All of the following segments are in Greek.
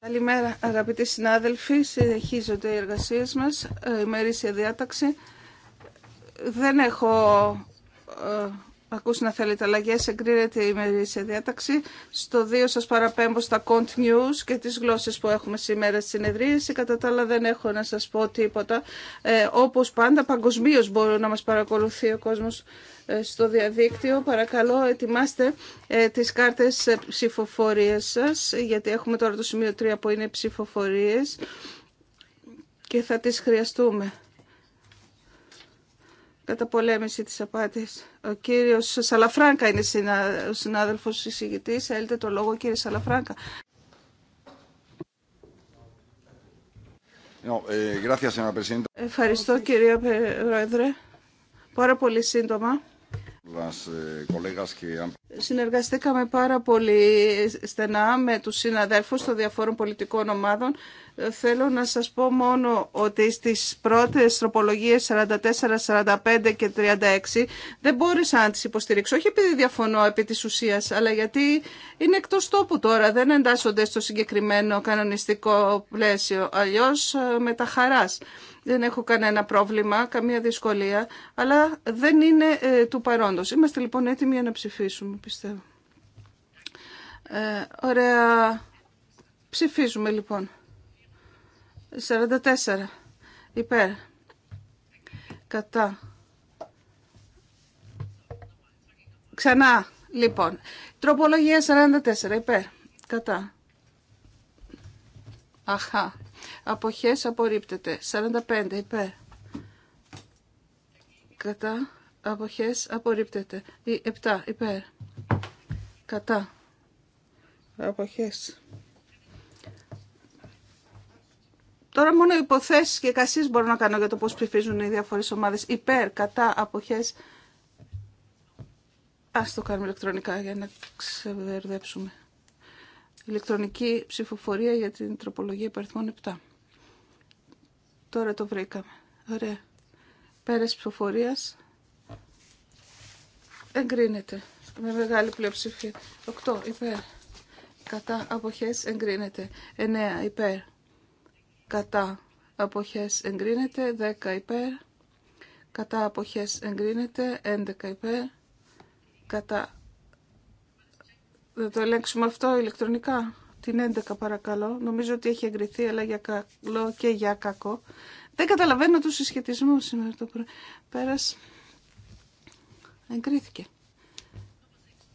Καλημέρα αγαπητοί συνάδελφοι, συνεχίζονται οι εργασίες μα. Ε, η μερίσια διάταξη. Δεν έχω ε, ακούσει να θέλετε αλλαγέ, εγκρίνεται η ημερήσια διάταξη. Στο 2 σα παραπέμπω στα cont news και τι γλώσσε που έχουμε σήμερα στη συνεδρίαση. Κατά τα άλλα, δεν έχω να σα πω τίποτα. Ε, Όπω πάντα, παγκοσμίω μπορεί να μα παρακολουθεί ο κόσμο ε, στο διαδίκτυο. Παρακαλώ, ετοιμάστε ε, τις κάρτες ε, ψηφοφορίες σας, γιατί έχουμε τώρα το σημείο 3 που είναι ψηφοφορίες και θα τις χρειαστούμε πολέμηση της απάτης. Ο κύριος Σαλαφράνκα είναι ο συνάδελφος εισηγητής. Έλετε το λόγο κύριε Σαλαφράνκα. Eh, Ευχαριστώ κύριε Πρόεδρε. Πάρα πολύ σύντομα. Ε, Συνεργαστήκαμε πάρα πολύ στενά με τους συναδέλφους των διαφόρων πολιτικών ομάδων. Ε, θέλω να σας πω μόνο ότι στις πρώτες τροπολογίες 44, 45 και 36 δεν μπόρεσα να τις υποστηρίξω. Όχι επειδή διαφωνώ επί της ουσίας, αλλά γιατί είναι εκτός τόπου τώρα. Δεν εντάσσονται στο συγκεκριμένο κανονιστικό πλαίσιο. Αλλιώς ε, με τα χαράς δεν έχω κανένα πρόβλημα, καμία δυσκολία, αλλά δεν είναι ε, του παρόντος. Είμαστε λοιπόν έτοιμοι για να ψηφίσουμε, πιστεύω. Ε, ωραία. Ψηφίζουμε λοιπόν. 44. Υπέρ. Κατά. Ξανά, λοιπόν. Τροπολογία 44. Υπέρ. Κατά. Αχα αποχές απορρίπτεται. 45 υπέρ κατά αποχές απορρίπτεται. 7 υπέρ κατά αποχές. Τώρα μόνο υποθέσεις και κασίες μπορώ να κάνω για το πώς ψηφίζουν οι διάφορες ομάδες. Υπέρ, κατά, αποχές. Ας το κάνουμε ηλεκτρονικά για να ξεβερδέψουμε ηλεκτρονική ψηφοφορία για την τροπολογία υπαριθμών 7. Τώρα το βρήκαμε. Ωραία. Πέρας ψηφοφορίας εγκρίνεται με μεγάλη πλειοψηφία. 8 υπέρ. Κατά αποχές εγκρίνεται. 9 υπέρ. Κατά αποχές εγκρίνεται. 10 υπέρ. Κατά αποχές εγκρίνεται. 11 υπέρ. Κατά θα το ελέγξουμε αυτό ηλεκτρονικά. Την 11 παρακαλώ. Νομίζω ότι έχει εγκριθεί, αλλά για καλό και για κακό. Δεν καταλαβαίνω τους συσχετισμούς σήμερα το πρωί. Πέρας. Εγκρίθηκε.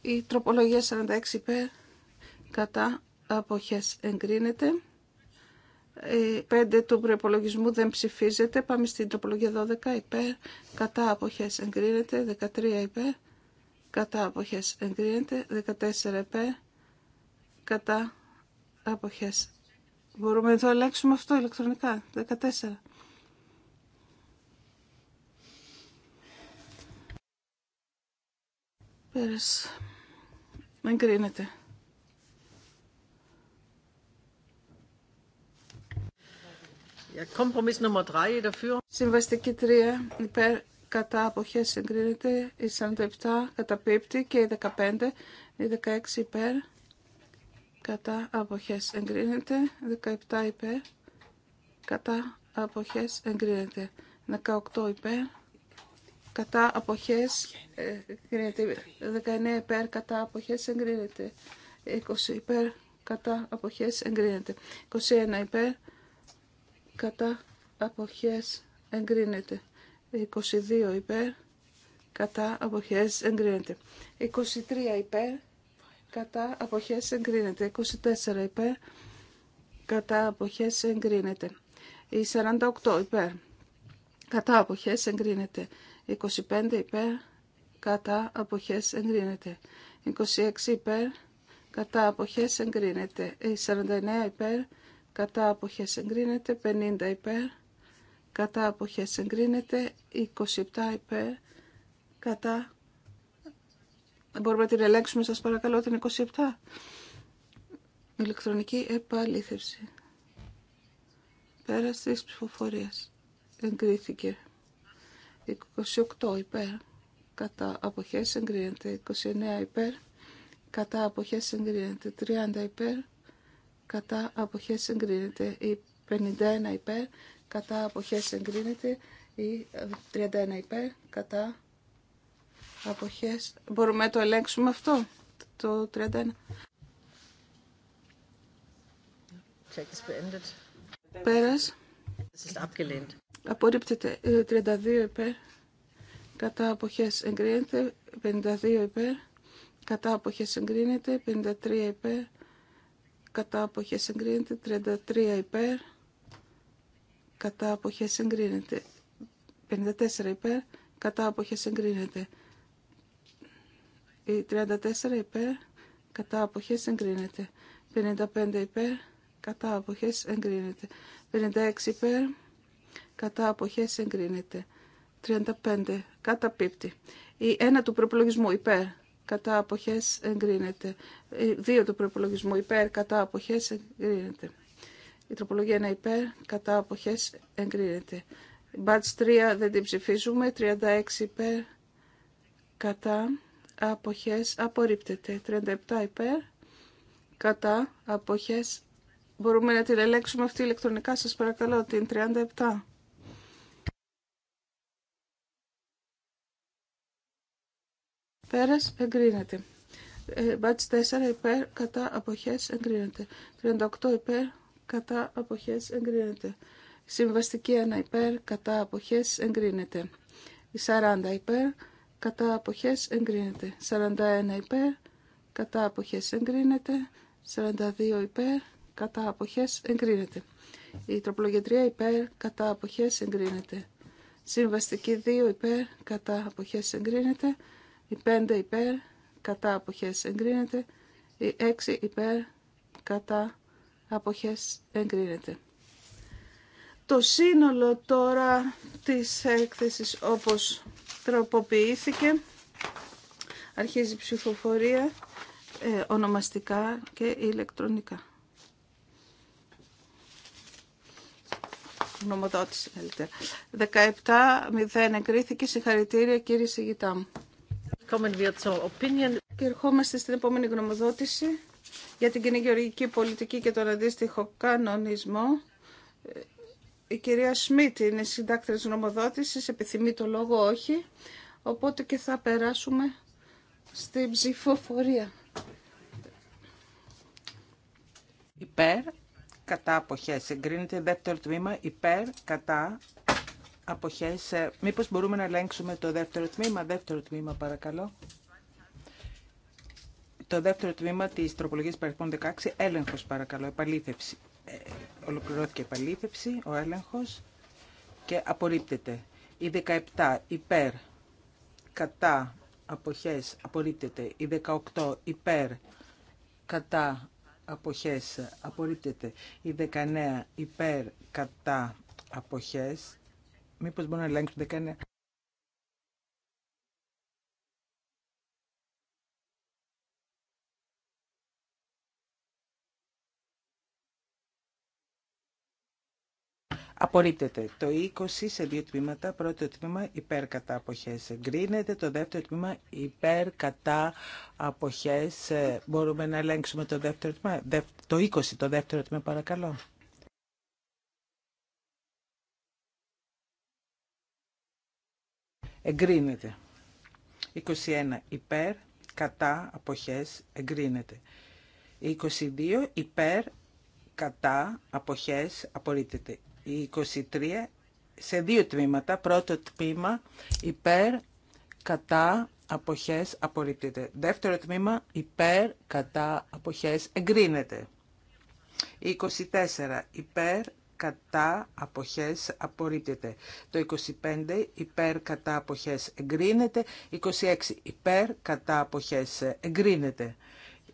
Η τροπολογία 46 υπέρ κατά αποχές εγκρίνεται. 5 ε, του προπολογισμού δεν ψηφίζεται. Πάμε στην τροπολογία 12 υπέρ κατά αποχές εγκρίνεται. 13 υπέρ κατά αποχές εγκρίνεται, 14 επέ κατά αποχές. Μπορούμε να το αλλάξουμε αυτό ηλεκτρονικά, 14. Πέρας. Εγκρίνεται. Συμβαστική 3 υπέρ κατά αποχές εγκρίνεται, η 47 καταπίπτει και η 15, η 16 υπέρ, κατά αποχές εγκρίνεται, 17 υπέρ, κατά αποχές εγκρίνεται, 18 ε, υπέρ, κατά αποχές εγκρίνεται, 19 υπέρ, κατά αποχές εγκρίνεται, 20 υπέρ, κατά αποχές εγκρίνεται, 21 υπέρ, κατά αποχές εγκρίνεται. 22 υπέρ κατά αποχές εγκρίνεται. 23 υπέρ κατά αποχές εγκρίνεται. 24 υπέρ κατά αποχές εγκρίνεται. 48 υπέρ κατά αποχές εγκρίνεται. 25 υπέρ κατά αποχές εγκρίνεται. 26 υπέρ κατά αποχές εγκρίνεται. 49 υπέρ κατά αποχές εγκρίνεται. 50 υπέρ κατά αποχές εγκρίνεται, 27 υπέρ κατά Μπορούμε να την ελέγξουμε σας παρακαλώ την 27. Ηλεκτρονική επαλήθευση. Πέρας της ψηφοφορίας. Εγκρίθηκε. 28 υπέρ. Κατά αποχές εγκρίνεται. 29 υπέρ. Κατά αποχές εγκρίνεται. 30 υπέρ. Κατά αποχές εγκρίνεται. 51 υπέρ κατά αποχές εγκρίνεται ή 31 υπέρ κατά αποχές. Μπορούμε να το ελέγξουμε αυτό, το 31. Πέρας. Απορρίπτεται 32 ε, υπέρ κατά αποχές εγκρίνεται, 52 υπέρ κατά αποχές εγκρίνεται, 53 υπέρ κατά αποχές εγκρίνεται, 33 υπέρ κατά αποχές εγκρίνεται. 54 υπέρ, κατά απόχε εγκρίνεται. 34 υπέρ, κατά αποχέ εγκρίνεται. 55 υπέρ, κατά αποχέ εγκρίνεται. 56 υπέρ, κατά αποχέ εγκρίνεται. 35 κατά πίπτη. Η ένα του προπολογισμού υπέρ, κατά αποχές εγκρίνεται. Η 2 του προπολογισμού υπέρ, κατά αποχές εγκρίνεται. Η τροπολογία είναι υπέρ, κατά αποχές εγκρίνεται. Μπάτς 3 δεν την ψηφίζουμε, 36 υπέρ, κατά αποχές απορρίπτεται. 37 υπέρ, κατά αποχές Μπορούμε να την ελέγξουμε αυτή ηλεκτρονικά, σας παρακαλώ, την 37. Πέρας εγκρίνεται. Ε, μπάτς 4 υπέρ, κατά αποχές εγκρίνεται. 38 υπέρ, κατά αποχές εγκρίνεται. συμβαστική 1 υπέρ κατά αποχές εγκρίνεται. Η 40 υπέρ κατά αποχές εγκρίνεται. 41 υπέρ κατά αποχές εγκρίνεται. 42 υπέρ κατά αποχές εγκρίνεται. Η τροπολογία υπέρ κατά αποχές εγκρίνεται. Συμβαστική 2 υπέρ κατά αποχές εγκρίνεται. Η 5 υπέρ κατά αποχές εγκρίνεται. Η 6 υπέρ κατά αποχές εγκρίνεται. Το σύνολο τώρα της έκθεσης όπως τροποποιήθηκε αρχίζει ψηφοφορία ε, ονομαστικά και ηλεκτρονικά. Γνωμοδότηση καλύτερα. 17-0 εγκρίθηκε. Συγχαρητήρια κύριε Σιγητά μου. Και ερχόμαστε στην επόμενη γνωμοδότηση για την κοινή πολιτική και τον αντίστοιχο κανονισμό. Ε, η κυρία Σμίτ είναι συντάκτρες νομοδότησης, επιθυμεί το λόγο όχι, οπότε και θα περάσουμε στην ψηφοφορία. Υπέρ, κατά αποχές. Εγκρίνεται δεύτερο τμήμα, υπέρ, κατά αποχές. Ε, μήπως μπορούμε να ελέγξουμε το δεύτερο τμήμα, δεύτερο τμήμα παρακαλώ. Το δεύτερο τμήμα τη τροπολογία παρελθόν 16, έλεγχο παρακαλώ, επαλήθευση. Ε, ολοκληρώθηκε επαλήθευση, ο έλεγχο και απορρίπτεται. Η 17 υπέρ, κατά, αποχές, απορρίπτεται. Η 18 υπέρ, κατά, αποχές, απορρίπτεται. Η 19 υπέρ, κατά, αποχές. Μήπως μπορούμε να ελέγξουμε 19. Απορρίπτεται το 20 σε δύο τμήματα. Πρώτο τμήμα υπέρ κατά αποχές εγκρίνεται. Το δεύτερο τμήμα υπέρ κατά αποχές. Ε, μπορούμε να ελέγξουμε το δεύτερο τμήμα. Το 20 το δεύτερο τμήμα παρακαλώ. Εγκρίνεται. 21 υπέρ κατά αποχές εγκρίνεται. 22 υπέρ κατά αποχές απορρίπτεται. 23 σε δύο τμήματα. Πρώτο τμήμα υπέρ, κατά, αποχές, απορρίπτεται. Δεύτερο τμήμα υπέρ, κατά, αποχές, εγκρίνεται. 24 υπέρ, κατά, αποχές, απορρίπτεται. Το 25 υπέρ, κατά, αποχές, εγκρίνεται. 26 υπέρ, κατά, αποχές, εγκρίνεται.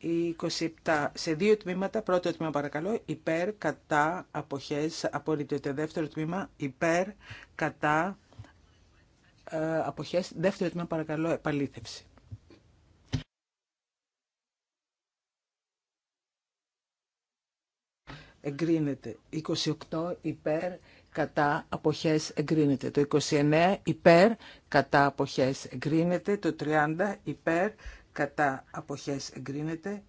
27. Σε δύο τμήματα, πρώτο τμήμα παρακαλώ, υπέρ, κατά, αποχές, απορρίπτεται. Δεύτερο τμήμα, υπέρ, κατά, ε, αποχές. Δεύτερο τμήμα παρακαλώ, επαλήθευση. Εγκρίνεται. 28 υπέρ, κατά αποχές εγκρίνεται. Το 29 υπέρ κατά αποχές εγκρίνεται. Το 30 υπέρ κατά αποχές εγκρίνεται.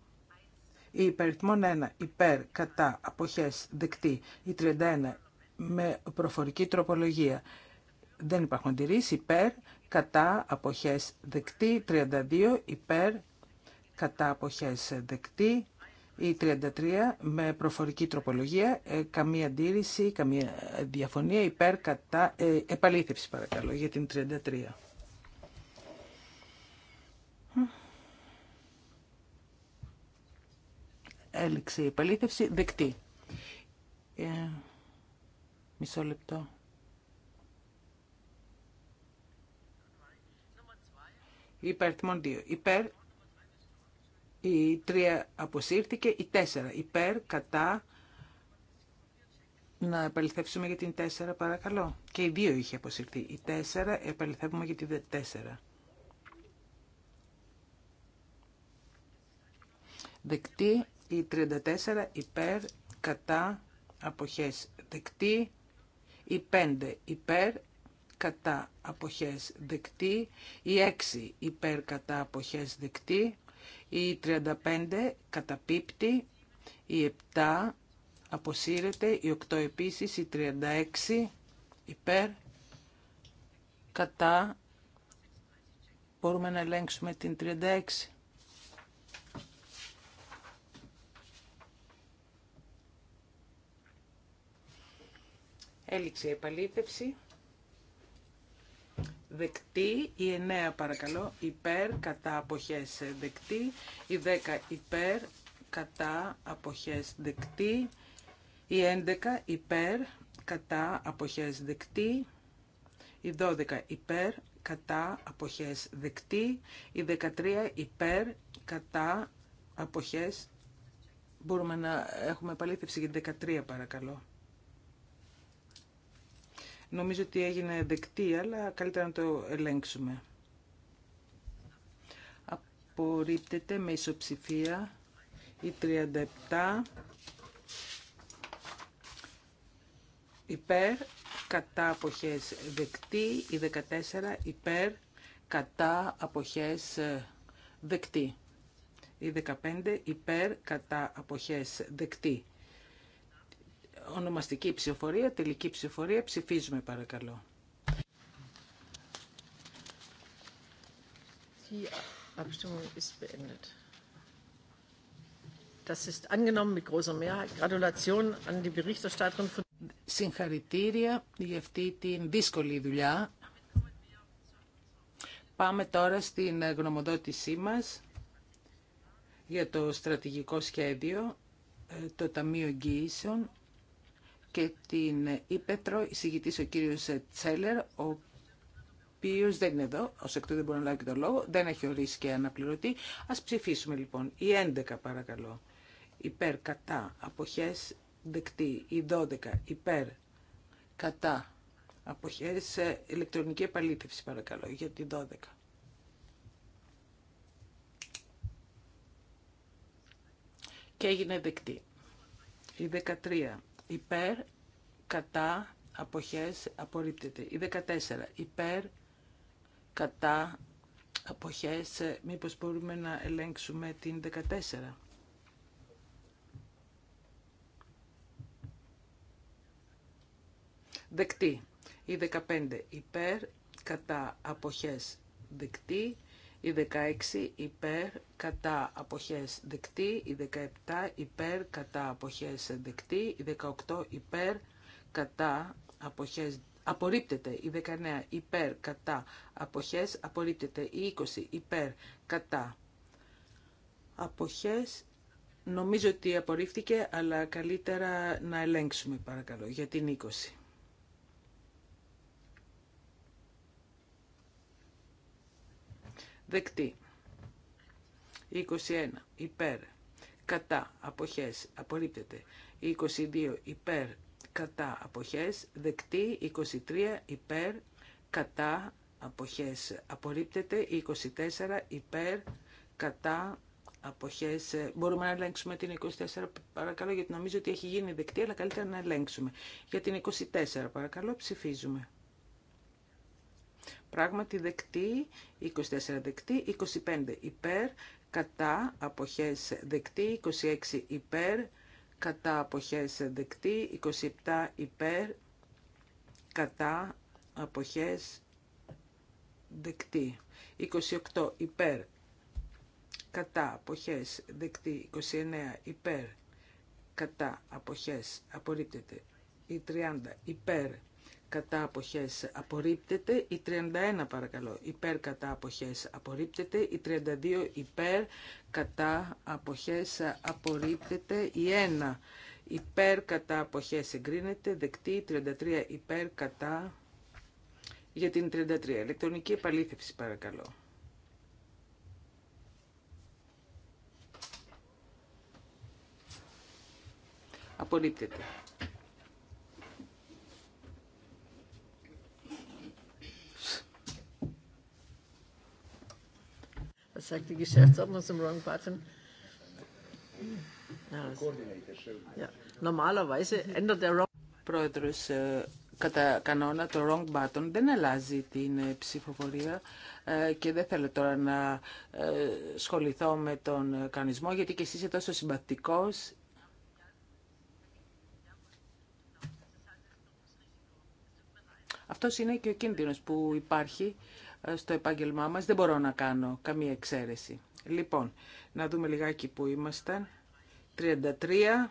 Η υπεριθμόν 1 υπέρ κατά αποχές δεκτή. Η 31 με προφορική τροπολογία. Δεν υπάρχουν αντιρρήσεις. Υπέρ κατά αποχές δεκτή. 32 υπέρ κατά αποχές δεκτή. Η 33 με προφορική τροπολογία, ε, καμία αντίρρηση, καμία διαφωνία, υπέρ κατά ε, επαλήθευση παρακαλώ για την 33. έλεξε η επαλήθευση. Δεκτή. Yeah. Ε, μισό λεπτό. Υπαριθμόν 2. Υπέρ. Η 3 αποσύρθηκε. Η 4. Υπέρ. Κατά. Να επαληθεύσουμε για την 4 παρακαλώ. Και η 2 είχε αποσυρθεί. Η 4 επαληθεύουμε για τη 4. Δεκτή η 34 υπέρ κατά αποχές δεκτή. Η 5 υπέρ κατά αποχές δεκτή. Η 6 υπέρ κατά αποχές δεκτή. Η 35 καταπίπτει. Η 7 αποσύρεται. Η 8 επίσης. Η 36 υπέρ κατά μπορούμε να ελέγξουμε την 36. Έληξε η επαλήθευση. Η 9 παρακαλώ υπέρ κατά αποχές δεκτή. Η 10 υπέρ κατά αποχές δεκτή. Η 11 υπέρ κατά αποχές δεκτή. Η 12 υπέρ κατά αποχές δεκτή. Η 13 υπέρ κατά αποχές. Μπορούμε να έχουμε επαλήθευση για την 13 παρακαλώ. Νομίζω ότι έγινε δεκτή, αλλά καλύτερα να το ελέγξουμε. Απορρίπτεται με ισοψηφία η 37 υπέρ, κατά αποχές δεκτή, η 14 ε, υπέρ, κατά αποχές δεκτή. Η 15 υπέρ κατά αποχές δεκτή ονομαστική ψηφοφορία, τελική ψηφοφορία. Ψηφίζουμε παρακαλώ. Συγχαρητήρια για αυτή τη δύσκολη δουλειά. Πάμε τώρα στην γνωμοδότησή μας για το στρατηγικό σχέδιο, ε, το Ταμείο Εγγυήσεων και την Ήπετρο, εισηγητής ο κύριος Τσέλερ, ο οποίο δεν είναι εδώ, ω εκ τούτου δεν μπορεί να λάβει και τον λόγο, δεν έχει ορίσει και αναπληρωτή. Α ψηφίσουμε λοιπόν. Η 11 παρακαλώ. Υπέρ, κατά, αποχέ, δεκτή. Η 12 υπέρ, κατά, αποχέ, ε, ηλεκτρονική επαλήθευση παρακαλώ για την 12. Και έγινε δεκτή. Η 13 υπέρ, κατά, αποχές, απορρίπτεται. Η 14, υπέρ, κατά, αποχές, μήπως μπορούμε να ελέγξουμε την 14. Δεκτή. Η 15 υπέρ, κατά αποχές δεκτή η 16 υπέρ κατά αποχές δεκτή, η 17 υπέρ κατά αποχές δεκτή, η 18 υπέρ κατά αποχές απορρίπτεται, η 19 υπέρ κατά αποχές απορρίπτεται, η 20 υπέρ κατά αποχές νομίζω ότι απορρίφθηκε αλλά καλύτερα να ελέγξουμε παρακαλώ για την 20. δεκτή. 21 υπέρ κατά αποχές απορρίπτεται. 22 υπέρ κατά αποχές δεκτή. 23 υπέρ κατά αποχές απορρίπτεται. 24 υπέρ κατά αποχές. Μπορούμε να ελέγξουμε την 24 παρακαλώ γιατί νομίζω ότι έχει γίνει δεκτή αλλά καλύτερα να ελέγξουμε. Για την 24 παρακαλώ ψηφίζουμε. Πράγματι δεκτή, 24 δεκτή, 25 υπέρ, κατά αποχές δεκτή, 26 υπέρ, κατά αποχές δεκτή, 27 υπέρ, κατά αποχές δεκτή, 28 υπέρ, κατά αποχές δεκτή, 29 υπέρ, κατά αποχές απορρίπτεται, η 30 υπέρ, κατά αποχές απορρίπτεται, η 31 παρακαλώ υπέρ κατά αποχές απορρίπτεται, η 32 υπέρ κατά αποχές απορρίπτεται, η 1 υπέρ κατά αποχές εγκρίνεται, δεκτή, 33 υπέρ κατά για την 33. Ηλεκτρονική επαλήθευση παρακαλώ. Απορρίπτεται. Was sagt die Geschäftsordnung zum Wrong Button? Ja, normalerweise ändert der Πρόεδρος, ε, κατά κανόνα το wrong button δεν αλλάζει την ε, ψηφοφορία ε, και δεν θέλω τώρα να σχοληθώ με τον κανισμό, γιατί και εσείς είσαι τόσο συμπαθητικός Αυτός είναι και ο κίνδυνος που υπάρχει στο επάγγελμά μας δεν μπορώ να κάνω καμία εξαίρεση. Λοιπόν, να δούμε λιγάκι που ήμασταν. 33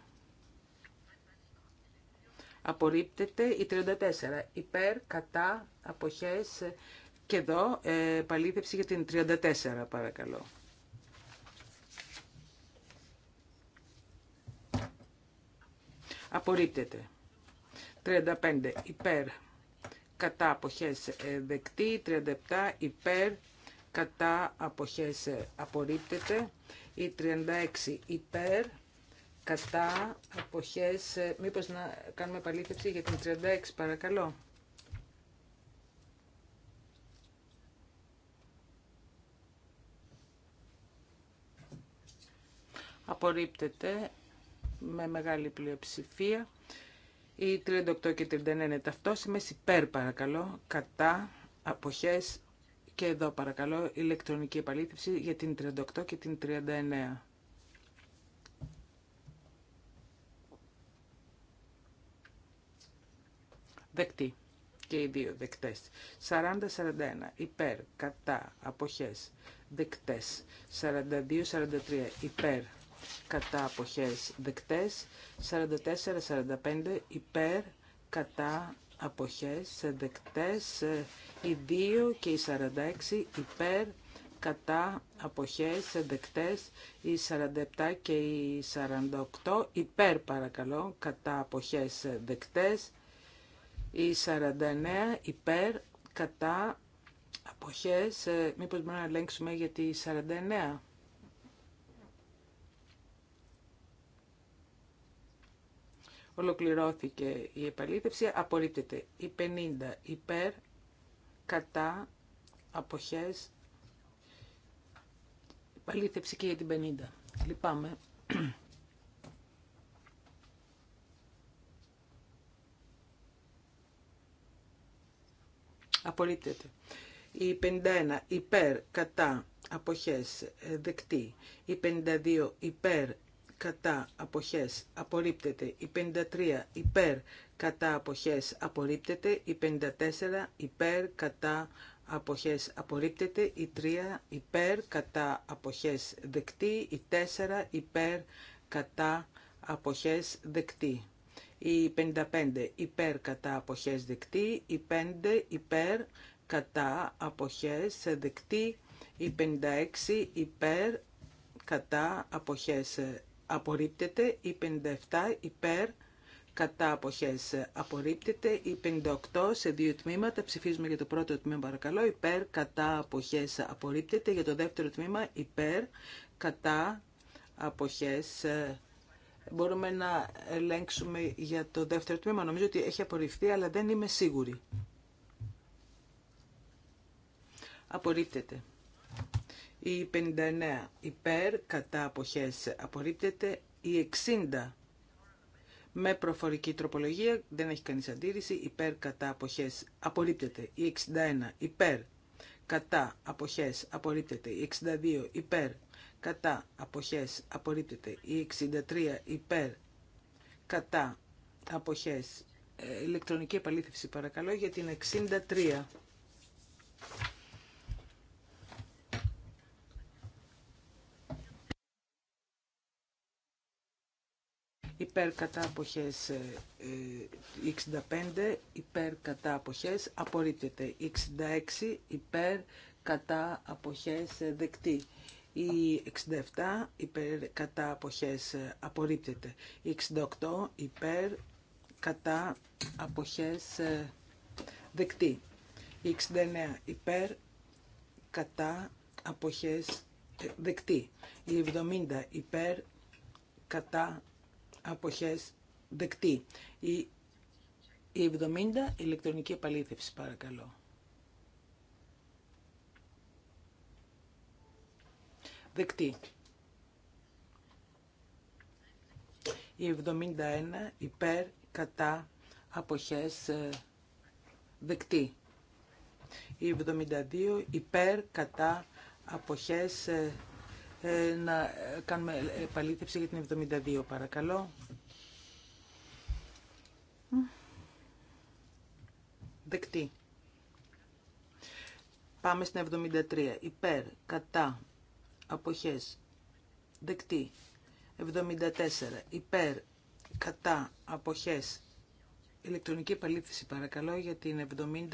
απορρίπτεται η 34 υπέρ, κατά, αποχές και εδώ ε, για την 34 παρακαλώ. Απορρίπτεται. 35 υπέρ, κατά αποχές ε, δεκτή, 37 υπέρ κατά αποχές ε, απορρίπτεται, η 36 υπέρ κατά αποχές, ε, μήπως να κάνουμε επαλήθευση για την 36 παρακαλώ. Απορρίπτεται με μεγάλη πλειοψηφία. Οι 38 και 39 είναι ταυτόσημες. Υπέρ παρακαλώ. Κατά. Αποχές. Και εδώ παρακαλώ ηλεκτρονική επαλήθευση για την 38 και την 39. Δεκτή και οι δύο δεκτές. 40-41 υπέρ, κατά, αποχές, δεκτές. 42-43 υπέρ, κατά αποχές δεκτές, 44-45 υπέρ κατά αποχές δεκτές, οι 2 και οι 46 υπέρ κατά αποχές δεκτές, οι 47 και οι 48 υπέρ παρακαλώ κατά αποχές δεκτές, οι 49 υπέρ κατά αποχές, ε, μήπως μπορούμε να ελέγξουμε γιατί οι 49 Ολοκληρώθηκε η επαλήθευση. Απορρίπτεται η 50 υπέρ, κατά, αποχές. Επαλήθευση και για την 50. Λυπάμαι. Απορρίπτεται. Η 51 υπέρ, κατά, αποχές, δεκτή. Η 52 υπέρ, κατά αποχές απορρίπτεται η 53 υπέρ κατά αποχές απορρίπτεται η 54 υπέρ κατά αποχές απορρίπτεται η 3 υπέρ κατά αποχές δεκτή η 4 υπέρ κατά αποχές δεκτή η 55 υπέρ κατά αποχές δεκτή η 5 υπέρ κατά αποχές δεκτή η 56 υπέρ κατά αποχές απορρίπτεται, η 57 υπέρ κατά αποχές απορρίπτεται, η 58 σε δύο τμήματα, ψηφίζουμε για το πρώτο τμήμα παρακαλώ, υπέρ κατά αποχές απορρίπτεται, για το δεύτερο τμήμα υπέρ κατά αποχές ε, Μπορούμε να ελέγξουμε για το δεύτερο τμήμα. Νομίζω ότι έχει απορριφθεί, αλλά δεν είμαι σίγουρη. Απορρίπτεται. Η 59 υπέρ κατά αποχές απορρίπτεται. Η 60 με προφορική τροπολογία δεν έχει κανείς αντίρρηση. Υπέρ κατά αποχές απορρίπτεται. Η 61 υπέρ κατά αποχές απορρίπτεται. Η 62 υπέρ κατά αποχές απορρίπτεται. Η 63 υπέρ κατά αποχές ε, ηλεκτρονική επαλήθευση παρακαλώ για την 63. υπέρ κατά 65, ε, ε, υπέρ κατά αποχές απορρίπτεται. 66 υπέρ κατά αποχές ε, δεκτή. Η 67 υπέρ κατά αποχές απορρίπτεται. Η 68 υπέρ κατά αποχές δεκτή. Η 69 υπέρ κατά αποχές δεκτή. Η 70 υπέρ κατά αποχές δεκτή. Η, 70 ηλεκτρονική επαλήθευση παρακαλώ. Δεκτή. Η 71 υπέρ κατά αποχές ε, δεκτή. Η 72 υπέρ κατά αποχές ε, ε, να ε, κάνουμε επαλήθευση για την 72 παρακαλώ. Δεκτή. Πάμε στην 73. Υπέρ, κατά, αποχές. Δεκτή. 74. Υπέρ, κατά, αποχές. Ηλεκτρονική επαλήθευση παρακαλώ για την 74.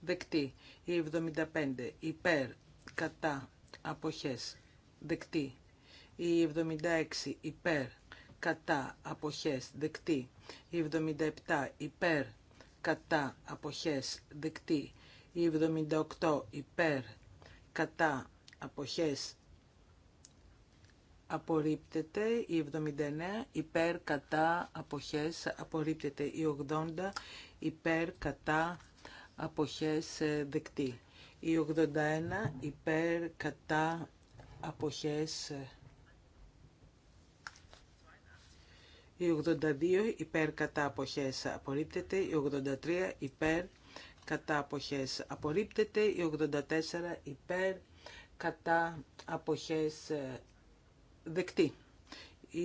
δεκτή. Η 75 υπέρ κατά αποχές δεκτή. Η 76 υπέρ κατά αποχές δεκτή. Η 77 υπέρ κατά αποχές δεκτή. Η 78 υπέρ κατά αποχές απορρίπτεται, η 79 υπέρ κατά αποχές απορρίπτεται, η 80 υπέρ κατά αποχές ε, δεκτή. Η 81 υπέρ κατά αποχές ε, Η 82 υπέρ κατά αποχές απορρίπτεται, η 83 υπέρ κατά αποχές απορρίπτεται, η 84 ε, υπέρ κατά αποχές δεκτή. Η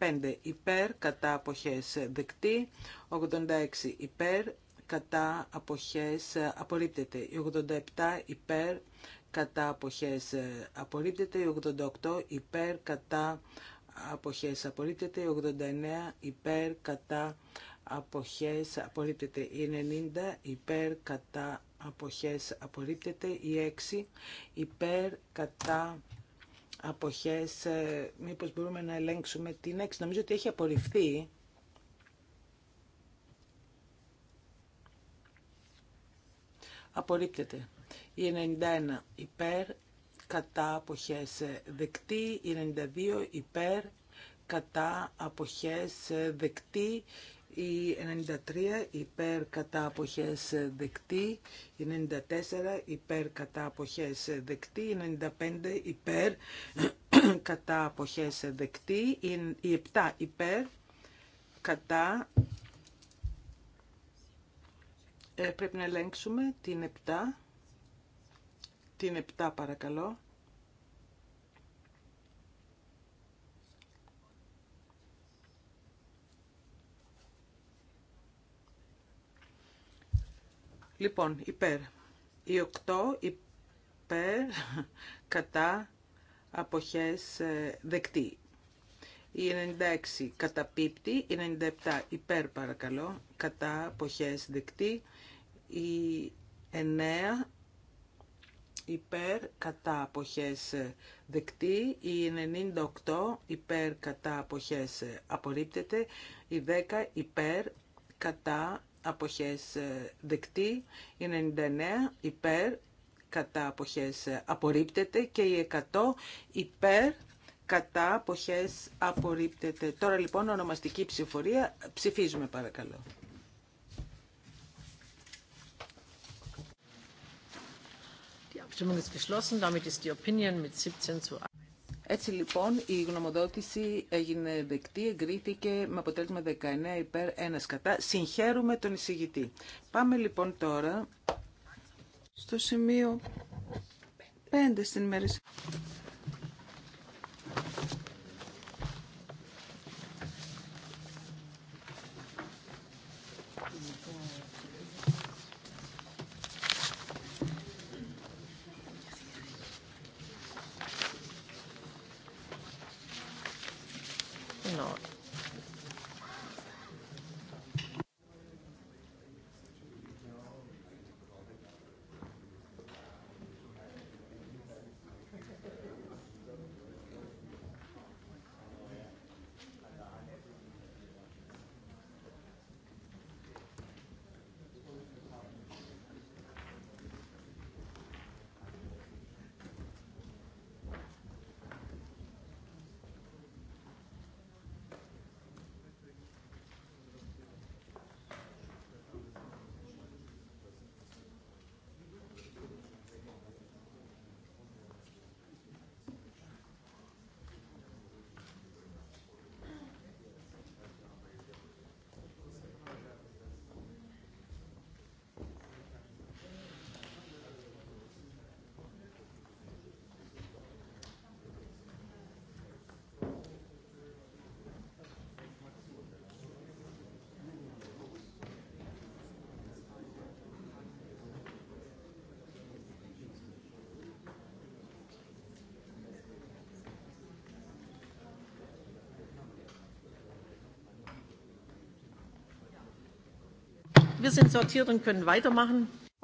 85 υπέρ κατά αποχές δεκτή, 86 υπέρ κατά αποχές ε, απορρίπτεται. Η 87 υπέρ κατά αποχές ε, απορρίπτεται. 88 υπέρ κατά αποχές απορρίπτεται. Η 89 υπέρ κατά αποχές απορρίπτεται. Η 90 υπέρ κατά αποχές απορρίπτεται. Η 6 υπέρ κατά αποχές. Ε, μήπως μπορούμε να ελέγξουμε την 6. Νομίζω ότι έχει απορριφθεί. απορρίπτεται. Η 91 υπέρ, κατά αποχές δεκτή, η 92 υπέρ, κατά αποχές δεκτή, η 93 υπέρ κατά αποχές δεκτή, η 94 υπέρ κατά αποχές δεκτή, η 95 υπέρ κατά αποχές δεκτή, η 7 υπέρ κατά ε, πρέπει να ελέγξουμε την 7. Την 7 παρακαλώ. Λοιπόν, υπέρ. Η 8 υπέρ κατά αποχές ε, δεκτή. Η 96 καταπίπτει, η 97 υπέρ παρακαλώ, κατά αποχές δεκτή, η 9 υπέρ κατά αποχές δεκτή, η 98 υπέρ κατά αποχές απορρίπτεται, η 10 υπέρ κατά αποχές δεκτή, η 99 υπέρ κατά αποχές απορρίπτεται και η 100 υπέρ κατά αποχές απορρίπτεται. Τώρα λοιπόν ονομαστική ψηφορία ψηφίζουμε παρακαλώ. Έτσι λοιπόν η γνωμοδότηση έγινε δεκτή, εγκρίθηκε με αποτέλεσμα 19 υπέρ 1 κατά. Συγχαίρουμε τον εισηγητή. Πάμε λοιπόν τώρα στο σημείο 5 στην ημέρηση.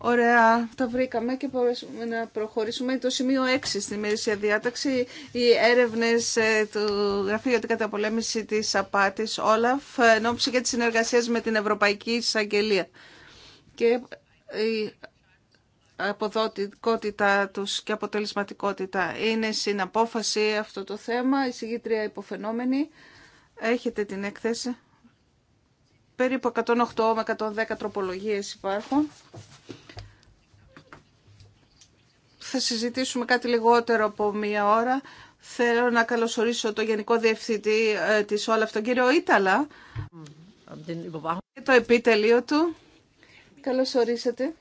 Ωραία, τα βρήκαμε και μπορούμε να προχωρήσουμε. Το σημείο 6 στην ημερήσια διάταξη, οι έρευνε ε, του Γραφείου για την Καταπολέμηση της Απάτης, Όλαφ, ώψη και τη συνεργασία με την Ευρωπαϊκή Εισαγγελία. Και ε, η αποδοτικότητα του και αποτελεσματικότητα είναι συναπόφαση αυτό το θέμα, η συγγήτρια υποφαινόμενη. Έχετε την έκθεση περίπου 108 με 110 τροπολογίες υπάρχουν. Θα συζητήσουμε κάτι λιγότερο από μία ώρα. Θέλω να καλωσορίσω το Γενικό Διευθυντή ε, της όλα τον κύριο Ήταλα, και το επίτελείο του. Καλωσορίσατε.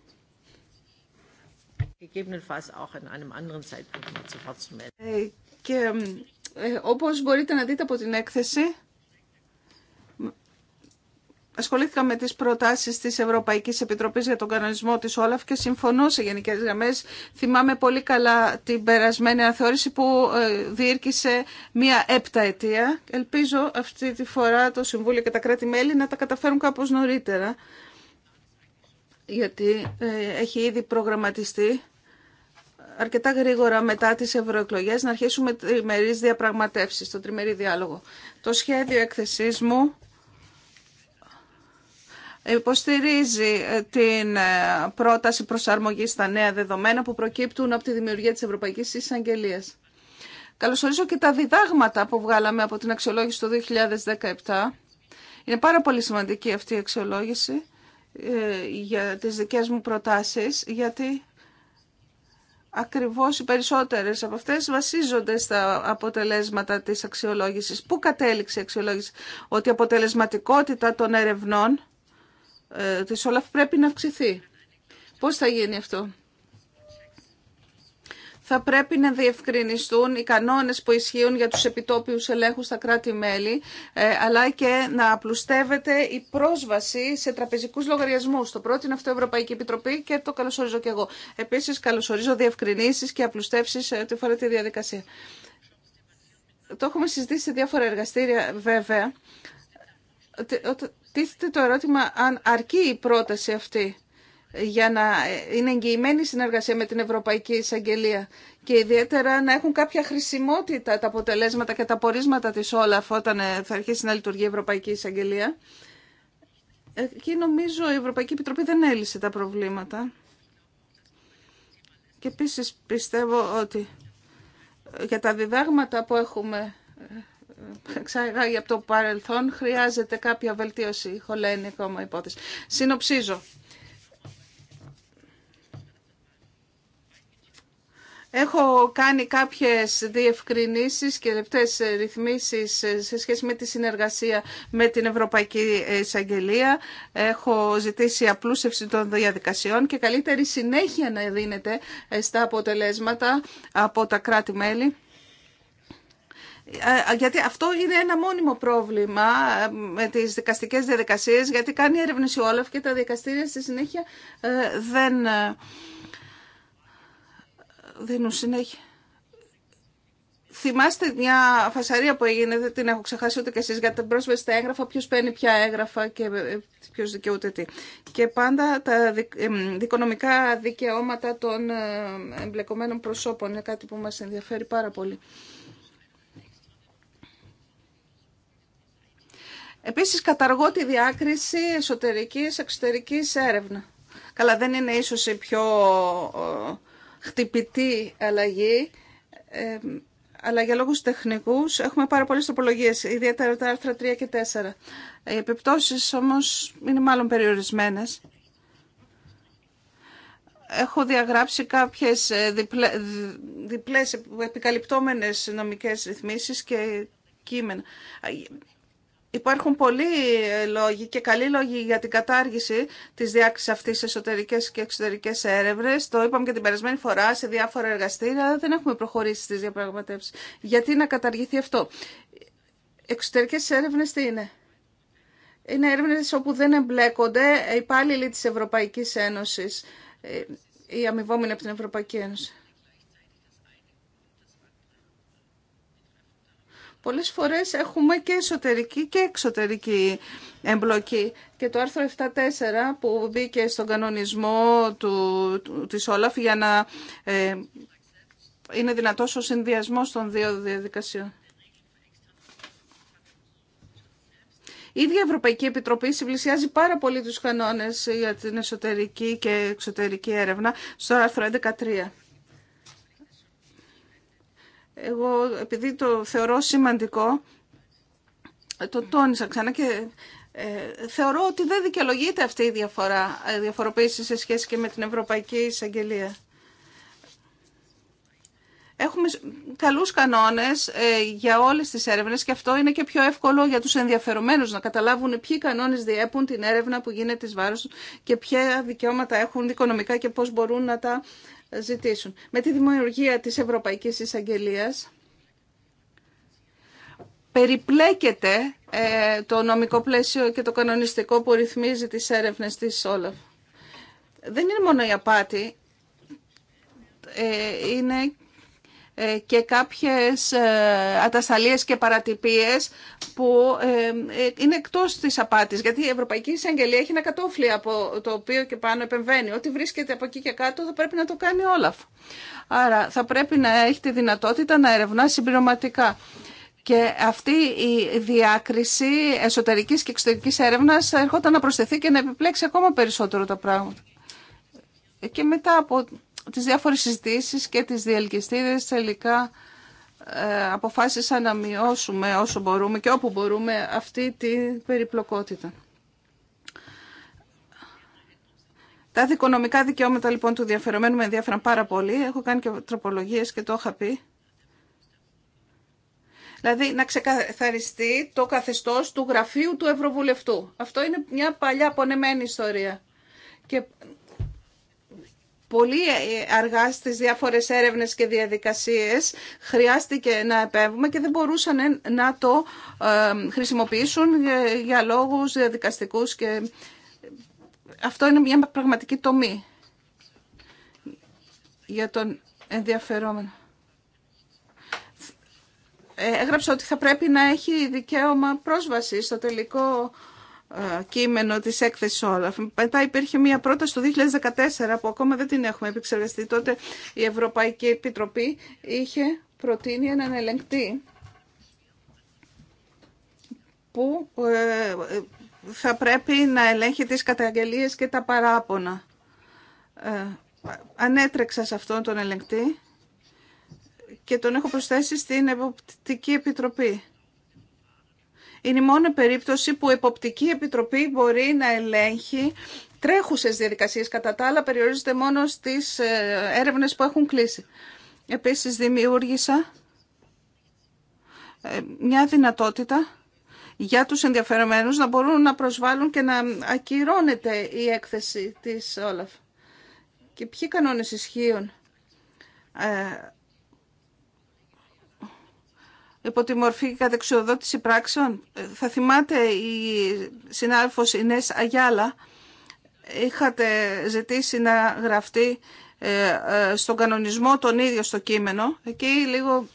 Ε, και ε, όπως μπορείτε να δείτε από την έκθεση, ασχολήθηκα με τις προτάσεις της Ευρωπαϊκής Επιτροπής για τον κανονισμό της Όλαφ και συμφωνώ σε γενικές γραμμές. Θυμάμαι πολύ καλά την περασμένη αναθεώρηση που ε, διήρκησε μία έπτα αιτία. Ελπίζω αυτή τη φορά το Συμβούλιο και τα κράτη-μέλη να τα καταφέρουν κάπως νωρίτερα, γιατί ε, έχει ήδη προγραμματιστεί αρκετά γρήγορα μετά τις ευρωεκλογέ να αρχίσουμε τριμερείς διαπραγματεύσεις, τον τριμερή διάλογο. Το σχέδιο εκθεσή μου υποστηρίζει ε, την ε, πρόταση προσαρμογής στα νέα δεδομένα που προκύπτουν από τη δημιουργία της Ευρωπαϊκής Εισαγγελίας. Καλωσορίζω και τα διδάγματα που βγάλαμε από την αξιολόγηση το 2017. Είναι πάρα πολύ σημαντική αυτή η αξιολόγηση ε, για τις δικές μου προτάσεις, γιατί ακριβώς οι περισσότερες από αυτές βασίζονται στα αποτελέσματα της αξιολόγησης. Πού κατέληξε η αξιολόγηση ότι η αποτελεσματικότητα των ερευνών Τη ε, της ΟΛΑΦ πρέπει να αυξηθεί. Πώς θα γίνει αυτό. Θα πρέπει να διευκρινιστούν οι κανόνες που ισχύουν για τους επιτόπιους ελέγχους στα κράτη-μέλη, ε, αλλά και να απλουστεύεται η πρόσβαση σε τραπεζικούς λογαριασμούς. Το είναι αυτό η Ευρωπαϊκή Επιτροπή και το καλωσορίζω και εγώ. Επίσης, καλωσορίζω διευκρινήσεις και απλουστεύσεις ε, ό,τι φορά τη διαδικασία. Το έχουμε συζητήσει σε διάφορα εργαστήρια, βέβαια τίθεται το ερώτημα αν αρκεί η πρόταση αυτή για να είναι εγγυημένη η συνεργασία με την Ευρωπαϊκή Εισαγγελία και ιδιαίτερα να έχουν κάποια χρησιμότητα τα αποτελέσματα και τα πορίσματα της Όλαφ όταν ε, θα αρχίσει να λειτουργεί η Ευρωπαϊκή Εισαγγελία. Εκεί νομίζω η Ευρωπαϊκή Επιτροπή δεν έλυσε τα προβλήματα. Και επίσης πιστεύω ότι για τα διδάγματα που έχουμε ε, ξέρω για το παρελθόν χρειάζεται κάποια βελτίωση, χωλαίνει ακόμα υπόθεση. Συνοψίζω. Έχω κάνει κάποιες διευκρινήσεις και λεπτές ρυθμίσεις σε σχέση με τη συνεργασία με την Ευρωπαϊκή Εισαγγελία. Έχω ζητήσει απλούσευση των διαδικασιών και καλύτερη συνέχεια να δίνεται στα αποτελέσματα από τα κράτη-μέλη. Ε, γιατί αυτό είναι ένα μόνιμο πρόβλημα ε, με τις δικαστικές διαδικασίες, γιατί κάνει η όλαφ και τα δικαστήρια στη συνέχεια ε, δεν δίνουν συνέχεια. Θυμάστε μια φασαρία που έγινε, δεν την έχω ξεχάσει ούτε κι εσείς, για την πρόσβαση στα έγγραφα, ποιος παίρνει ποια έγγραφα και ποιος δικαιούται τι. Και πάντα τα δικονομικά δικαιώματα των εμπλεκομένων προσώπων είναι κάτι που μας ενδιαφέρει πάρα πολύ. Επίσης καταργώ τη διάκριση εσωτερικής-εξωτερικής έρευνα. Καλά δεν είναι ίσως η πιο χτυπητή αλλαγή, ε, αλλά για λόγους τεχνικούς έχουμε πάρα πολλές τροπολογίες, ιδιαίτερα τα άρθρα 3 και 4. Οι επιπτώσεις όμως είναι μάλλον περιορισμένες. Έχω διαγράψει κάποιες ε, διπλές επικαλυπτόμενες νομικές ρυθμίσεις και κείμενα. Υπάρχουν πολλοί ε, λόγοι και καλοί λόγοι για την κατάργηση τη διάκριση αυτή σε εσωτερικέ και εξωτερικέ έρευνε. Το είπαμε και την περασμένη φορά σε διάφορα εργαστήρια. Δεν έχουμε προχωρήσει στι διαπραγματεύσει. Γιατί να καταργηθεί αυτό. Εξωτερικέ έρευνε τι είναι. Είναι έρευνε όπου δεν εμπλέκονται υπάλληλοι τη Ευρωπαϊκή Ένωση ή ε, αμοιβόμενοι από την Ευρωπαϊκή Ένωση. πολλές φορές έχουμε και εσωτερική και εξωτερική εμπλοκή. Και το άρθρο 7.4 που μπήκε στον κανονισμό του, της Όλαφ για να ε, είναι δυνατός ο συνδυασμός των δύο διαδικασιών. Η ίδια Ευρωπαϊκή Επιτροπή συμπλησιάζει πάρα πολύ τους κανόνες για την εσωτερική και εξωτερική έρευνα στο άρθρο 11.3 εγώ επειδή το θεωρώ σημαντικό, το τόνισα ξανά και ε, θεωρώ ότι δεν δικαιολογείται αυτή η διαφορά, η ε, διαφοροποίηση σε σχέση και με την Ευρωπαϊκή Εισαγγελία. Έχουμε καλούς κανόνες ε, για όλες τις έρευνες και αυτό είναι και πιο εύκολο για τους ενδιαφερομένους να καταλάβουν ποιοι κανόνες διέπουν την έρευνα που γίνεται της βάρος και ποια δικαιώματα έχουν οικονομικά και πώς μπορούν να τα ζητήσουν. Με τη δημιουργία της Ευρωπαϊκής Εισαγγελίας περιπλέκεται ε, το νομικό πλαίσιο και το κανονιστικό που ρυθμίζει τις έρευνες της Όλαφ. Δεν είναι μόνο η απάτη, ε, είναι ε, και κάποιες ε, ατασταλίες και παρατυπίες που ε, είναι εκτός της απάτης, γιατί η Ευρωπαϊκή Εισαγγελία έχει ένα κατόφλι από το οποίο και πάνω επεμβαίνει. Ό,τι βρίσκεται από εκεί και κάτω θα πρέπει να το κάνει όλα. Άρα θα πρέπει να έχει τη δυνατότητα να ερευνά συμπληρωματικά. Και αυτή η διάκριση εσωτερικής και εξωτερικής έρευνας θα ερχόταν να προσθεθεί και να επιπλέξει ακόμα περισσότερο τα πράγματα. Και μετά από τις διάφορες συζητήσεις και τις διελκυστίδες τελικά ε, αποφάσισα να μειώσουμε όσο μπορούμε και όπου μπορούμε αυτή την περιπλοκότητα. Τα δικονομικά δικαιώματα λοιπόν του διαφερομένου με ενδιαφέραν πάρα πολύ. Έχω κάνει και τροπολογίες και το είχα πει. Δηλαδή να ξεκαθαριστεί το καθεστώς του γραφείου του Ευρωβουλευτού. Αυτό είναι μια παλιά απονεμένη ιστορία. Και πολύ ε, αργά στις διάφορες έρευνες και διαδικασίες χρειάστηκε να επέμβουμε και δεν μπορούσαν ε, να το ε, χρησιμοποιήσουν για λόγους διαδικαστικούς και αυτό είναι μια πραγματική τομή για τον ενδιαφερόμενο. Έγραψα ότι θα πρέπει να έχει δικαίωμα πρόσβαση στο τελικό ε, κείμενο της έκθεσης όλα. Μετά υπήρχε μια πρόταση το 2014 που ακόμα δεν την έχουμε επεξεργαστεί. Τότε η Ευρωπαϊκή Επιτροπή είχε προτείνει έναν ελεγκτή που ε, θα πρέπει να ελέγχει τις καταγγελίες και τα παράπονα. Ε, ανέτρεξα σε αυτόν τον ελεγκτή και τον έχω προσθέσει στην Εποπτική Επιτροπή είναι η μόνη περίπτωση που η Εποπτική Επιτροπή μπορεί να ελέγχει τρέχουσες διαδικασίες. Κατά τα άλλα περιορίζεται μόνο στις ε, έρευνες που έχουν κλείσει. Επίσης δημιούργησα ε, μια δυνατότητα για τους ενδιαφερομένους να μπορούν να προσβάλλουν και να ακυρώνεται η έκθεση της Όλαφ. Και ποιοι κανόνες ισχύουν ε, υπό τη μορφή κατεξοδότηση πράξεων. Ε, θα θυμάται η συνάδελφος Ινές Αγιάλα, είχατε ζητήσει να γραφτεί ε, ε, στον κανονισμό τον ίδιο στο κείμενο. Εκεί λίγο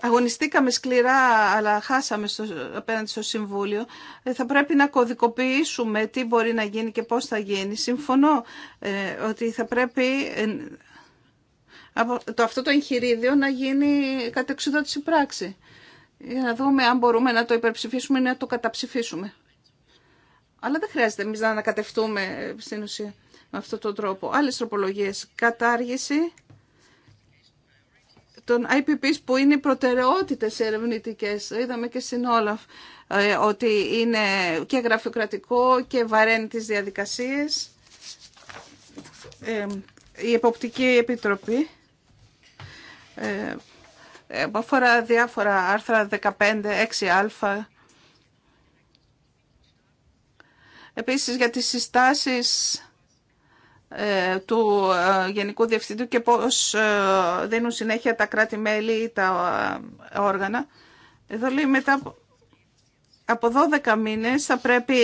αγωνιστήκαμε σκληρά, αλλά χάσαμε στο, απέναντι στο Συμβούλιο. θα πρέπει να κωδικοποιήσουμε τι μπορεί να γίνει και πώς θα γίνει. Συμφωνώ ότι θα πρέπει από το, αυτό το εγχειρίδιο να γίνει κατεξουδότηση πράξη. Για να δούμε αν μπορούμε να το υπερψηφίσουμε ή να το καταψηφίσουμε. Αλλά δεν χρειάζεται εμεί να ανακατευτούμε στην ουσία με αυτόν τον τρόπο. Άλλε τροπολογίε. Κατάργηση των IPPs που είναι προτεραιότητε προτεραιότητες Είδαμε και στην Όλαφ ε, ότι είναι και γραφειοκρατικό και βαραίνει τις Ε, η Εποπτική Επιτροπή ε, ε, αφορά διάφορα άρθρα 15, 6α. Επίσης για τις συστάσεις ε, του Γενικού Διευθυντού και πώς δίνουν συνέχεια τα κράτη-μέλη ή τα όργανα. Εδώ λέει μετά από 12 μήνες θα πρέπει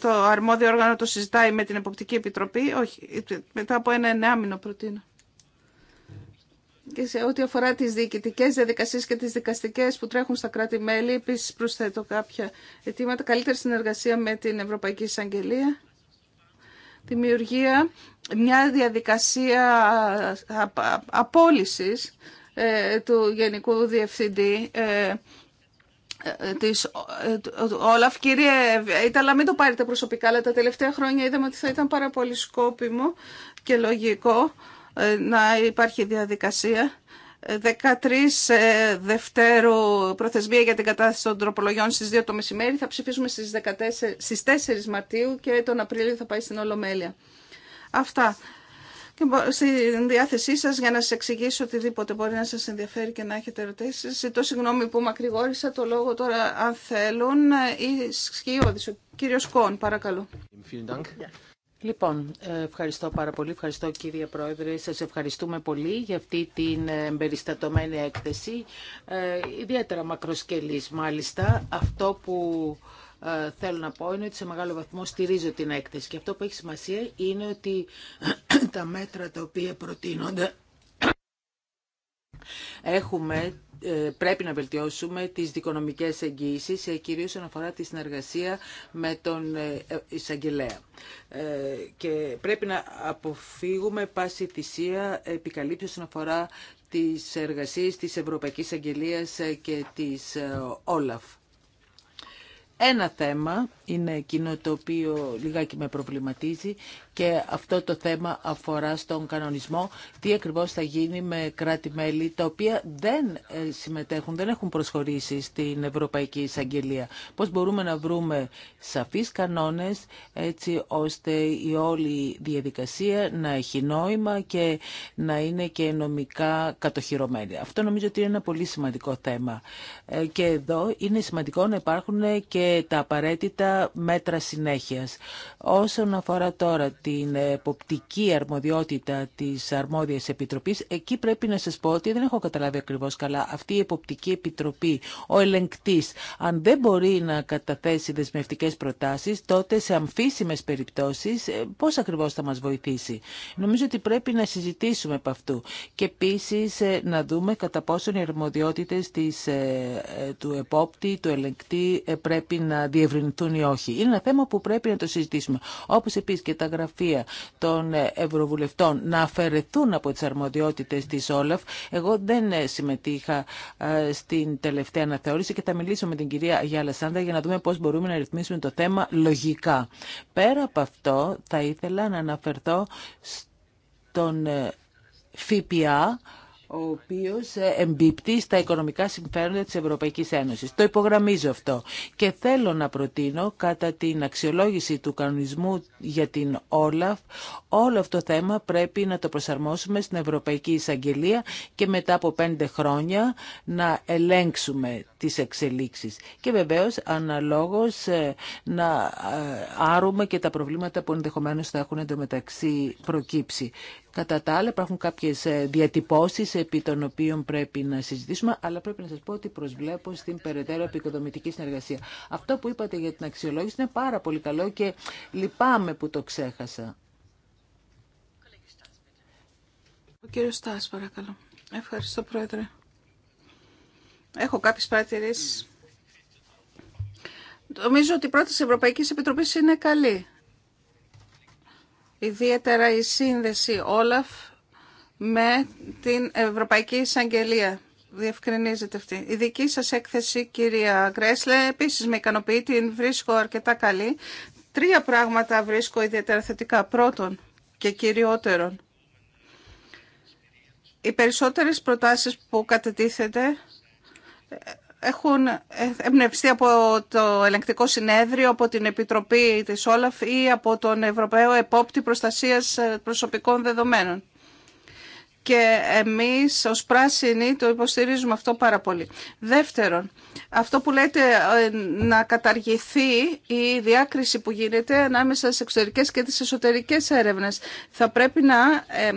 το αρμόδιο όργανο το συζητάει με την Εποπτική Επιτροπή. Όχι, μετά από ένα εννέα μήνο προτείνω και σε ό,τι αφορά τις διοικητικές διαδικασίες και τις δικαστικές που τρέχουν στα κράτη-μέλη, επίσης προσθέτω κάποια αιτήματα, καλύτερη συνεργασία με την Ευρωπαϊκή Εισαγγελία, δημιουργία μια διαδικασία απόλυσης ε, του Γενικού Διευθυντή ε, ε, της Όλαφ. Κύριε Ήταλα, μην το πάρετε προσωπικά, αλλά τα τελευταία χρόνια είδαμε ότι θα ήταν πάρα πολύ σκόπιμο και λογικό ε, να υπάρχει διαδικασία. 13 ε, ε, Δευτέρου προθεσμία για την κατάσταση των τροπολογιών στις 2 το μεσημέρι. Θα ψηφίσουμε στις, 14, στις 4 Μαρτίου και τον Απρίλιο θα πάει στην Ολομέλεια. Αυτά. Και διάθεσή σα για να σα εξηγήσω οτιδήποτε μπορεί να σα ενδιαφέρει και να έχετε ερωτήσει. Ζητώ συγγνώμη που μακρηγόρησα το λόγο τώρα αν θέλουν ή σκιώδη. Ο κύριο Κόν, παρακαλώ. Λοιπόν, ε, ευχαριστώ πάρα πολύ. Ευχαριστώ κύριε Πρόεδρε. Σας ευχαριστούμε πολύ για αυτή την εμπεριστατωμένη έκθεση. Ε, ιδιαίτερα μακροσκελής μάλιστα. Αυτό που ε, θέλω να πω είναι ότι σε μεγάλο βαθμό στηρίζω την έκθεση. Και αυτό που έχει σημασία είναι ότι τα μέτρα τα οποία προτείνονται έχουμε ε, πρέπει να βελτιώσουμε τις δικονομικές εγγύησεις, ε, κυρίως όσον αφορά τη συνεργασία με τον ε, εισαγγελέα. Και πρέπει να αποφύγουμε πάση θυσία επικαλύψεις όσον αφορά τις εργασίες της Ευρωπαϊκής Αγγελίας και της Όλαφ. Ένα θέμα είναι εκείνο το οποίο λιγάκι με προβληματίζει και αυτό το θέμα αφορά στον κανονισμό τι ακριβώς θα γίνει με κράτη-μέλη τα οποία δεν ε, συμμετέχουν, δεν έχουν προσχωρήσει στην Ευρωπαϊκή Εισαγγελία. Πώς μπορούμε να βρούμε σαφείς κανόνες έτσι ώστε η όλη διαδικασία να έχει νόημα και να είναι και νομικά κατοχυρωμένη. Αυτό νομίζω ότι είναι ένα πολύ σημαντικό θέμα. Ε, και εδώ είναι σημαντικό να υπάρχουν και τα απαραίτητα μέτρα συνέχειας. Όσον αφορά τώρα την εποπτική αρμοδιότητα της αρμόδιας επιτροπής, εκεί πρέπει να σας πω ότι δεν έχω καταλάβει ακριβώς καλά. Αυτή η εποπτική επιτροπή, ο ελεγκτής, αν δεν μπορεί να καταθέσει δεσμευτικές προτάσεις, τότε σε αμφίσιμες περιπτώσεις ε, πώς ακριβώς θα μας βοηθήσει. Νομίζω ότι πρέπει να συζητήσουμε από αυτού και επίση ε, να δούμε κατά πόσον οι αρμοδιότητες της, ε, του επόπτη, του ελεγκτή πρέπει να διευρυνθούν ή όχι. Είναι ένα θέμα που πρέπει να το συζητήσουμε. Όπως επίσης και τα γραφικά των Ευρωβουλευτών να αφαιρεθούν από τις αρμοδιότητες της Όλαφ. Εγώ δεν συμμετείχα ε, στην τελευταία αναθεώρηση και θα μιλήσω με την κυρία Γιάλα Σάντα για να δούμε πώς μπορούμε να ρυθμίσουμε το θέμα λογικά. Πέρα από αυτό θα ήθελα να αναφερθώ στον ε, ΦΠΑ ο οποίο ε, εμπίπτει στα οικονομικά συμφέροντα της Ευρωπαϊκής Ένωσης. Το υπογραμμίζω αυτό και θέλω να προτείνω κατά την αξιολόγηση του κανονισμού για την Όλαφ όλο αυτό το θέμα πρέπει να το προσαρμόσουμε στην Ευρωπαϊκή Εισαγγελία και μετά από πέντε χρόνια να ελέγξουμε τις εξελίξεις και βεβαίως αναλόγω ε, να ε, άρουμε και τα προβλήματα που ενδεχομένω θα έχουν εντωμεταξύ προκύψει. Κατά τα άλλα υπάρχουν κάποιες ε, διατυπώσεις επί των οποίων πρέπει να συζητήσουμε, αλλά πρέπει να σας πω ότι προσβλέπω στην περαιτέρω επικοδομητική συνεργασία. Αυτό που είπατε για την αξιολόγηση είναι πάρα πολύ καλό και λυπάμαι που το ξέχασα. Ο κύριο Στάς, παρακαλώ. Ευχαριστώ, Πρόεδρε. Έχω κάποιες παρατηρήσεις. Νομίζω ότι η πρόταση Ευρωπαϊκής Επιτροπής είναι καλή ιδιαίτερα η σύνδεση Όλαφ με την Ευρωπαϊκή Εισαγγελία. Διευκρινίζεται αυτή. Η δική σας έκθεση, κυρία Γκρέσλε, επίσης με ικανοποιεί, την βρίσκω αρκετά καλή. Τρία πράγματα βρίσκω ιδιαίτερα θετικά. Πρώτον και κυριότερον, οι περισσότερες προτάσεις που κατετίθεται έχουν εμπνευστεί από το Ελεγκτικό Συνέδριο, από την Επιτροπή της Όλαφ ή από τον Ευρωπαίο Επόπτη Προστασίας Προσωπικών Δεδομένων. Και εμείς ως πράσινοι το υποστηρίζουμε αυτό πάρα πολύ. Δεύτερον, αυτό που λέτε ε, να καταργηθεί η διάκριση που γίνεται ανάμεσα στις εξωτερικές και τις εσωτερικές έρευνες θα πρέπει να ε,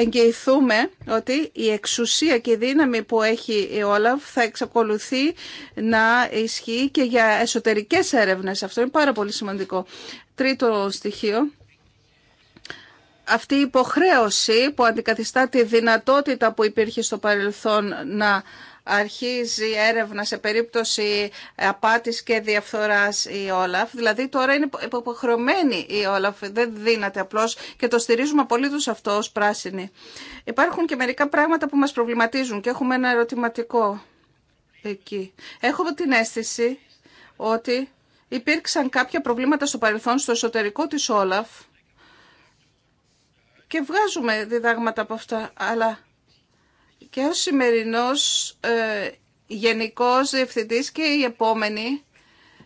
εγγυηθούμε ότι η εξουσία και η δύναμη που έχει η Όλαφ θα εξακολουθεί να ισχύει και για εσωτερικές έρευνες. Αυτό είναι πάρα πολύ σημαντικό. Τρίτο στοιχείο. Αυτή η υποχρέωση που αντικαθιστά τη δυνατότητα που υπήρχε στο παρελθόν να αρχίζει έρευνα σε περίπτωση απάτης και διαφθοράς η Όλαφ. Δηλαδή τώρα είναι υποχρεωμένη η Όλαφ, δεν δύναται απλώς και το στηρίζουμε απολύτως αυτό ως πράσινη. Υπάρχουν και μερικά πράγματα που μας προβληματίζουν και έχουμε ένα ερωτηματικό εκεί. Έχω την αίσθηση ότι υπήρξαν κάποια προβλήματα στο παρελθόν στο εσωτερικό της Όλαφ και βγάζουμε διδάγματα από αυτά, αλλά και ο σημερινός ε, γενικός διευθυντής και η επόμενη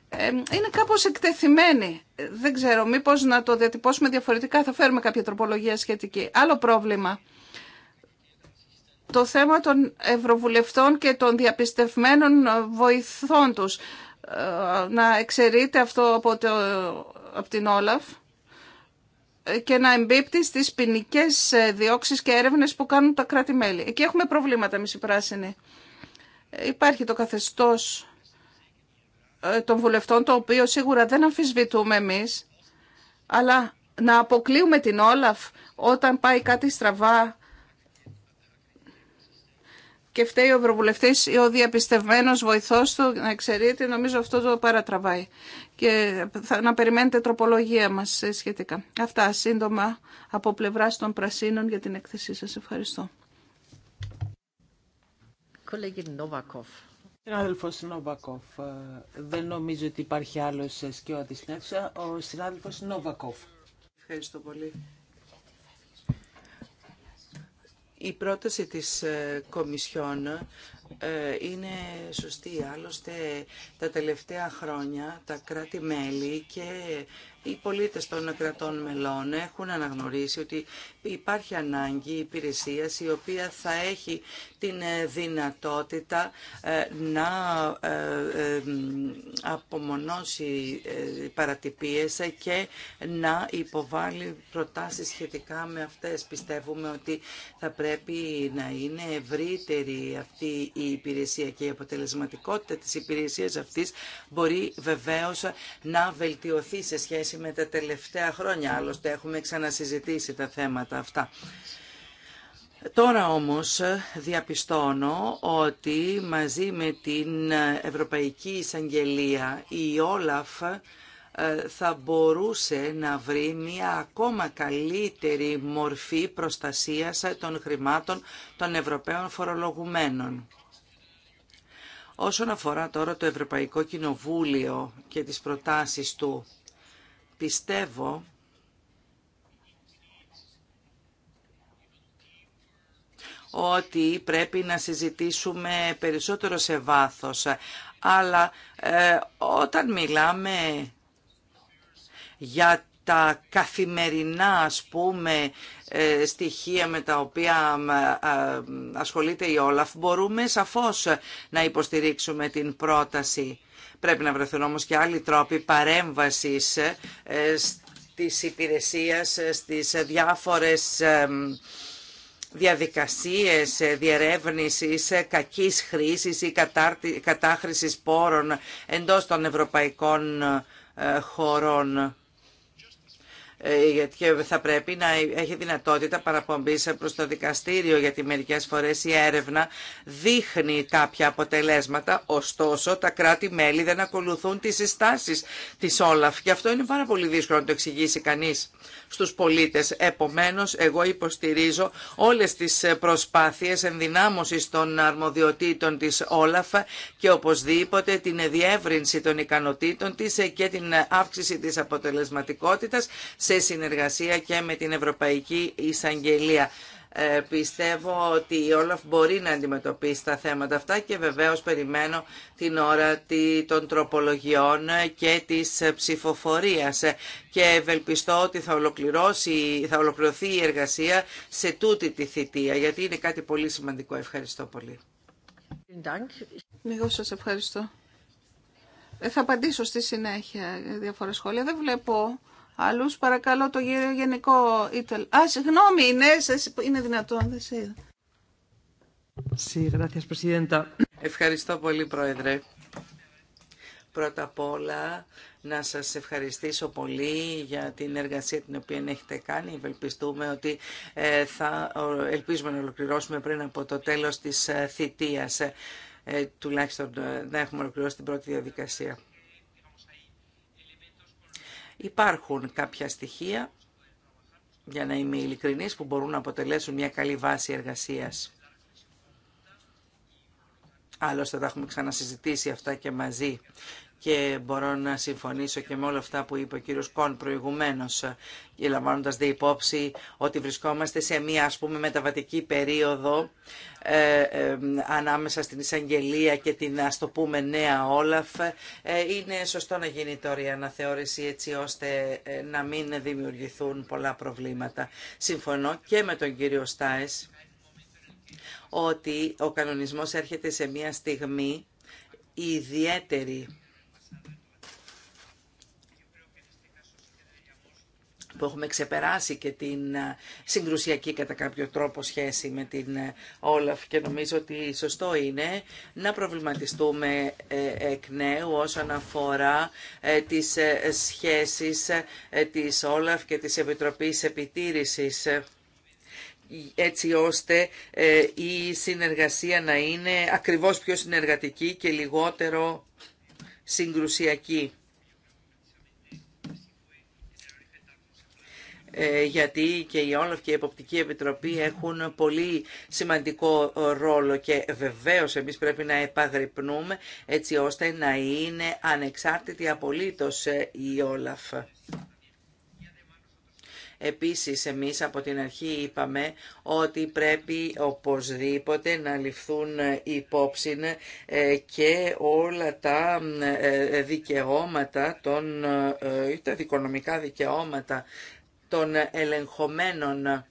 ε, είναι κάπως εκτεθειμένοι. Δεν ξέρω, μήπως να το διατυπώσουμε διαφορετικά, θα φέρουμε κάποια τροπολογία σχετική. Άλλο πρόβλημα. Το θέμα των ευρωβουλευτών και των διαπιστευμένων βοηθών τους. Ε, να εξαιρείται αυτό από, από την Όλαφ και να εμπίπτει στις ποινικέ ε, διώξεις και έρευνες που κάνουν τα κράτη-μέλη. Εκεί έχουμε προβλήματα εμείς οι πράσινοι. Ε, υπάρχει το καθεστώς ε, των βουλευτών, το οποίο σίγουρα δεν αμφισβητούμε εμείς, αλλά να αποκλείουμε την Όλαφ όταν πάει κάτι στραβά και φταίει ο Ευρωβουλευτής ή ο διαπιστευμένος βοηθός του να εξαιρείται, νομίζω αυτό το παρατραβάει. Και θα, να περιμένετε τροπολογία μας ε, σχετικά. Αυτά σύντομα από πλευρά των Πρασίνων για την έκθεσή σας. Ευχαριστώ. Συνάδελφος Νόβακοφ, ε, δεν νομίζω ότι υπάρχει άλλος ε, σκιώδης συνέχεια. Ο συνάδελφο Νόβακοφ. Ευχαριστώ πολύ. Η πρόταση της ε, Κομισιόν ε, είναι σωστή. Άλλωστε τα τελευταία χρόνια τα κράτη-μέλη και οι πολίτες των κρατών μελών έχουν αναγνωρίσει ότι υπάρχει ανάγκη υπηρεσία, η οποία θα έχει την δυνατότητα ε, να ε, απομονώσει παρατυπίες και να υποβάλει προτάσεις σχετικά με αυτές. Πιστεύουμε ότι θα πρέπει να είναι ευρύτερη αυτή η η υπηρεσία και η αποτελεσματικότητα της υπηρεσίας αυτής μπορεί βεβαίως να βελτιωθεί σε σχέση με τα τελευταία χρόνια. Άλλωστε έχουμε ξανασυζητήσει τα θέματα αυτά. Τώρα όμως διαπιστώνω ότι μαζί με την Ευρωπαϊκή Εισαγγελία η Όλαφ ε, θα μπορούσε να βρει μια ακόμα καλύτερη μορφή προστασίας των χρημάτων των Ευρωπαίων φορολογουμένων. Όσον αφορά τώρα το Ευρωπαϊκό Κοινοβούλιο και τις προτάσεις του, πιστεύω ότι πρέπει να συζητήσουμε περισσότερο σε βάθος. Αλλά ε, όταν μιλάμε για τα καθημερινά ας πούμε ε, στοιχεία με τα οποία ε, ασχολείται η Όλαφ μπορούμε σαφώς να υποστηρίξουμε την πρόταση. Πρέπει να βρεθούν όμως και άλλοι τρόποι παρέμβασης ε, της υπηρεσίας στις διάφορες διαδικασίες διερεύνησης κακής χρήσης ή κατάχρησης πόρων εντός των ευρωπαϊκών χωρών. Ε, και θα πρέπει να έχει δυνατότητα παραπομπής προς το δικαστήριο γιατί μερικές φορές η έρευνα δείχνει κάποια αποτελέσματα ωστόσο τα κράτη-μέλη δεν ακολουθούν τις συστάσεις της Όλαφ και αυτό είναι πάρα πολύ δύσκολο να το εξηγήσει κανείς στους πολίτες. Επομένως εγώ υποστηρίζω όλες τις προσπάθειες ενδυνάμωσης των αρμοδιοτήτων της Όλαφ και οπωσδήποτε την διεύρυνση των ικανοτήτων της και την αύξηση της αποτελεσματικότητας σε συνεργασία και με την Ευρωπαϊκή Εισαγγελία. Ε, πιστεύω ότι η Όλαφ μπορεί να αντιμετωπίσει τα θέματα αυτά και βεβαίως περιμένω την ώρα των τροπολογιών και της ψηφοφορίας και ευελπιστώ ότι θα, ολοκληρώσει, θα ολοκληρωθεί η εργασία σε τούτη τη θητεία γιατί είναι κάτι πολύ σημαντικό. Ευχαριστώ πολύ. Εγώ σας ευχαριστώ. Ε, θα απαντήσω στη συνέχεια διάφορα σχόλια. Δεν βλέπω Αλλού παρακαλώ το γύριο γενικό Ιταλ. Α, συγγνώμη, ναι, σας είναι δυνατόν, δεν σε είδα. Ευχαριστώ πολύ, Πρόεδρε. Πρώτα απ' όλα, να σας ευχαριστήσω πολύ για την εργασία την οποία έχετε κάνει. Ευελπιστούμε ότι ε, θα ελπίζουμε να ολοκληρώσουμε πριν από το τέλος της ε, θητείας, ε, τουλάχιστον να έχουμε ολοκληρώσει την πρώτη διαδικασία. Υπάρχουν κάποια στοιχεία, για να είμαι ειλικρινής, που μπορούν να αποτελέσουν μια καλή βάση εργασίας. Άλλωστε θα έχουμε ξανασυζητήσει αυτά και μαζί και μπορώ να συμφωνήσω και με όλα αυτά που είπε ο κύριος Κον προηγουμένως και ε, λαμβάνοντας δε υπόψη ότι βρισκόμαστε σε μία ας πούμε μεταβατική περίοδο ε, ε, ανάμεσα στην εισαγγελία και την ας το πούμε νέα Όλαφ είναι σωστό να γίνει τώρα η αναθεώρηση έτσι ώστε να μην δημιουργηθούν πολλά προβλήματα. Συμφωνώ και με τον κύριο Στάες ότι ο κανονισμός έρχεται σε μία στιγμή ιδιαίτερη που έχουμε ξεπεράσει και την ε, συγκρουσιακή κατά κάποιο τρόπο σχέση με την ε, Όλαφ και νομίζω ότι σωστό είναι να προβληματιστούμε ε, εκ νέου όσον αφορά τις σχέσεις της Όλαφ και της Επιτροπής Επιτήρησης έτσι ώστε η συνεργασία να είναι ακριβώς πιο συνεργατική και λιγότερο συγκρουσιακή. Ε, γιατί και η Όλαφ και η Εποπτική Επιτροπή έχουν πολύ σημαντικό ρόλο και βεβαίως εμείς πρέπει να επαγρυπνούμε έτσι ώστε να είναι ανεξάρτητη απολύτως ε, η Όλαφ. Επίσης, εμείς από την αρχή είπαμε ότι πρέπει οπωσδήποτε να ληφθούν υπόψη ε, και όλα τα δικαιώματα, των, τα δικονομικά δικαιώματα των ελεγχομένων ε,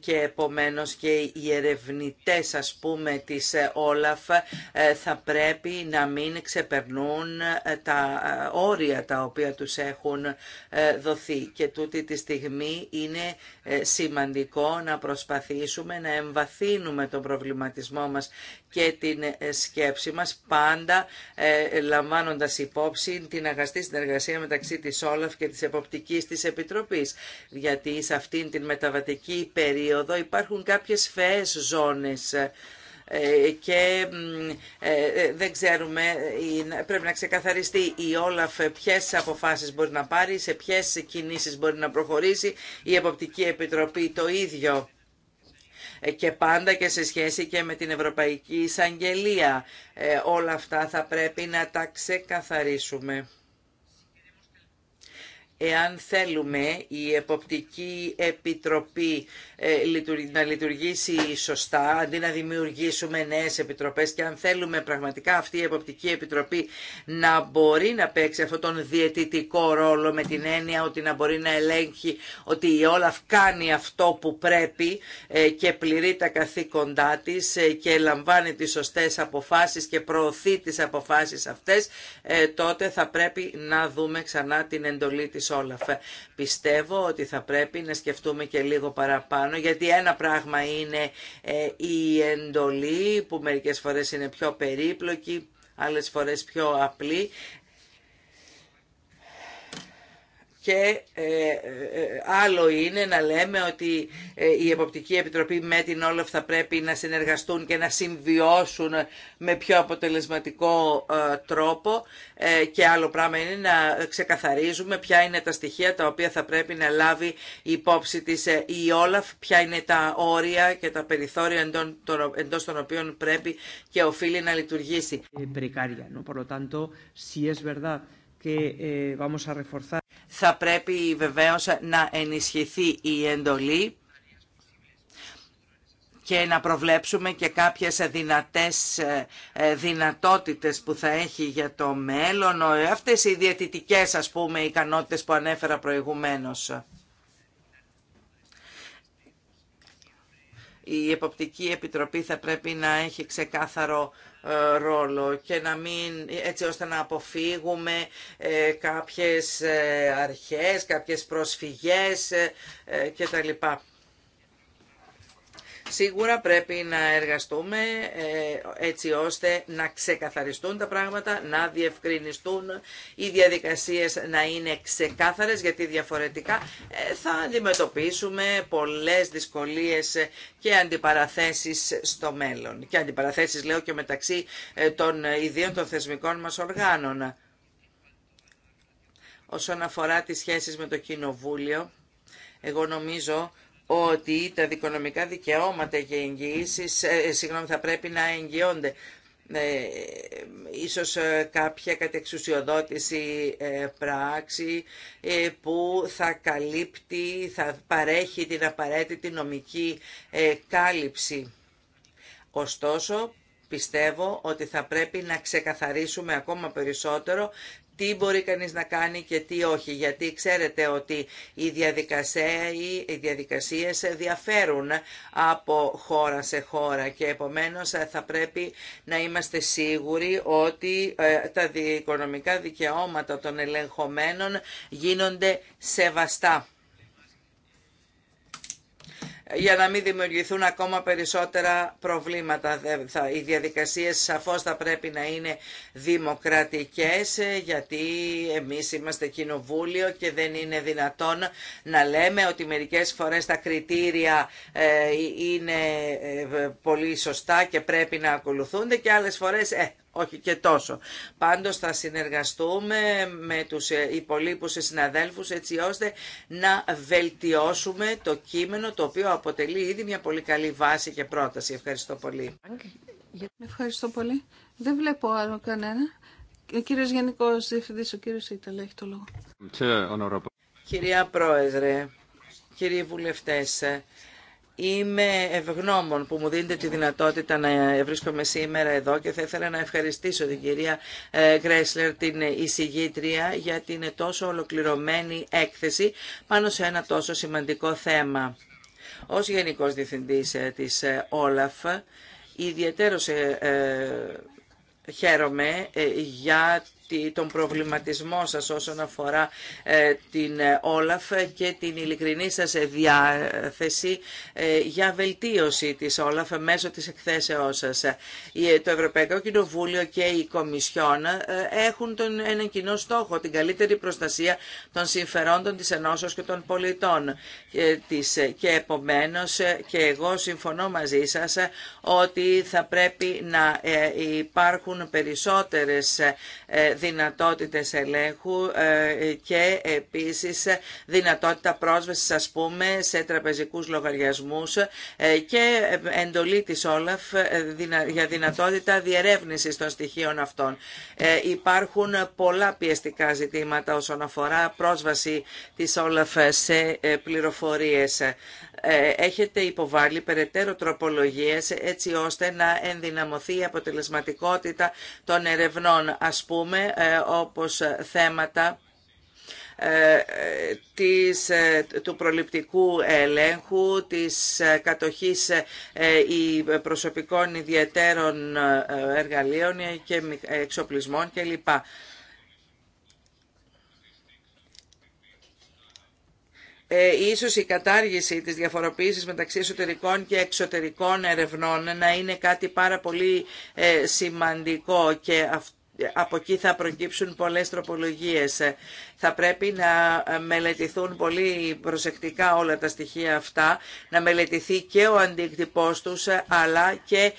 και επομένως και οι ερευνητές ας πούμε της ε, Όλαφ ε, θα πρέπει να μην ξεπερνούν τα όρια τα οποία τους έχουν δοθεί και τούτη τη στιγμή είναι σημαντικό να προσπαθήσουμε να εμβαθύνουμε τον προβληματισμό μας και την ε, σκέψη μας, πάντα ε, λαμβάνοντας υπόψη την αγαστή συνεργασία μεταξύ της Όλαφ και της Εποπτικής της Επιτροπής. Γιατί σε αυτήν την μεταβατική περίοδο υπάρχουν κάποιες φαιές ζώνες ε, και ε, δεν ξέρουμε, πρέπει να ξεκαθαριστεί η Όλαφ ποιες αποφάσεις μπορεί να πάρει, σε ποιες κινήσεις μπορεί να προχωρήσει, η Εποπτική Επιτροπή το ίδιο. Ε, και πάντα και σε σχέση και με την Ευρωπαϊκή Εισαγγελία. Ε, όλα αυτά θα πρέπει να τα ξεκαθαρίσουμε εάν θέλουμε η Εποπτική Επιτροπή ε, να λειτουργήσει σωστά, αντί να δημιουργήσουμε νέες επιτροπές και αν θέλουμε πραγματικά αυτή η Εποπτική Επιτροπή να μπορεί να παίξει αυτόν τον διαιτητικό ρόλο με την έννοια ότι να μπορεί να ελέγχει ότι η Όλαφ κάνει αυτό που πρέπει ε, και πληρεί τα καθήκοντά της ε, και λαμβάνει τις σωστές αποφάσεις και προωθεί τις αποφάσεις αυτές, τότε θα πρέπει να δούμε ξανά την εντολή Πιστεύω ότι θα πρέπει να σκεφτούμε και λίγο παραπάνω, γιατί ένα πράγμα είναι ε, η εντολή που μερικές φορές είναι πιο περίπλοκη, άλλες φορές πιο απλή και ε, ε, ε, άλλο είναι να λέμε ότι η Εποπτική Επιτροπή με την Όλαφ θα πρέπει να συνεργαστούν και να συμβιώσουν με πιο αποτελεσματικό τρόπο και άλλο πράγμα είναι να ξεκαθαρίζουμε ποια είναι τα στοιχεία τα οποία θα πρέπει να λάβει η υπόψη της η Όλαφ, ποια είναι τα όρια και τα περιθώρια εντός των οποίων πρέπει και οφείλει να λειτουργήσει. ¿no? Por lo ε, θα πρέπει βεβαίως να ενισχυθεί η εντολή και να προβλέψουμε και κάποιες δυνατές ε, ε, δυνατότητες που θα έχει για το μέλλον, αυτές οι διατητικές ας πούμε ικανότητες που ανέφερα προηγουμένως. Η Εποπτική Επιτροπή θα πρέπει να έχει ξεκάθαρο ε, ρόλο και να μην, έτσι ώστε να αποφύγουμε ε, κάποιες ε, αρχές, κάποιες προσφυγές κτλ. Σίγουρα πρέπει να εργαστούμε ε, έτσι ώστε να ξεκαθαριστούν τα πράγματα, να διευκρινιστούν οι διαδικασίες να είναι ξεκάθαρες γιατί διαφορετικά ε, θα αντιμετωπίσουμε πολλές δυσκολίες και αντιπαραθέσεις στο μέλλον. Και αντιπαραθέσεις λέω και μεταξύ ε, των ιδίων των θεσμικών μας οργάνων. Όσον αφορά τις σχέσεις με το Κοινοβούλιο, εγώ νομίζω ότι τα δικονομικά δικαιώματα και εγγυήσει, ε, ε θα πρέπει να εγγυώνται. Ε, ίσως ε, κάποια κατεξουσιοδότηση ε, πράξη που θα καλύπτει, θα παρέχει την απαραίτητη νομική κάλυψη. Ωστόσο, πιστεύω ότι θα πρέπει να ξεκαθαρίσουμε ακόμα περισσότερο τι μπορεί κανείς να κάνει και τι όχι, γιατί ξέρετε ότι οι διαδικασίες διαφέρουν από χώρα σε χώρα και επομένως ε, θα πρέπει να είμαστε σίγουροι ότι ε, τα οικονομικά δικαιώματα των ελεγχομένων γίνονται σεβαστά για να μην δημιουργηθούν ακόμα περισσότερα προβλήματα. Οι διαδικασίες σαφώς θα πρέπει να είναι δημοκρατικές ε, γιατί εμείς είμαστε κοινοβούλιο και δεν είναι δυνατόν να λέμε ότι μερικές φορές τα κριτήρια ε, ε, είναι πολύ σωστά και πρέπει να ακολουθούνται και άλλες φορές όχι και τόσο. Πάντως θα συνεργαστούμε με τους υπολείπους συναδέλφους έτσι ώστε να βελτιώσουμε το κείμενο το οποίο αποτελεί ήδη μια πολύ καλή βάση και πρόταση. Ευχαριστώ πολύ. Ευχαριστώ πολύ. Δεν βλέπω άλλο κανένα. Ο κύριος Γενικός Διευθυντής, ο κύριος Ιταλά, έχει το λόγο. Κυρία Πρόεδρε, κύριοι βουλευτές, Είμαι ευγνώμων που μου δίνετε τη δυνατότητα να βρίσκομαι σήμερα εδώ και θα ήθελα να ευχαριστήσω την κυρία ε, Γκρέσλερ, την εισηγήτρια, για την τόσο ολοκληρωμένη έκθεση πάνω σε ένα τόσο σημαντικό θέμα. Ως Γενικός Διευθυντής ε, της ε, Όλαφ, ε, χαίρομαι για τον προβληματισμό σας όσον αφορά ε, την ε, Όλαφ και την ειλικρινή σας διάθεση ε, για βελτίωση της Όλαφ μέσω της εκθέσεώς σας. Το Ευρωπαϊκό Κοινοβούλιο και η Κομισιόν έχουν τον, έναν κοινό στόχο, την καλύτερη προστασία των συμφερόντων της ενώσεως και των πολιτών της. Και επομένως και εγώ συμφωνώ μαζί σας ότι θα πρέπει να υπάρχουν περισσότερες δυνατότητες ελέγχου ε, και επίσης δυνατότητα πρόσβασης ας πούμε σε τραπεζικούς λογαριασμούς ε, και εντολή της Όλαφ ε, για δυνατότητα διερεύνησης των στοιχείων αυτών. Υπάρχουν πολλά πιεστικά ζητήματα όσον αφορά πρόσβαση της Όλαφ σε πληροφορίες. Ε, έχετε υποβάλει περαιτέρω τροπολογίες έτσι ώστε να ενδυναμωθεί η αποτελεσματικότητα των ερευνών, ας πούμε, ε, όπως θέματα ε, του προληπτικού ελέγχου, της κατοχής προσωπικών ιδιαίτερων εργαλείων και εξοπλισμών κλπ. Ε, ίσως η κατάργηση της διαφοροποίησης μεταξύ εσωτερικών και εξωτερικών ερευνών να είναι κάτι πάρα πολύ ε, σημαντικό και από εκεί θα προκύψουν πολλές τροπολογίες. Θα πρέπει να ε, μελετηθούν πολύ προσεκτικά όλα τα στοιχεία αυτά, να μελετηθεί και ο αντίκτυπός τους, αλλά και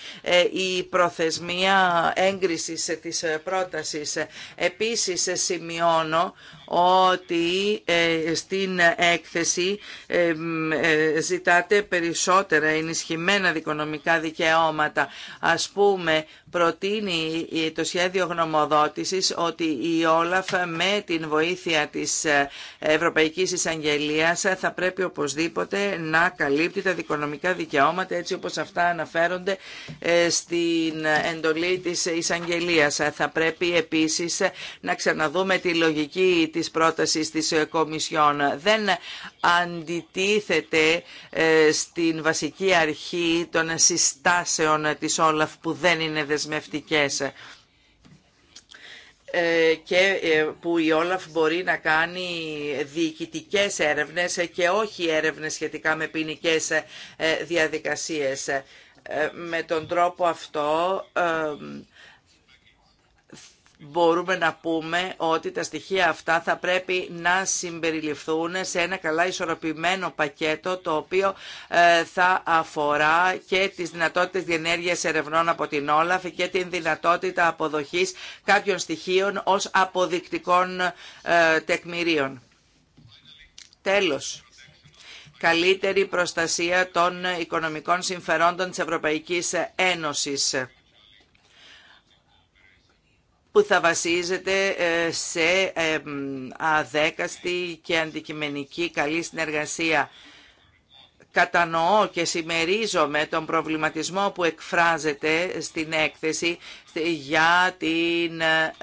η προθεσμία έγκρισης της πρότασης. Επίσης σημειώνω ότι ε, στην έκθεση ε, ε, ζητάτε περισσότερα ενισχυμένα δικονομικά δικαιώματα. Ας πούμε, προτείνει το σχέδιο γνωμοδότησης ότι η Όλαφ με την βοήθεια της Ευρωπαϊκής Εισαγγελίας θα πρέπει οπωσδήποτε να καλύπτει τα δικονομικά δικαιώματα έτσι όπως αυτά αναφέρονται στην εντολή της Εισαγγελίας. Θα πρέπει επίσης να ξαναδούμε τη λογική της πρότασης της ε, Κομισιόν. Δεν αντιτίθεται ε, στην βασική αρχή των συστάσεων της Όλαφ που δεν είναι δεσμευτικές ε, και που η Όλαφ μπορεί να κάνει διοικητικέ έρευνες και όχι έρευνες σχετικά με ποινικέ διαδικασίες. Με τον τρόπο αυτό μπορούμε να πούμε ότι τα στοιχεία αυτά θα πρέπει να συμπεριληφθούν σε ένα καλά ισορροπημένο πακέτο το οποίο ε, θα αφορά και τις δυνατότητες διενέργειας ερευνών από την Όλαφ και την δυνατότητα αποδοχής κάποιων στοιχείων ως αποδεικτικών ε, τεκμηρίων. Τέλος καλύτερη προστασία των οικονομικών συμφερόντων της Ευρωπαϊκής Ένωσης που θα βασίζεται ε, σε αδέκαστη και αντικειμενική καλή συνεργασία. Κατανοώ και συμμερίζομαι τον προβληματισμό που εκφράζεται στην έκθεση για, την, ε,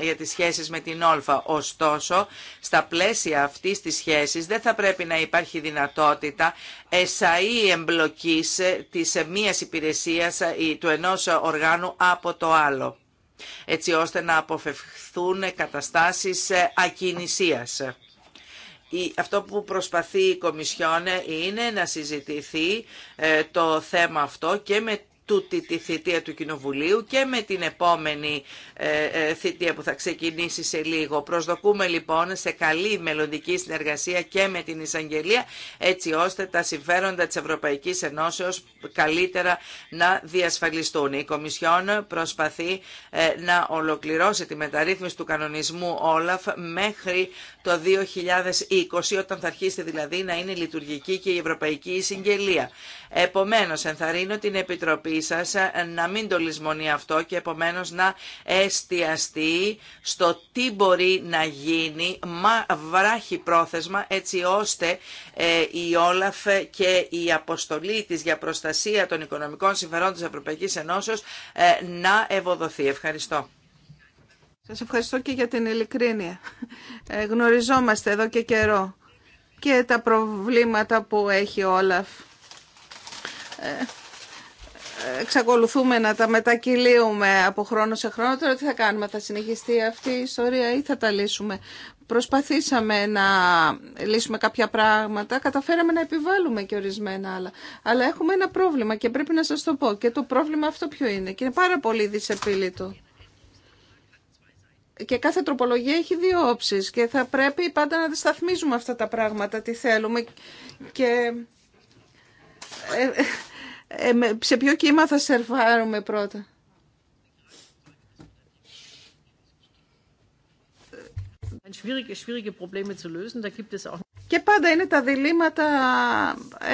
για τις σχέσεις με την Όλφα. Ωστόσο, στα πλαίσια αυτής της σχέσης δεν θα πρέπει να υπάρχει δυνατότητα εσαΐ εμπλοκής της μίας υπηρεσίας ή ε, του ενός οργάνου από το άλλο έτσι ώστε να αποφευχθούν καταστάσεις ε, ακινησίας. Αυτό που προσπαθεί η Κομισιόν ε, είναι να συζητηθεί ε, το θέμα αυτό και με τούτη τη θητεία του Κοινοβουλίου και με την επόμενη ε, ε, θητεία που θα ξεκινήσει σε λίγο. Προσδοκούμε λοιπόν σε καλή μελλοντική συνεργασία και με την εισαγγελία έτσι ώστε τα συμφέροντα της Ευρωπαϊκής Ενώσεως καλύτερα να διασφαλιστούν. Η Κομισιόν προσπαθεί ε, να ολοκληρώσει τη μεταρρύθμιση του κανονισμού Όλαφ μέχρι το 2020 όταν θα αρχίσει δηλαδή να είναι λειτουργική και η Ευρωπαϊκή Εισαγγελία. Επομένως ενθαρρύνω την Επιτροπή σας ε, να μην το λησμονεί αυτό και επομένως να εστιαστεί στο τι μπορεί να γίνει μα βράχει πρόθεσμα έτσι ώστε ε, η Όλαφ και η αποστολή της για προστασία των οικονομικών συμφερόντων της Ευρωπαϊκής Ενώσεως ε, να ευοδοθεί. Ευχαριστώ. Σας ευχαριστώ και για την ειλικρίνεια. γνωριζόμαστε εδώ και καιρό και τα προβλήματα που έχει Όλαφ εξακολουθούμε να τα μετακυλίουμε από χρόνο σε χρόνο. Τώρα τι θα κάνουμε, θα συνεχιστεί αυτή η ιστορία ή θα τα λύσουμε. Προσπαθήσαμε να λύσουμε κάποια πράγματα, καταφέραμε να επιβάλλουμε και ορισμένα άλλα. Αλλά έχουμε ένα πρόβλημα και πρέπει να σας το πω. Και το πρόβλημα αυτό ποιο είναι και είναι πάρα πολύ δυσεπίλητο. Και κάθε τροπολογία έχει δύο όψεις και θα πρέπει πάντα να δισταθμίζουμε αυτά τα πράγματα, τι θέλουμε. Και ε, ε, ε, σε ποιο κύμα θα σερβάρουμε πρώτα. Και πάντα είναι τα διλήμματα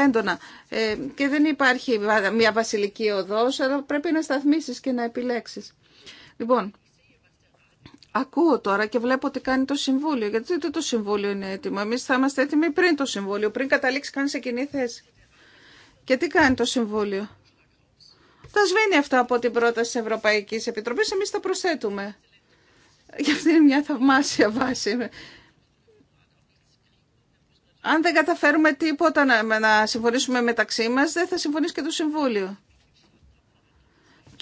έντονα. Ε, και δεν υπάρχει μια βασιλική οδός, αλλά πρέπει να σταθμίσεις και να επιλέξεις. Λοιπόν, ακούω τώρα και βλέπω ότι κάνει το Συμβούλιο, γιατί το Συμβούλιο είναι έτοιμο. Εμείς θα είμαστε έτοιμοι πριν το Συμβούλιο, πριν καταλήξει καν σε κοινή θέση. Και τι κάνει το Συμβούλιο. Τα σβήνει αυτά από την πρόταση της Ευρωπαϊκή Επιτροπής, εμείς τα προσθέτουμε. Και αυτή είναι μια θαυμάσια βάση. Αν δεν καταφέρουμε τίποτα να, να συμφωνήσουμε μεταξύ μας, δεν θα συμφωνήσει και το Συμβούλιο.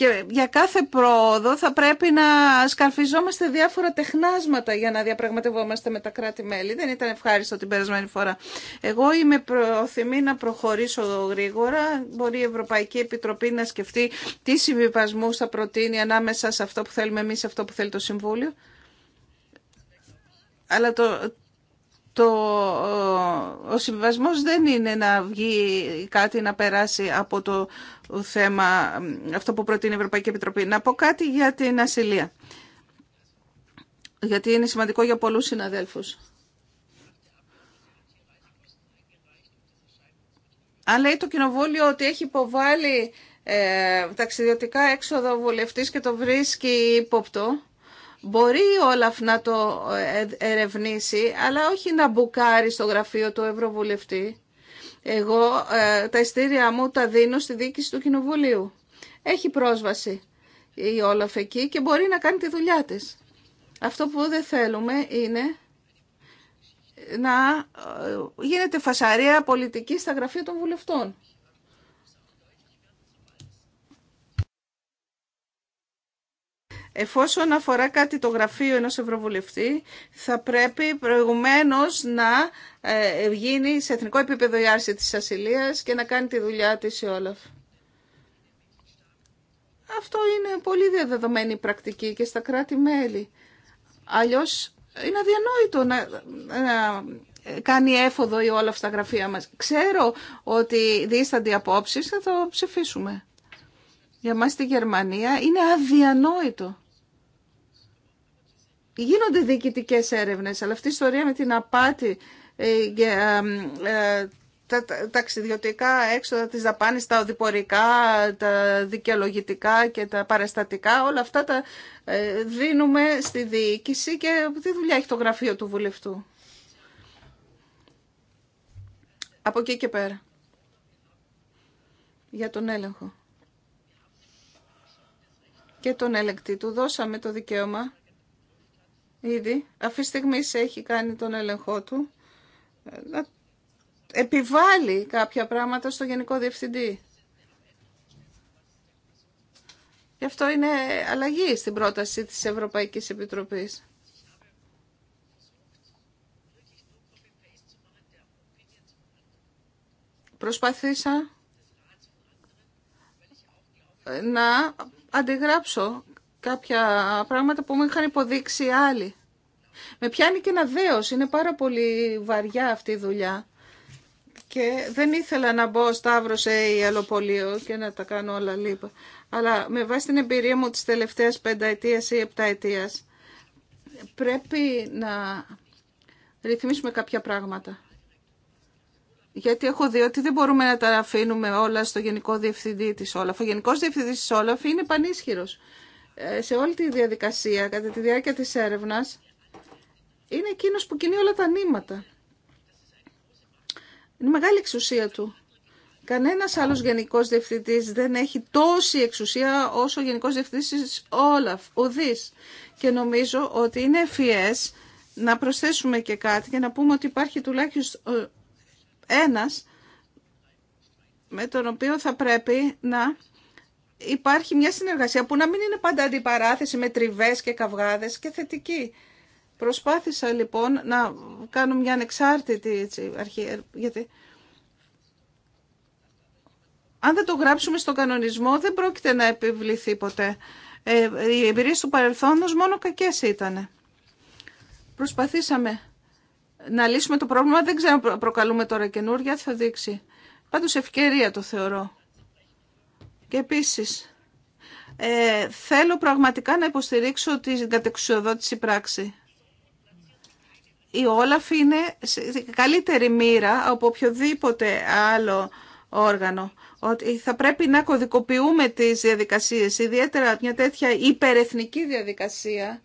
Και για κάθε πρόοδο θα πρέπει να σκαρφιζόμαστε διάφορα τεχνάσματα για να διαπραγματευόμαστε με τα κράτη-μέλη. Δεν ήταν ευχάριστο την περασμένη φορά. Εγώ είμαι προθυμή να προχωρήσω γρήγορα. Μπορεί η Ευρωπαϊκή Επιτροπή να σκεφτεί τι συμβιβασμού θα προτείνει ανάμεσα σε αυτό που θέλουμε εμεί, σε αυτό που θέλει το Συμβούλιο. Αλλά το το, ο συμβιβασμός δεν είναι να βγει κάτι να περάσει από το θέμα αυτό που προτείνει η Ευρωπαϊκή Επιτροπή. Να πω κάτι για την ασυλία. Γιατί είναι σημαντικό για πολλούς συναδέλφους. Αν λέει το κοινοβούλιο ότι έχει υποβάλει ε, ταξιδιωτικά έξοδο βουλευτής και το βρίσκει ύποπτο, Μπορεί Όλαφ να το ε, ερευνήσει, αλλά όχι να μπουκάρει στο γραφείο του Ευρωβουλευτή. Εγώ ε, τα ειστήρια μου τα δίνω στη διοίκηση του Κοινοβουλίου. Έχει πρόσβαση η Όλαφ εκεί και μπορεί να κάνει τη δουλειά της. Αυτό που δεν θέλουμε είναι να ε, γίνεται φασαρία πολιτική στα γραφεία των βουλευτών. Εφόσον αφορά κάτι το γραφείο ενός Ευρωβουλευτή, θα πρέπει προηγουμένως να ε, γίνει σε εθνικό επίπεδο η άρση της ασυλίας και να κάνει τη δουλειά της η Όλαφ. Αυτό είναι πολύ διαδεδομένη πρακτική και στα κράτη-μέλη. Αλλιώς είναι αδιανόητο να, κάνει έφοδο η Όλαφ στα γραφεία μας. Ξέρω ότι δίστανται απόψεις, θα το ψηφίσουμε. Για μας στη Γερμανία είναι αδιανόητο Γίνονται διοικητικέ έρευνες, αλλά αυτή η ιστορία με την απάτη ε, και ε, ε, τα ταξιδιωτικά έξοδα, της δαπάνη, τα οδηπορικά, τα δικαιολογητικά και τα παραστατικά, όλα αυτά τα δίνουμε στη διοίκηση και τι δουλειά έχει το γραφείο του βουλευτού. Από εκεί και πέρα. Για τον έλεγχο. Και τον έλεγκτη του δώσαμε το δικαίωμα ήδη αυτή τη στιγμή έχει κάνει τον έλεγχό του να επιβάλλει κάποια πράγματα στο Γενικό Διευθυντή. Γι' αυτό είναι αλλαγή στην πρόταση της Ευρωπαϊκής Επιτροπής. Προσπαθήσα να αντιγράψω κάποια πράγματα που μου είχαν υποδείξει άλλοι. Με πιάνει και ένα δέος, είναι πάρα πολύ βαριά αυτή η δουλειά. Και δεν ήθελα να μπω σταύρο σε ιαλοπολείο και να τα κάνω όλα λίπα. Αλλά με βάση την εμπειρία μου της τελευταίας πενταετίας ή επταετίας, πρέπει να ρυθμίσουμε κάποια πράγματα. Γιατί έχω δει ότι δεν μπορούμε να τα αφήνουμε όλα στο Γενικό Διευθυντή της Όλαφ. Ο Γενικός Διευθυντής της Όλαφ είναι πανίσχυρος. Ε, σε όλη τη διαδικασία, κατά τη διάρκεια της έρευνας, είναι εκείνος που κινεί όλα τα νήματα. Είναι μεγάλη εξουσία του. Κανένας άλλος γενικός διευθυντής δεν έχει τόση εξουσία όσο ο γενικός διευθυντής Όλαφ, ουδής. Και νομίζω ότι είναι ευφυές να προσθέσουμε και κάτι και να πούμε ότι υπάρχει τουλάχιστον ε, ένας με τον οποίο θα πρέπει να υπάρχει μια συνεργασία που να μην είναι πάντα αντιπαράθεση με τριβές και καυγάδες και θετική. Προσπάθησα λοιπόν να κάνω μια ανεξάρτητη έτσι, αρχή, ε, γιατί αν δεν το γράψουμε στον κανονισμό δεν πρόκειται να επιβληθεί ποτέ. Ε, οι εμπειρίε του παρελθόντος μόνο κακές ήταν. Προσπαθήσαμε να λύσουμε το πρόβλημα, δεν ξέρω αν προκαλούμε τώρα καινούργια, θα δείξει. Πάντως ευκαιρία το θεωρώ. Και επίση ε, θέλω πραγματικά να υποστηρίξω την κατεξουσιοδότηση πράξη. Η Όλαφ είναι καλύτερη μοίρα από οποιοδήποτε άλλο όργανο. Ότι θα πρέπει να κωδικοποιούμε τις διαδικασίες, ιδιαίτερα μια τέτοια υπερεθνική διαδικασία.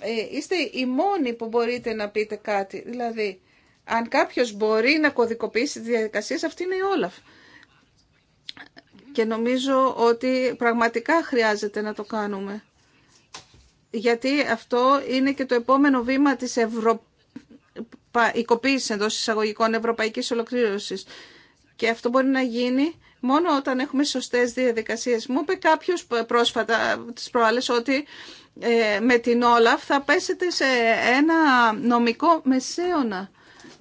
Ε, είστε οι μόνοι που μπορείτε να πείτε κάτι. Δηλαδή, αν κάποιος μπορεί να κωδικοποιήσει τις διαδικασίες, αυτή είναι η Όλαφ. Και νομίζω ότι πραγματικά χρειάζεται να το κάνουμε. Γιατί αυτό είναι και το επόμενο βήμα της ευρωπαϊκοποίησης εντός εισαγωγικών ευρωπαϊκής ολοκλήρωσης. Και αυτό μπορεί να γίνει μόνο όταν έχουμε σωστές διαδικασίες. Μου είπε κάποιος πρόσφατα τις προάλλες ότι ε, με την Όλαφ θα πέσετε σε ένα νομικό μεσαίωνα.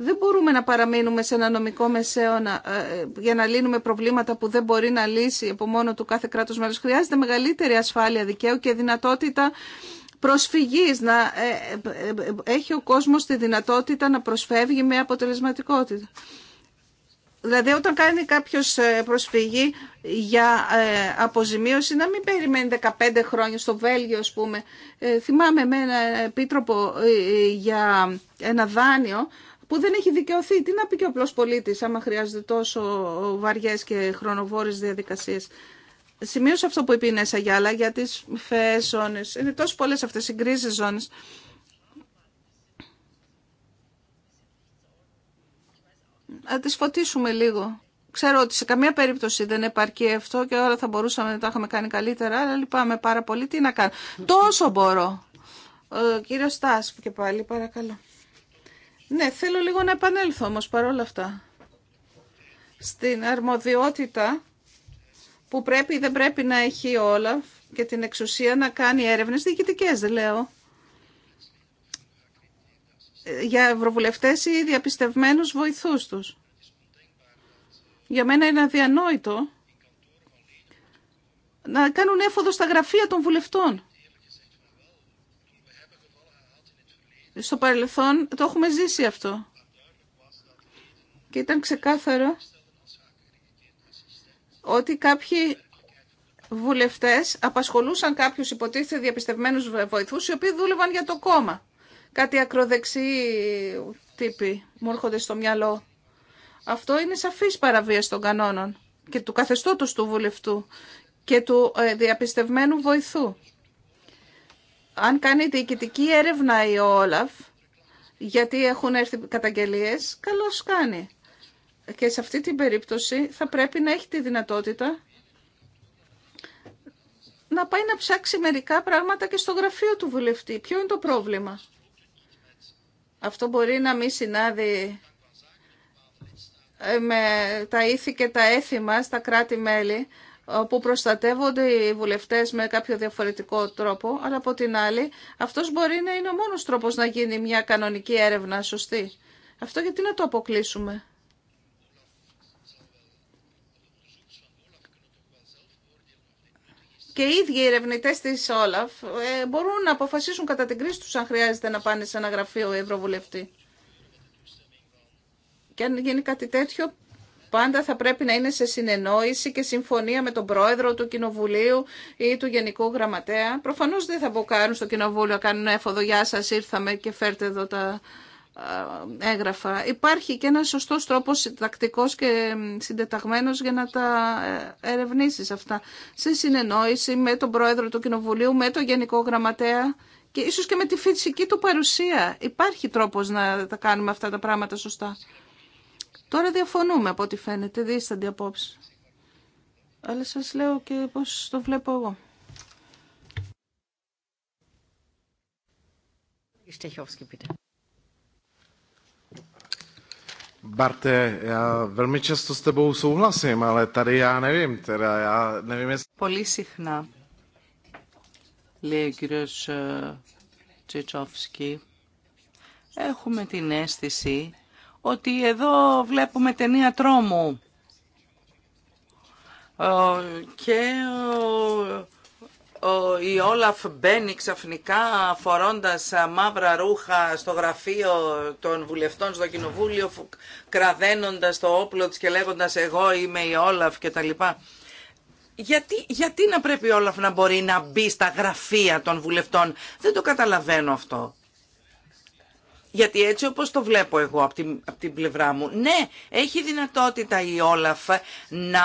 Δεν μπορούμε να παραμείνουμε σε ένα νομικό μεσαίωνα ε, για να λύνουμε προβλήματα που δεν μπορεί να λύσει από μόνο του κάθε κράτος μέλος. Χρειάζεται μεγαλύτερη ασφάλεια δικαίου και δυνατότητα προσφυγής, να ε, ε, έχει ο κόσμος τη δυνατότητα να προσφεύγει με αποτελεσματικότητα. Δηλαδή όταν κάνει κάποιος προσφυγή για αποζημίωση να μην περιμένει 15 χρόνια στο Βέλγιο ας πούμε. Θυμάμαι με ένα επίτροπο για ένα δάνειο που δεν έχει δικαιωθεί. Τι να πει και ο απλο πολιτη άμα χρειάζεται τόσο βαριέ και χρονοβορε διαδικασιε Σημείωσα αυτό που είπε η Νέσα Γιάλα για τι φαιέ ζώνε. Είναι τόσο πολλέ αυτέ οι γκρίζε ζώνε. Να τι φωτίσουμε λίγο. Ξέρω ότι σε καμία περίπτωση δεν επαρκεί αυτό και όλα θα μπορούσαμε να τα είχαμε κάνει καλύτερα, αλλά λυπάμαι πάρα πολύ. Τι να κάνω. Τόσο μπορώ. Ο κύριος και πάλι, παρακαλώ. Ναι, θέλω λίγο να επανέλθω όμως παρόλα αυτά. Στην αρμοδιότητα που πρέπει ή δεν πρέπει να έχει όλα και την εξουσία να κάνει έρευνες διοικητικές, δεν λέω. Για ευρωβουλευτές ή διαπιστευμένους βοηθούς τους. Για μένα είναι αδιανόητο να κάνουν έφοδο στα γραφεία των βουλευτών. Στο παρελθόν το έχουμε ζήσει αυτό. Και ήταν ξεκάθαρο ότι κάποιοι βουλευτές απασχολούσαν κάποιους υποτίθεται διαπιστευμένους βοηθούς οι οποίοι δούλευαν για το κόμμα. Κάτι ακροδεξιοί τύποι μου έρχονται στο μυαλό. Αυτό είναι σαφής παραβίαση των κανόνων και του καθεστώτος του βουλευτού και του ε, διαπιστευμένου βοηθού αν κάνει διοικητική έρευνα η Όλαφ, γιατί έχουν έρθει καταγγελίες, καλώς κάνει. Και σε αυτή την περίπτωση θα πρέπει να έχει τη δυνατότητα να πάει να ψάξει μερικά πράγματα και στο γραφείο του βουλευτή. Ποιο είναι το πρόβλημα. Αυτό μπορεί να μην συνάδει ε, με τα ήθη και τα έθιμα στα κράτη-μέλη που προστατεύονται οι βουλευτές με κάποιο διαφορετικό τρόπο, αλλά από την άλλη αυτός μπορεί να είναι ο μόνος τρόπος να γίνει μια κανονική έρευνα σωστή. Αυτό γιατί να το αποκλείσουμε. Και οι ίδιοι οι ερευνητέ τη Όλαφ ε, μπορούν να αποφασίσουν κατά την κρίση του αν χρειάζεται να πάνε σε ένα γραφείο ευρωβουλευτή. Και αν γίνει κάτι τέτοιο, πάντα θα πρέπει να είναι σε συνεννόηση και συμφωνία με τον πρόεδρο του Κοινοβουλίου ή του Γενικού Γραμματέα. Προφανώ δεν θα μπουκάρουν στο Κοινοβούλιο, κάνουν έφοδο, γεια σα, ήρθαμε και φέρτε εδώ τα έγγραφα. Υπάρχει και ένα σωστό τρόπο συντακτικό και συντεταγμένο για να τα ε, ερευνήσει αυτά. Σε συνεννόηση με τον πρόεδρο του Κοινοβουλίου, με τον Γενικό Γραμματέα και ίσως και με τη φυσική του παρουσία. Υπάρχει τρόπος να τα κάνουμε αυτά τα πράγματα σωστά. Τώρα διαφωνούμε από ό,τι φαίνεται, δίστανται απόψει. Αλλά σας λέω και πώς το βλέπω εγώ. Πολύ συχνά, λέει ο κύριος ε, Τσιτσόφσκι, έχουμε την αίσθηση ότι εδώ βλέπουμε ταινία τρόμου ε, και η Όλαφ μπαίνει ξαφνικά φορώντας μαύρα ρούχα στο γραφείο των βουλευτών στο κοινοβούλιο, κραδένοντας το όπλο της και λέγοντας εγώ είμαι η Όλαφ και τα λοιπά. Γιατί, γιατί να πρέπει η Όλαφ να μπορεί να μπει στα γραφεία των βουλευτών. Δεν το καταλαβαίνω αυτό. Γιατί έτσι όπως το βλέπω εγώ από την, πλευρά μου, ναι, έχει δυνατότητα η Όλαφ να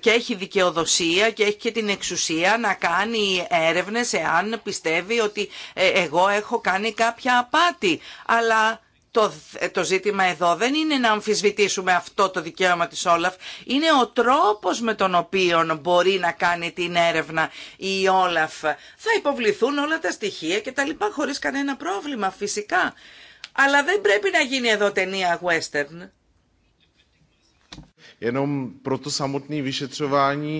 και έχει δικαιοδοσία και έχει και την εξουσία να κάνει έρευνες εάν πιστεύει ότι ε, εγώ έχω κάνει κάποια απάτη. Αλλά το, ζήτημα εδώ δεν είναι να αμφισβητήσουμε αυτό το δικαίωμα της Όλαφ, είναι ο τρόπος με τον οποίο μπορεί να κάνει την έρευνα η Όλαφ. Θα υποβληθούν όλα τα στοιχεία και τα λοιπά χωρίς κανένα πρόβλημα φυσικά. Αλλά δεν πρέπει να γίνει εδώ ταινία western. Jenom pro to samotné vyšetřování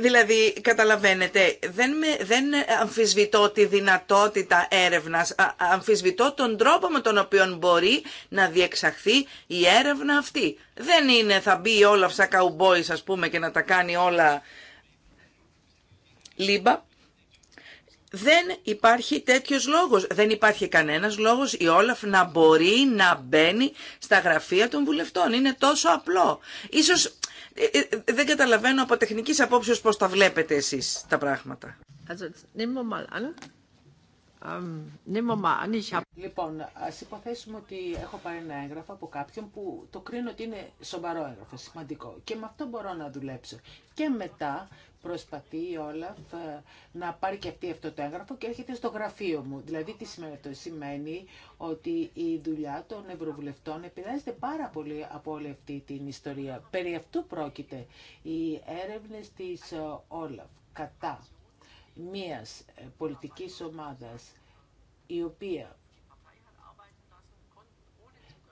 Δηλαδή, καταλαβαίνετε, δεν, με, δεν αμφισβητώ τη δυνατότητα έρευνας, αμφισβητώ τον τρόπο με τον οποίο μπορεί να διεξαχθεί η έρευνα αυτή. Δεν είναι θα μπει όλα αυτά καουμπόις, ας πούμε, και να τα κάνει όλα λίμπα. Δεν υπάρχει τέτοιος λόγος. Δεν υπάρχει κανένας λόγος η Όλαφ να μπορεί να μπαίνει στα γραφεία των βουλευτών. Είναι τόσο απλό. Ίσως ε, ε, δεν καταλαβαίνω από τεχνικής απόψεως πώς τα βλέπετε εσείς τα πράγματα. Also, nehmen wir mal an, ναι, λοιπόν, α υποθέσουμε ότι έχω πάρει ένα έγγραφο από κάποιον που το κρίνω ότι είναι σοβαρό έγγραφο, σημαντικό. Και με αυτό μπορώ να δουλέψω. Και μετά προσπαθεί η Όλαφ ε, να πάρει και αυτή αυτό το έγγραφο και έρχεται στο γραφείο μου. Δηλαδή, τι σημαίνει αυτό. Σημαίνει ότι η δουλειά των Ευρωβουλευτών επηρεάζεται πάρα πολύ από όλη αυτή την ιστορία. Περί αυτού πρόκειται οι έρευνε τη ε, Όλαφ κατά μίας ε, πολιτικής ομάδας η οποία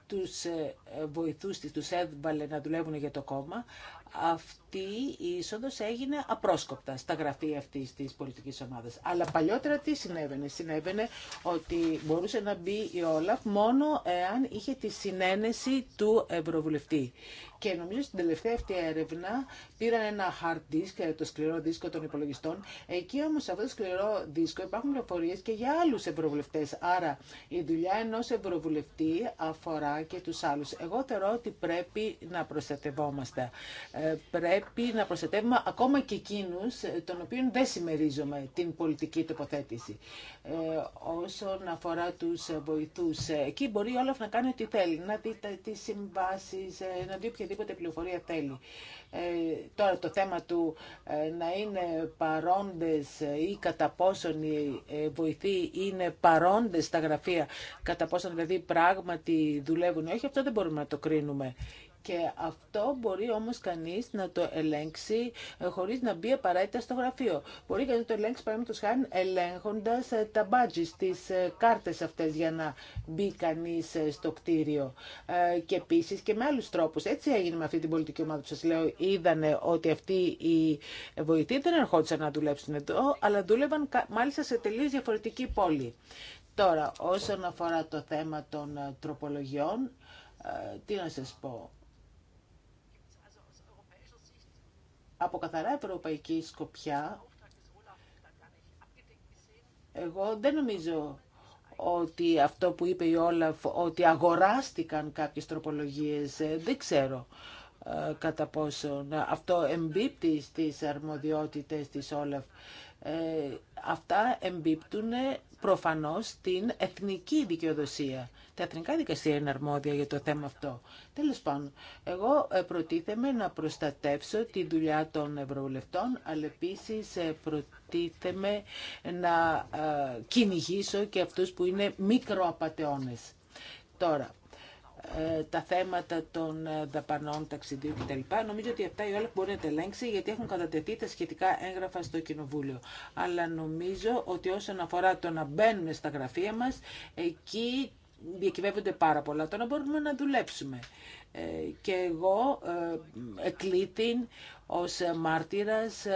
τους ε, ε, βοηθούς τους έβαλε να δουλεύουν για το κόμμα, αυτή η είσοδο έγινε απρόσκοπτα στα γραφεία αυτής της πολιτικής ομάδας. Αλλά παλιότερα τι συνέβαινε. Συνέβαινε ότι μπορούσε να μπει η Όλαφ μόνο εάν είχε τη συνένεση του Ευρωβουλευτή. Και νομίζω στην τελευταία αυτή έρευνα πήραν ένα hard disk, το σκληρό δίσκο των υπολογιστών. Εκεί όμω σε αυτό το σκληρό δίσκο υπάρχουν πληροφορίε και για άλλου ευρωβουλευτέ. Άρα η δουλειά ενό ευρωβουλευτή αφορά και του άλλου. Εγώ θεωρώ ότι πρέπει να προστατευόμαστε. Ε, πρέπει να προστατεύουμε ακόμα και εκείνου ε, των οποίων δεν συμμερίζομαι την πολιτική τοποθέτηση. Ε, όσον αφορά του βοηθού, ε, εκεί μπορεί όλα να κάνει ό,τι θέλει. Να δει τι συμβάσει, να δει οποιαδήποτε πληροφορία θέλει. Ε, τώρα το θέμα του ε, να είναι παρόντες ή κατά πόσον οι ε, βοηθοί είναι παρόντες στα γραφεία, κατά πόσον δηλαδή πράγματι δουλεύουν ή όχι, αυτό δεν μπορούμε να το κρίνουμε. Και αυτό μπορεί όμως κανείς να το ελέγξει ε, χωρίς να μπει απαραίτητα στο γραφείο. Μπορεί κανείς να το ελέγξει παραδείγματος χάρη ελέγχοντας ε, τα μπάτζι τις ε, κάρτες αυτές για να μπει κανείς στο κτίριο. Και επίσης και με άλλους τρόπους. Έτσι έγινε με αυτή την πολιτική ομάδα που σας λέω. Είδανε ότι αυτοί οι βοηθοί δεν ερχόντουσαν να δουλέψουν εδώ, αλλά δούλευαν μάλιστα σε τελείως διαφορετική πόλη. Τώρα, όσον αφορά το θέμα των τροπολογιών, τι να σας πω. από καθαρά ευρωπαϊκή σκοπιά, εγώ δεν νομίζω ότι αυτό που είπε η Όλαφ, ότι αγοράστηκαν κάποιες τροπολογίες, ε, δεν ξέρω ε, κατά πόσο. αυτό εμπίπτει στις αρμοδιότητες της Όλαφ. Ε, αυτά εμπίπτουν προφανώς στην εθνική δικαιοδοσία. Τα εθνικά δικαστήρια είναι αρμόδια για το θέμα αυτό. Τέλο πάντων, εγώ ε, προτίθεμαι να προστατεύσω τη δουλειά των ευρωβουλευτών, αλλά επίση ε, προτίθεμαι να κυνηγήσω και αυτούς που είναι μικροαπατεώνες. Τώρα, ε, τα θέματα των ε, δαπανών, ταξιδίου κτλ. Νομίζω ότι αυτά η όλα μπορεί να τα ελέγξει γιατί έχουν κατατεθεί τα σχετικά έγγραφα στο Κοινοβούλιο. Αλλά νομίζω ότι όσον αφορά το να μπαίνουν στα γραφεία μα, εκεί διακυβεύονται πάρα πολλά. Το να μπορούμε να δουλέψουμε. Ε, και εγώ εκλήθην ως μάρτυρας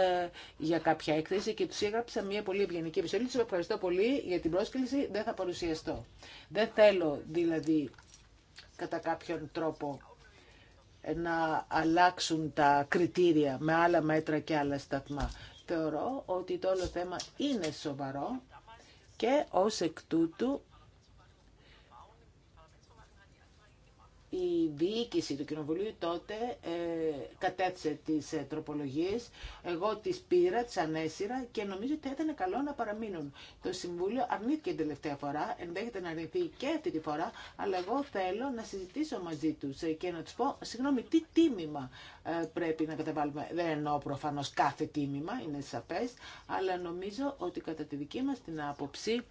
για κάποια έκθεση και τους έγραψα μια πολύ ευγενική επιστολή. Σας ευχαριστώ πολύ για την πρόσκληση. Δεν θα παρουσιαστώ. Δεν θέλω δηλαδή κατά κάποιον τρόπο να αλλάξουν τα κριτήρια με άλλα μέτρα και άλλα σταθμά. Θεωρώ ότι το όλο θέμα είναι σοβαρό και ως εκ τούτου η διοίκηση του Κοινοβουλίου τότε ε, κατέθεσε τις ε, τροπολογίες, εγώ τις πήρα, τις ανέσυρα και νομίζω ότι ήταν καλό να παραμείνουν. Το Συμβούλιο αρνήθηκε την τελευταία φορά, ενδέχεται να αρνηθεί και αυτή τη φορά, αλλά εγώ θέλω να συζητήσω μαζί τους ε, και να τους πω, συγγνώμη, τι τίμημα ε, πρέπει να καταβάλουμε. Δεν εννοώ προφανώς κάθε τίμημα, είναι σαφέ, αλλά νομίζω ότι κατά τη δική μας την άποψη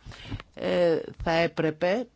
ε, θα έπρεπε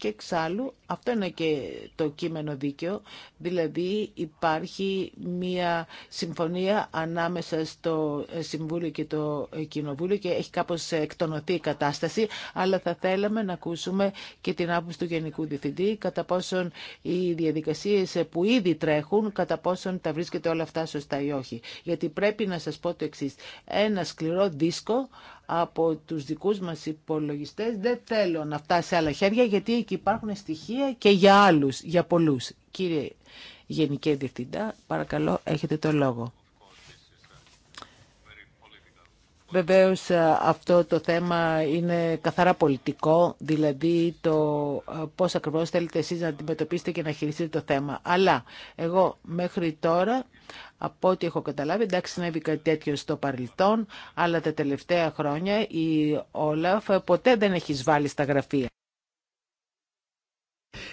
και εξάλλου, αυτό είναι και το κείμενο δίκαιο, δηλαδή υπάρχει μια συμφωνία ανάμεσα στο Συμβούλιο και το Κοινοβούλιο και έχει κάπως εκτονωθεί η κατάσταση, αλλά θα θέλαμε να ακούσουμε και την άποψη του Γενικού Διευθυντή, κατά πόσον οι διαδικασίες που ήδη τρέχουν, κατά πόσον τα βρίσκεται όλα αυτά σωστά ή όχι. Γιατί πρέπει να σας πω το εξή. Ένα σκληρό δίσκο από τους δικούς μας υπολογιστές δεν θέλω να φτάσει σε άλλα χέρια γιατί εκεί υπάρχουν στοιχεία και για άλλους, για πολλούς. Κύριε Γενική Διευθυντά, παρακαλώ έχετε το λόγο. Βεβαίως ε, αυτό το θέμα είναι καθαρά πολιτικό, δηλαδή το ε, πώς ακριβώς θέλετε εσείς να αντιμετωπίσετε και να χειριστείτε το θέμα. Αλλά εγώ μέχρι τώρα, από ό,τι έχω καταλάβει, εντάξει συνέβη κάτι τέτοιο στο παρελθόν, αλλά τα τελευταία χρόνια η Όλαφ ποτέ δεν έχει βάλει στα γραφεία.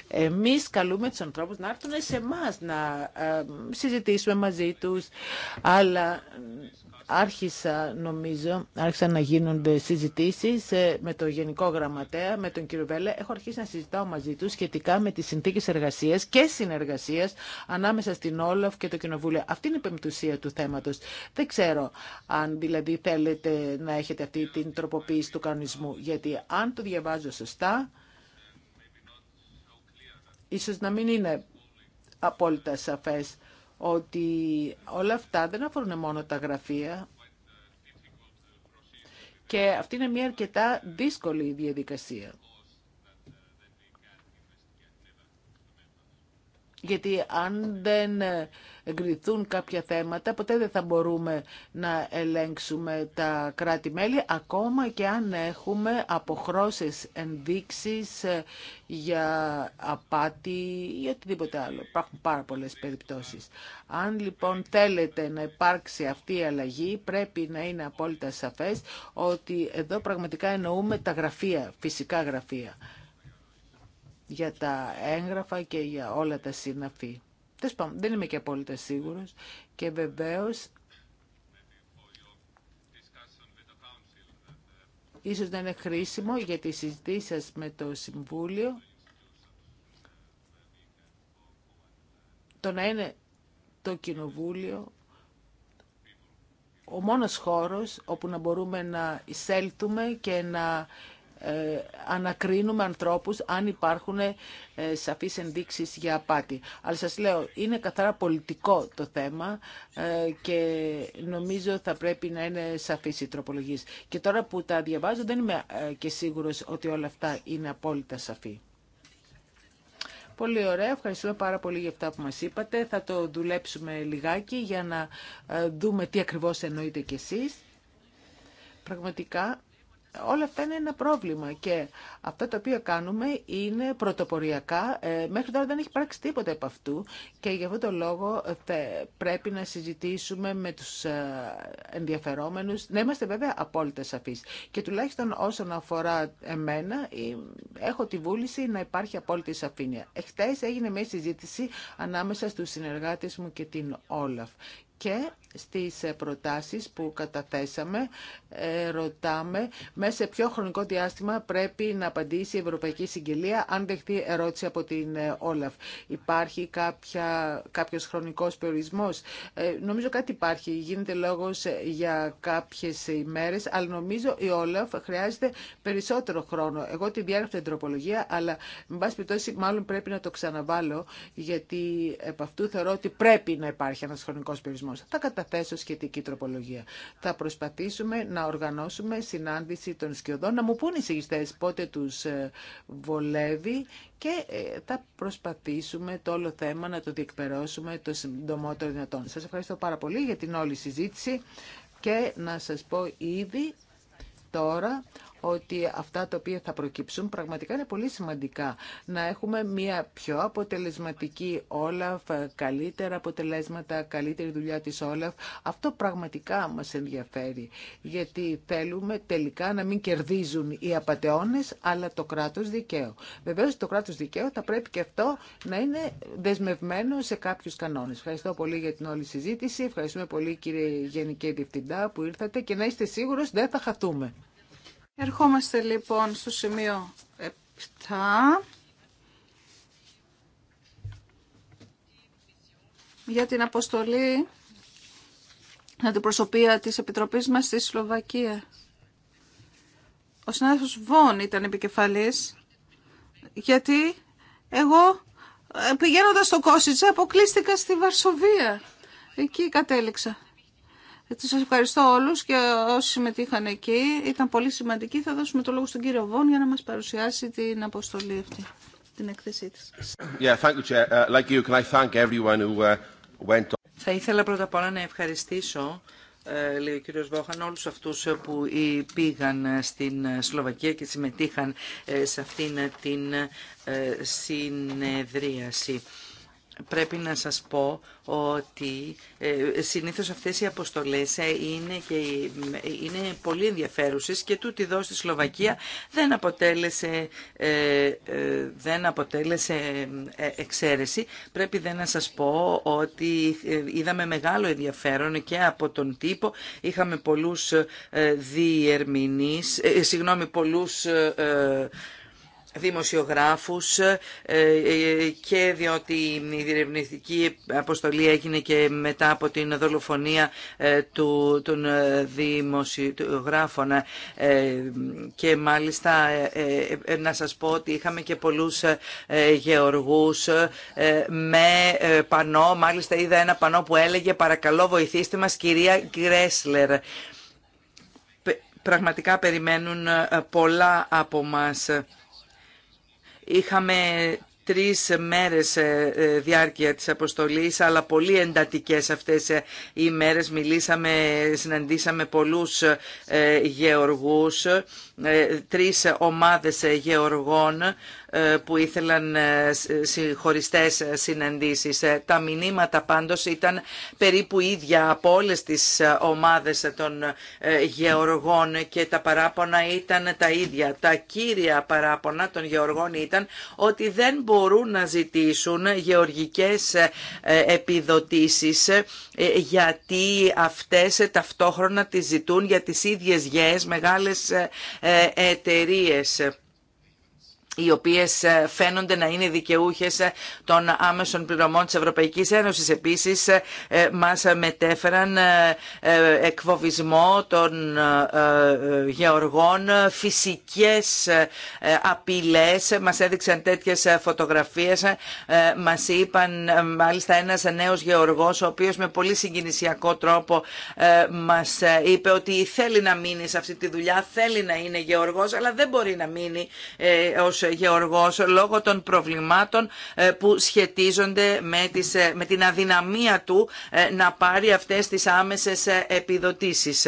Εμείς καλούμε τους ανθρώπους να έρθουν σε εμά να συζητήσουμε μαζί τους, αλλά άρχισα νομίζω, άρχισαν να γίνονται συζητήσεις ε, με το Γενικό Γραμματέα, με τον κύριο Βέλε. Έχω αρχίσει να συζητάω μαζί του σχετικά με τις συνθήκες εργασίας και συνεργασίας ανάμεσα στην Όλαφ και το Κοινοβούλιο. Αυτή είναι η πεμπτουσία του θέματος. Δεν ξέρω αν δηλαδή θέλετε να έχετε αυτή την τροποποίηση του κανονισμού, γιατί αν το διαβάζω σωστά, Ίσως να μην είναι απόλυτα σαφές ότι όλα αυτά δεν αφορούν μόνο τα γραφεία και αυτή είναι μια αρκετά δύσκολη διαδικασία. γιατί αν δεν εγκριθούν κάποια θέματα, ποτέ δεν θα μπορούμε να ελέγξουμε τα κράτη-μέλη, ακόμα και αν έχουμε αποχρώσεις ενδείξεις για απάτη ή οτιδήποτε άλλο. Υπάρχουν πάρα πολλές περιπτώσεις. Αν λοιπόν θέλετε να υπάρξει αυτή η αλλαγή, πρέπει να είναι απόλυτα σαφές ότι εδώ πραγματικά εννοούμε τα γραφεία, φυσικά γραφεία για τα έγγραφα και για όλα τα σύναφη. Δεν είμαι και απόλυτα σίγουρος και βεβαίως ίσως να είναι χρήσιμο για τη συζήτηση σας με το Συμβούλιο το να είναι το Κοινοβούλιο ο μόνος χώρος όπου να μπορούμε να εισέλθουμε και να ε, ανακρίνουμε ανθρώπους αν υπάρχουν ε, σαφείς ενδείξεις για απάτη. Αλλά σας λέω, είναι καθαρά πολιτικό το θέμα ε, και νομίζω θα πρέπει να είναι σαφής η τροπολογίες. Και τώρα που τα διαβάζω δεν είμαι και σίγουρος ότι όλα αυτά είναι απόλυτα σαφή. Πολύ ωραία, ευχαριστούμε πάρα πολύ για αυτά που μας είπατε. Θα το δουλέψουμε λιγάκι για να δούμε τι ακριβώς εννοείτε κι εσείς. Πραγματικά όλα αυτά είναι ένα πρόβλημα και αυτά τα οποία κάνουμε είναι πρωτοποριακά. Ε, μέχρι τώρα δεν έχει πράξει τίποτα από αυτού και γι' αυτό το λόγο ε, πρέπει να συζητήσουμε με τους ε, ενδιαφερόμενους, να είμαστε βέβαια απόλυτα σαφείς. Και τουλάχιστον όσον αφορά εμένα, έχω τη βούληση να υπάρχει απόλυτη σαφήνεια. Εχθές έγινε μια συζήτηση ανάμεσα στους συνεργάτες μου και την Όλαφ. Και στις ε, προτάσεις που καταθέσαμε ε, ρωτάμε μέσα σε ποιο χρονικό διάστημα πρέπει να απαντήσει η Ευρωπαϊκή Συγγελία αν δεχτεί ερώτηση από την ε, Όλαφ. Υπάρχει κάποια, κάποιος χρονικός περιορισμός. νομίζω κάτι υπάρχει. Γίνεται λόγος για κάποιες ημέρες, αλλά νομίζω η Όλαφ χρειάζεται περισσότερο χρόνο. Εγώ τη διάρκεια την τροπολογία, αλλά με πάση περιπτώσει μάλλον πρέπει να το ξαναβάλω, γιατί επ' αυτού θεωρώ ότι πρέπει να υπάρχει ένας χρονικός περιορισμός. Θα καταθέσω σχετική τροπολογία. Θα προσπαθήσουμε να οργανώσουμε συνάντηση των σκιωδών, να μου πούν οι συγγιστέ, πότε τους ε, βολεύει και ε, θα προσπαθήσουμε το όλο θέμα να το διεκπαιρώσουμε το συντομότερο δυνατόν. Σας ευχαριστώ πάρα πολύ για την όλη συζήτηση και να σας πω ήδη τώρα ότι αυτά τα οποία θα προκύψουν πραγματικά είναι πολύ σημαντικά. Να έχουμε μια πιο αποτελεσματική Όλαφ, καλύτερα αποτελέσματα, καλύτερη δουλειά της Όλαφ. Αυτό πραγματικά μας ενδιαφέρει, γιατί θέλουμε τελικά να μην κερδίζουν οι απαταιώνες, αλλά το κράτος δικαίου. Βεβαίως το κράτος δικαίου θα πρέπει και αυτό να είναι δεσμευμένο σε κάποιους κανόνες. Ευχαριστώ πολύ για την όλη συζήτηση. Ευχαριστούμε πολύ κύριε Γενική Διευθυντά που ήρθατε και να είστε σίγουρος δεν θα χαθούμε. Ερχόμαστε λοιπόν στο σημείο 7. για την αποστολή αντιπροσωπεία της Επιτροπής μας στη Σλοβακία. Ο συνάδελφος Βόν ήταν επικεφαλής, γιατί εγώ ε, πηγαίνοντας στο Κόσιτσα αποκλείστηκα στη Βαρσοβία. Εκεί κατέληξα. Ε, σας ευχαριστώ όλους και όσοι συμμετείχαν εκεί. Ήταν πολύ σημαντική. Θα δώσουμε το λόγο στον κύριο Βόν για να μας παρουσιάσει την αποστολή αυτή, την έκθεσή της. Θα ήθελα πρώτα απ' όλα να ευχαριστήσω ε, λέει ο κύριος Βόχαν, όλους αυτούς που πήγαν ε, στην Σλοβακία και συμμετείχαν σε αυτήν την συνεδρίαση πρέπει να σας πω ότι ε, συνήθως αυτές οι αποστολές ε, είναι, και, είναι πολύ ενδιαφέρουσες και τούτη εδώ στη Σλοβακία δεν αποτέλεσε, ε, δεν αποτέλεσε εξαίρεση. Πρέπει δεν να σας πω ότι είδαμε μεγάλο ενδιαφέρον και από τον τύπο. Είχαμε πολλούς διερμηνείς, συγγνώμη, πολλούς δημοσιογράφους ε, και διότι η διερευνητική αποστολή έγινε και μετά από την δολοφονία ε, του, των ε, δημοσιογράφων και μάλιστα να σας πω ότι είχαμε και πολλούς γεωργούς με πανό, μάλιστα είδα ένα πανό που έλεγε παρακαλώ βοηθήστε μας κυρία Γκρέσλερ πραγματικά περιμένουν πολλά από μας. Είχαμε τρεις μέρες ε, ε, διάρκεια της αποστολής, αλλά πολύ εντατικές αυτές ε, οι μέρες. Μιλήσαμε, συναντήσαμε πολλούς γεωργούς, τρεις ομάδες γεωργών ε, που ήθελαν ε, χωριστές ε, συναντήσεις. Τα μηνύματα πάντως ήταν περίπου ίδια από όλες τις ομάδες των γεωργών και τα παράπονα ήταν τα ίδια. Τα κύρια παράπονα των γεωργών ήταν ότι δεν μπορούν να ζητήσουν γεωργικές επιδοτήσεις γιατί αυτές ταυτόχρονα τις ζητούν για τις ίδιες γέες μεγάλες εταιρείες οι οποίες ε, φαίνονται να είναι δικαιούχες ε, των άμεσων πληρωμών της Ευρωπαϊκής Ένωσης. Επίσης, ε, μας μετέφεραν εκφοβισμό των γεωργών, φυσικές απειλές. Μας έδειξαν τέτοιες φωτογραφίες. Μας είπαν, μάλιστα, ένας νέος γεωργός, ο οποίος με πολύ συγκινησιακό τρόπο μας είπε ότι θέλει να μείνει σε αυτή τη δουλειά, θέλει να είναι γεωργός, αλλά δεν μπορεί να μείνει ως ε, γεωργός λόγω των προβλημάτων ε, που σχετίζονται με, ε, με την αδυναμία του να πάρει αυτές τις άμεσες επιδοτήσεις.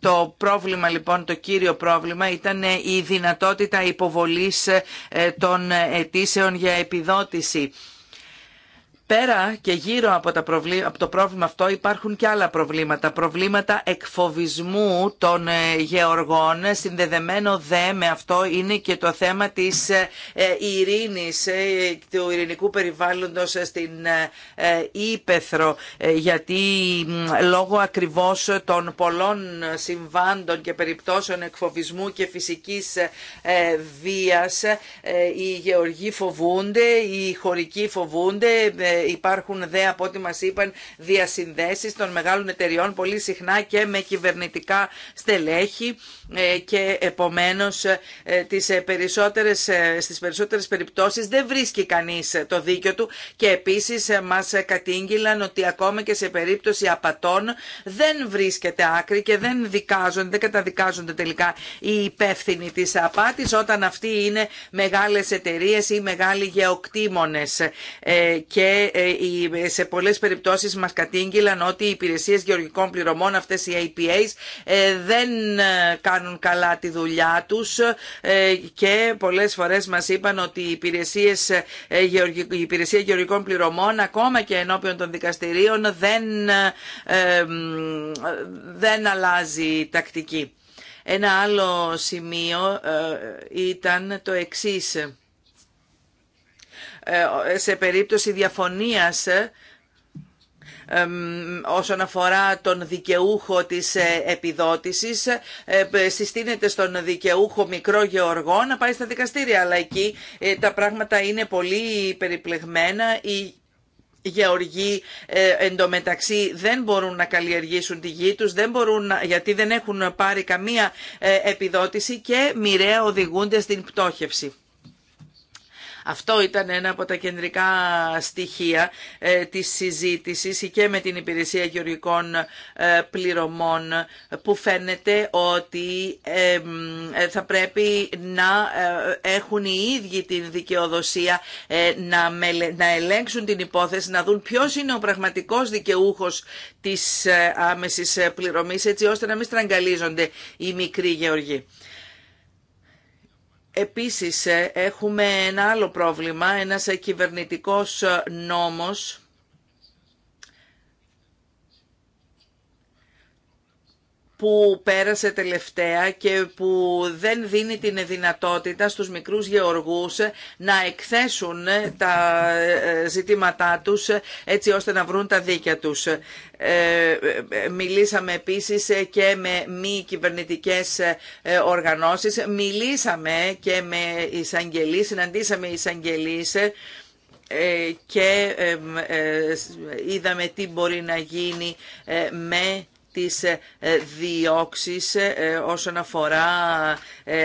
Το πρόβλημα λοιπόν, το κύριο πρόβλημα ήταν η δυνατότητα υποβολής των αιτήσεων για επιδότηση. Πέρα και γύρω από, το πρόβλημα αυτό υπάρχουν και άλλα προβλήματα. Προβλήματα εκφοβισμού των ε, γεωργών. Συνδεδεμένο δε με αυτό είναι και το θέμα της ε, ε, ειρήνης, του ειρηνικού περιβάλλοντος στην Ήπεθρο. Γιατί λόγω ακριβώς των πολλών συμβάντων και περιπτώσεων εκφοβισμού και φυσικής βίας οι γεωργοί φοβούνται, οι χωρικοί φοβούνται υπάρχουν δε από ό,τι μας είπαν διασυνδέσεις των μεγάλων εταιριών πολύ συχνά και με κυβερνητικά στελέχη ε, και επομένως ε, τις περισσότερες, ε, στις περισσότερες περιπτώσεις δεν βρίσκει κανείς το δίκιο του και επίσης μας κατήγγυλαν ότι ακόμα και σε περίπτωση απατών δεν βρίσκεται άκρη και δεν δικάζονται, δεν καταδικάζονται τελικά οι υπεύθυνοι της απάτης όταν αυτοί είναι μεγάλες εταιρείες ή μεγάλοι γεωκτήμονες και και ε, ε, ε, σε πολλές περιπτώσεις μας κατήγγυλαν ότι οι υπηρεσίες γεωργικών πληρωμών, αυτές οι APAs, δεν κάνουν καλά τη δουλειά τους και πολλές φορές μας είπαν ότι οι υπηρεσίες, η υπηρεσία γεωργικών πληρωμών ακόμα και ενώπιον των δικαστηρίων δεν, δεν αλλάζει τακτική. Ένα άλλο σημείο ήταν το εξής. Ε, σε περίπτωση διαφωνίας ε, όσον αφορά τον δικαιούχο της ε, επιδότησης συστήνεται στον δικαιούχο μικρό γεωργό να πάει στα δικαστήρια αλλά εκεί τα πράγματα είναι πολύ περιπλεγμένα γεωργοί εντωμεταξύ δεν μπορούν να καλλιεργήσουν τη γη τους δεν μπορούν γιατί δεν έχουν πάρει καμία επιδότηση και μοιραία οδηγούνται στην πτώχευση. Αυτό ήταν ένα από τα κεντρικά στοιχεία ε, της συζήτησης και με την Υπηρεσία Γεωργικών ε, Πληρωμών που φαίνεται ότι ε, θα πρέπει να έχουν οι ίδιοι την δικαιοδοσία να ελέγξουν την υπόθεση, να δουν ποιος είναι ο πραγματικός δικαιούχος της άμεσης πληρωμής έτσι ώστε να μην στραγγαλίζονται οι μικροί γεωργοί. Επίσης ε, έχουμε ένα άλλο πρόβλημα, ένας ε, κυβερνητικός ε, νόμος που πέρασε τελευταία και που δεν δίνει την δυνατότητα στους μικρούς γεωργούς να εκθέσουν τα ε, ζητήματά τους ε, έτσι ώστε να βρουν τα δίκια τους. Ε, μιλήσαμε επίσης και με μη κυβερνητικές οργανώσεις, μιλήσαμε και με εισαγγελείς, συναντήσαμε εισαγγελείς και είδαμε τι μπορεί να γίνει με τις ε, ε, διώξεις ε, όσον αφορά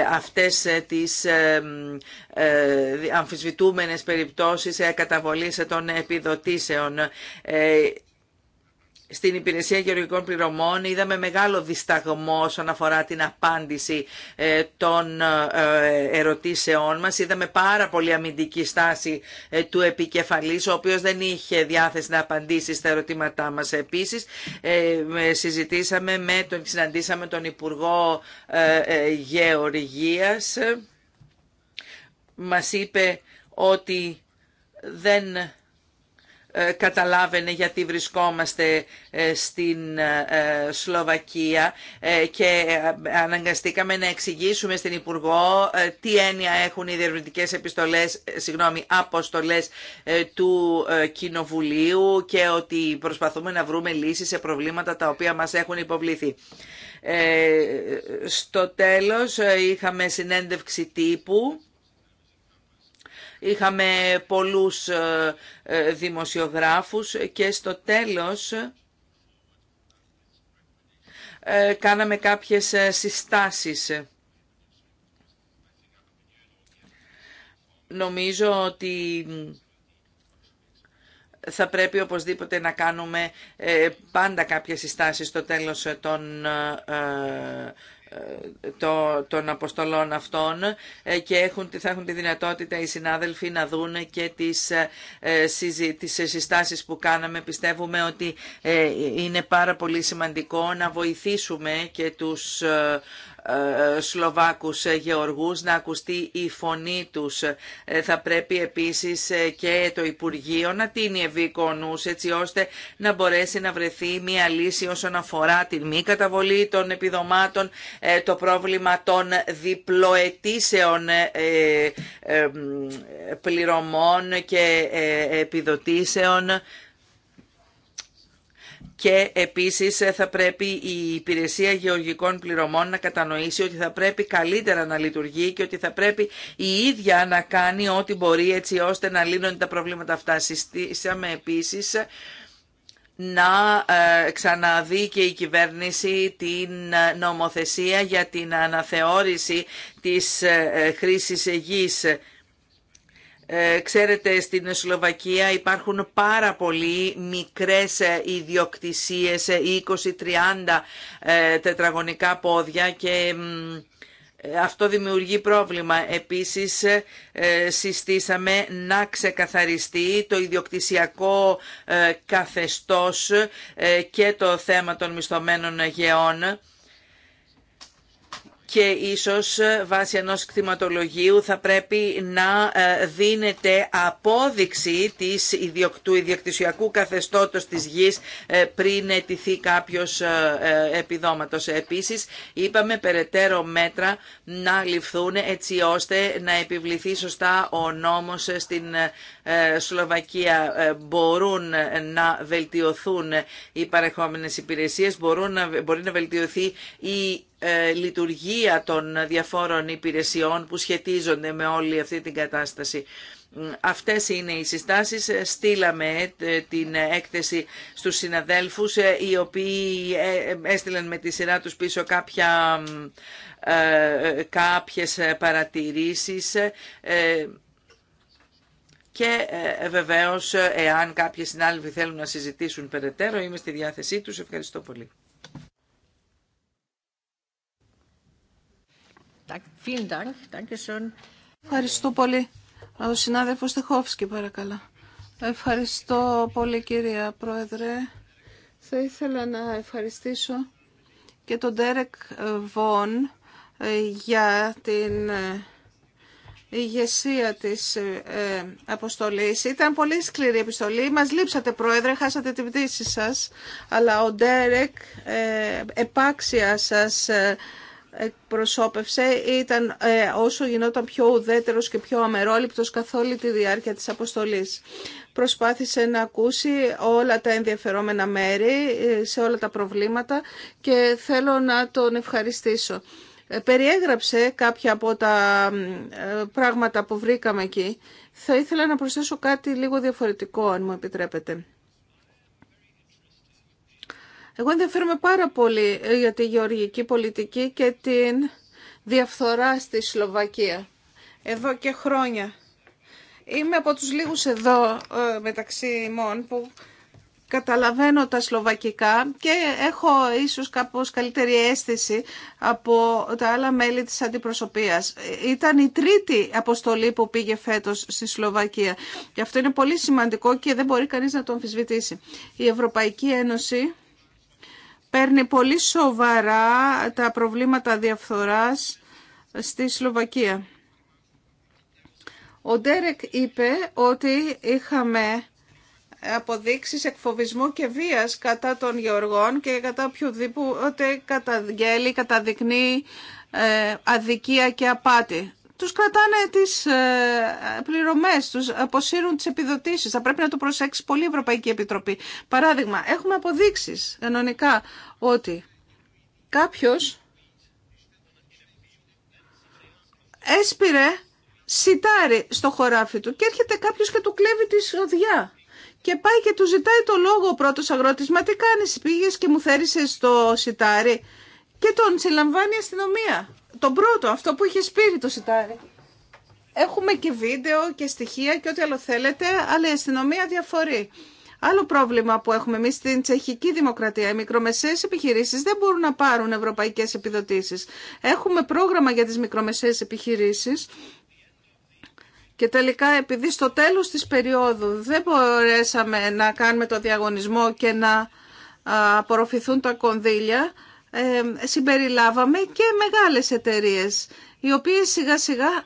αυτές τις αμφισβητούμενες περιπτώσεις καταβολής των επιδοτήσεων στην υπηρεσία γεωργικών πληρωμών είδαμε μεγάλο δισταγμό όσον αφορά την απάντηση ε, των ε, ερωτήσεών μας. Είδαμε πάρα πολύ αμυντική στάση ε, του επικεφαλής, ο οποίος δεν είχε διάθεση να απαντήσει στα ερωτήματά μας. Επίσης, συζητήσαμε με τον, συναντήσαμε τον Υπουργό Γεωργίας. Μας είπε ότι δεν ε, καταλάβαινε γιατί βρισκόμαστε ε, στην ε, Σλοβακία και αναγκαστήκαμε να εξηγήσουμε στην Υπουργό τι έννοια έχουν οι διερευνητικές επιστολές, συγγνώμη, αποστολές του Κοινοβουλίου και ότι προσπαθούμε να βρούμε λύσεις σε προβλήματα τα οποία μας έχουν υποβληθεί. Στο τέλος είχαμε συνέντευξη τύπου Είχαμε πολλούς ε, ε, δημοσιογράφους και στο τέλος ε, κάναμε κάποιες συστάσεις. Νομίζω ότι θα πρέπει οπωσδήποτε να κάνουμε πάντα κάποιες συστάσεις στο τέλος των ε, το, των αποστολών αυτών ε, και έχουν, θα έχουν τη δυνατότητα οι συνάδελφοι να δουν και τις, ε, τις συστάσεις που κάναμε. Πιστεύουμε ότι είναι πάρα πολύ σημαντικό να βοηθήσουμε και τους ε, ε, Σλοβάκους ε, γεωργούς να ακουστεί η φωνή τους. Θα πρέπει επίσης και το Υπουργείο να τίνει ευήκονους έτσι ώστε να μπορέσει να βρεθεί μια λύση όσον αφορά την μη καταβολή των επιδομάτων, το πρόβλημα των διπλοετήσεων πληρωμών και επιδοτήσεων και επίσης ε, θα πρέπει η υπηρεσία γεωργικών πληρωμών να κατανοήσει ότι θα πρέπει καλύτερα να λειτουργεί και ότι θα πρέπει η ίδια να κάνει ό,τι μπορεί έτσι ώστε να λύνονται τα προβλήματα αυτά. Συστήσαμε επίσης να ε, ξαναδεί και η κυβέρνηση την ε, νομοθεσία για την αναθεώρηση της χρήσης γης ε, ξέρετε, στην Σλοβακία υπάρχουν πάρα πολλοί μικρές ε, ιδιοκτησίες, 20-30 ε, τετραγωνικά πόδια και αυτό δημιουργεί πρόβλημα. Επίσης συστήσαμε να ξεκαθαριστεί το ιδιοκτησιακό καθεστώς και το θέμα των μισθωμένων γεών και ίσως ε, βάσει ενός κτηματολογίου θα πρέπει να ε, δίνεται απόδειξη της, του ιδιοκτησιακού καθεστώτος της γης ε, πριν ετηθεί κάποιος επιδόματος. Επίσης είπαμε περαιτέρω μέτρα να ληφθούν έτσι ώστε να επιβληθεί σωστά ο νόμος στην Σλοβακία. Μπορούν να βελτιωθούν οι παρεχόμενες υπηρεσίες, μπορούν μπορεί να βελτιωθεί η ε, λειτουργία των διαφόρων υπηρεσιών που σχετίζονται με όλη αυτή την κατάσταση. Αυτές είναι οι συστάσεις. Ε, στείλαμε ε, την έκθεση στους συναδέλφους οι οποίοι έστειλαν με τη σειρά τους πίσω κάποια, κάποιες παρατηρήσεις και βεβαίως εάν κάποιοι συνάδελφοι θέλουν να συζητήσουν περαιτέρω είμαι στη διάθεσή τους. Ευχαριστώ πολύ. Ευχαριστώ πολύ. Ο συνάδελφος Τεχόφσκι, παρακαλώ. Ευχαριστώ πολύ κυρία Πρόεδρε. Θα ήθελα να ευχαριστήσω και τον Τέρεκ Βον ε, για την ε, ηγεσία της ε, αποστολής. Ήταν πολύ σκληρή η επιστολή. Μας λείψατε πρόεδρε, χάσατε τη πτήση σας. Αλλά ο Ντέρεκ επάξια σας εκπροσώπευσε ήταν ε, όσο γινόταν πιο ουδέτερος και πιο αμερόληπτος καθ' όλη τη διάρκεια της αποστολής. Προσπάθησε να ακούσει όλα τα ενδιαφερόμενα μέρη ε, σε όλα τα προβλήματα και θέλω να τον ευχαριστήσω. Ε, περιέγραψε κάποια από τα πράγματα που βρήκαμε εκεί. Θα ήθελα να προσθέσω κάτι λίγο διαφορετικό, αν μου επιτρέπετε. Εγώ ενδιαφέρομαι πάρα πολύ ε, για τη γεωργική πολιτική και την διαφθορά στη Σλοβακία. Εδώ και χρόνια. Είμαι από τους λίγους εδώ ε, μεταξύ ημών που καταλαβαίνω τα σλοβακικά και έχω ίσως κάπως καλύτερη αίσθηση από τα άλλα μέλη της αντιπροσωπείας. Ήταν η τρίτη αποστολή που πήγε φέτος στη Σλοβακία. Και αυτό είναι πολύ σημαντικό και δεν μπορεί κανείς να το αμφισβητήσει. Η Ευρωπαϊκή Ένωση παίρνει πολύ σοβαρά τα προβλήματα διαφθοράς στη Σλοβακία. Ο Ντέρεκ είπε ότι είχαμε αποδείξεις εκφοβισμού και βίας κατά των γεωργών και κατά οποιοδήποτε καταγγέλει, καταδεικνύει ε, αδικία και απάτη τους κρατάνε τις ε, πληρωμές, τους αποσύρουν τις επιδοτήσεις. Θα πρέπει να το προσέξει πολύ η Ευρωπαϊκή Επιτροπή. Παράδειγμα, έχουμε αποδείξεις ενονικά ότι κάποιος έσπηρε σιτάρι στο χωράφι του και έρχεται κάποιος και του κλέβει τη σοδιά. Και πάει και του ζητάει το λόγο ο πρώτος αγρότης, μα τι κάνεις, πήγες και μου θέρισες το σιτάρι και τον συλλαμβάνει η αστυνομία. Το πρώτο, αυτό που είχε σπείρει το σιτάρι. Έχουμε και βίντεο και στοιχεία και ό,τι άλλο θέλετε, αλλά η αστυνομία διαφορεί. Άλλο πρόβλημα που έχουμε εμεί στην τσεχική δημοκρατία. Οι μικρομεσαίε επιχειρήσει δεν μπορούν να πάρουν ευρωπαϊκέ επιδοτήσει. Έχουμε πρόγραμμα για τι μικρομεσαίε επιχειρήσει. Και τελικά επειδή στο τέλος της περίοδου δεν μπορέσαμε να κάνουμε το διαγωνισμό και να απορροφηθούν τα κονδύλια, συμπεριλάβαμε και μεγάλες εταιρείες, οι οποίες σιγά σιγά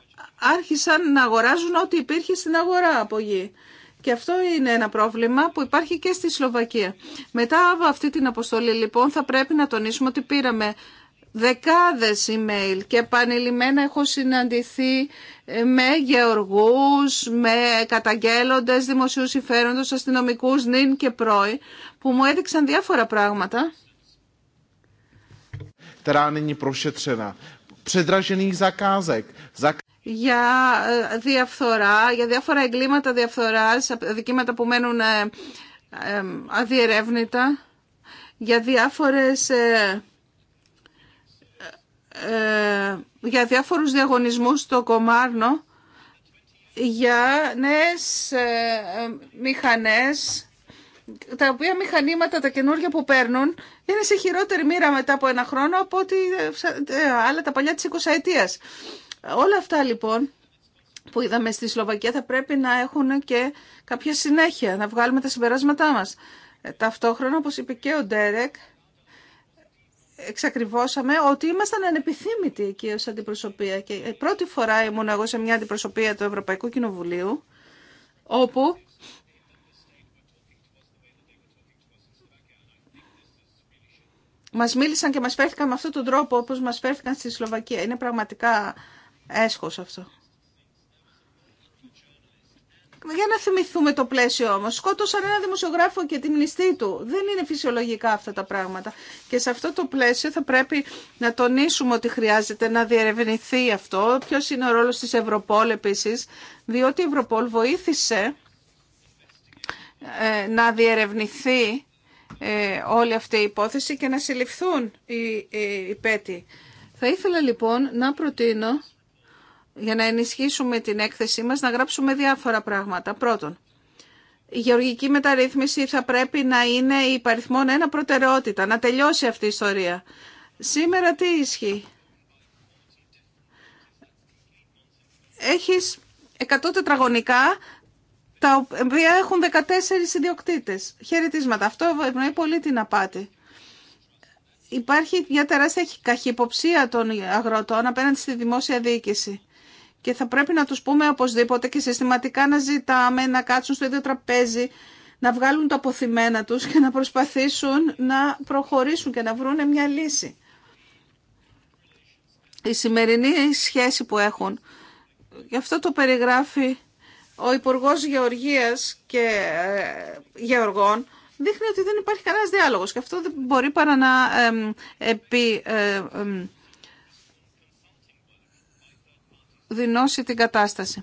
άρχισαν να αγοράζουν ό,τι υπήρχε στην αγορά από γη. Και αυτό είναι ένα πρόβλημα που υπάρχει και στη Σλοβακία. Μετά από αυτή την αποστολή λοιπόν θα πρέπει να τονίσουμε ότι πήραμε δεκάδες email και επανειλημμένα έχω συναντηθεί ε, με γεωργούς, με καταγγέλλοντες δημοσίου συμφέροντος, αστυνομικούς, νυν και πρώι που μου έδειξαν διάφορα πράγματα která není prošetřena. Předražených zakázek. Zak για διαφθορά, για διάφορα εγκλήματα διαφθοράς, δικήματα που μένουν αδιερεύνητα, για διάφορες για διάφορους διαγωνισμούς στο Κομάρνο, για νέες μηχανές τα οποία μηχανήματα, τα καινούργια που παίρνουν, είναι σε χειρότερη μοίρα μετά από ένα χρόνο από ότι ε, άλλα τα παλιά της 20 ετίας. Όλα αυτά λοιπόν που είδαμε στη Σλοβακία θα πρέπει να έχουν και κάποια συνέχεια, να βγάλουμε τα συμπεράσματά μας. Ε, ταυτόχρονα, όπως είπε και ο Ντέρεκ, εξακριβώσαμε ότι ήμασταν ανεπιθύμητοι εκεί ως αντιπροσωπεία. Και πρώτη φορά ήμουν εγώ σε μια αντιπροσωπεία του Ευρωπαϊκού Κοινοβουλίου, όπου μας μίλησαν και μας φέρθηκαν με αυτόν τον τρόπο όπως μας φέρθηκαν στη Σλοβακία. Είναι πραγματικά έσχος αυτό. Για να θυμηθούμε το πλαίσιο όμω. Σκότωσαν ένα δημοσιογράφο και τη μνηστή του. Δεν είναι φυσιολογικά αυτά τα πράγματα. Και σε αυτό το πλαίσιο θα πρέπει να τονίσουμε ότι χρειάζεται να διερευνηθεί αυτό. Ποιο είναι ο ρόλο τη Ευρωπόλ επίση. Διότι η Ευρωπόλ βοήθησε ε, να διερευνηθεί ε, όλη αυτή η υπόθεση και να συλληφθούν οι, ε, οι πέτοι. Θα ήθελα λοιπόν να προτείνω, για να ενισχύσουμε την έκθεσή μας, να γράψουμε διάφορα πράγματα. Πρώτον, η γεωργική μεταρρύθμιση θα πρέπει να είναι η παριθμόν ένα προτεραιότητα, να τελειώσει αυτή η ιστορία. Σήμερα τι ισχύει. Έχεις 100 τετραγωνικά τα οποία έχουν 14 ιδιοκτητε. Χαιρετίσματα. Αυτό ευνοεί πολύ την απάτη. Υπάρχει μια τεράστια καχυποψία των αγροτών απέναντι στη δημόσια διοίκηση. Και θα πρέπει να τους πούμε οπωσδήποτε και συστηματικά να ζητάμε να κάτσουν στο ίδιο τραπέζι, να βγάλουν τα αποθυμένα τους και να προσπαθήσουν να προχωρήσουν και να βρουν μια λύση. Η σημερινή σχέση που έχουν, γι' αυτό το περιγράφει ο Υπουργό Γεωργίας και ε, Γεωργών δείχνει ότι δεν υπάρχει κανένα διάλογο και αυτό δεν μπορεί παρά να επί, ε, την κατάσταση.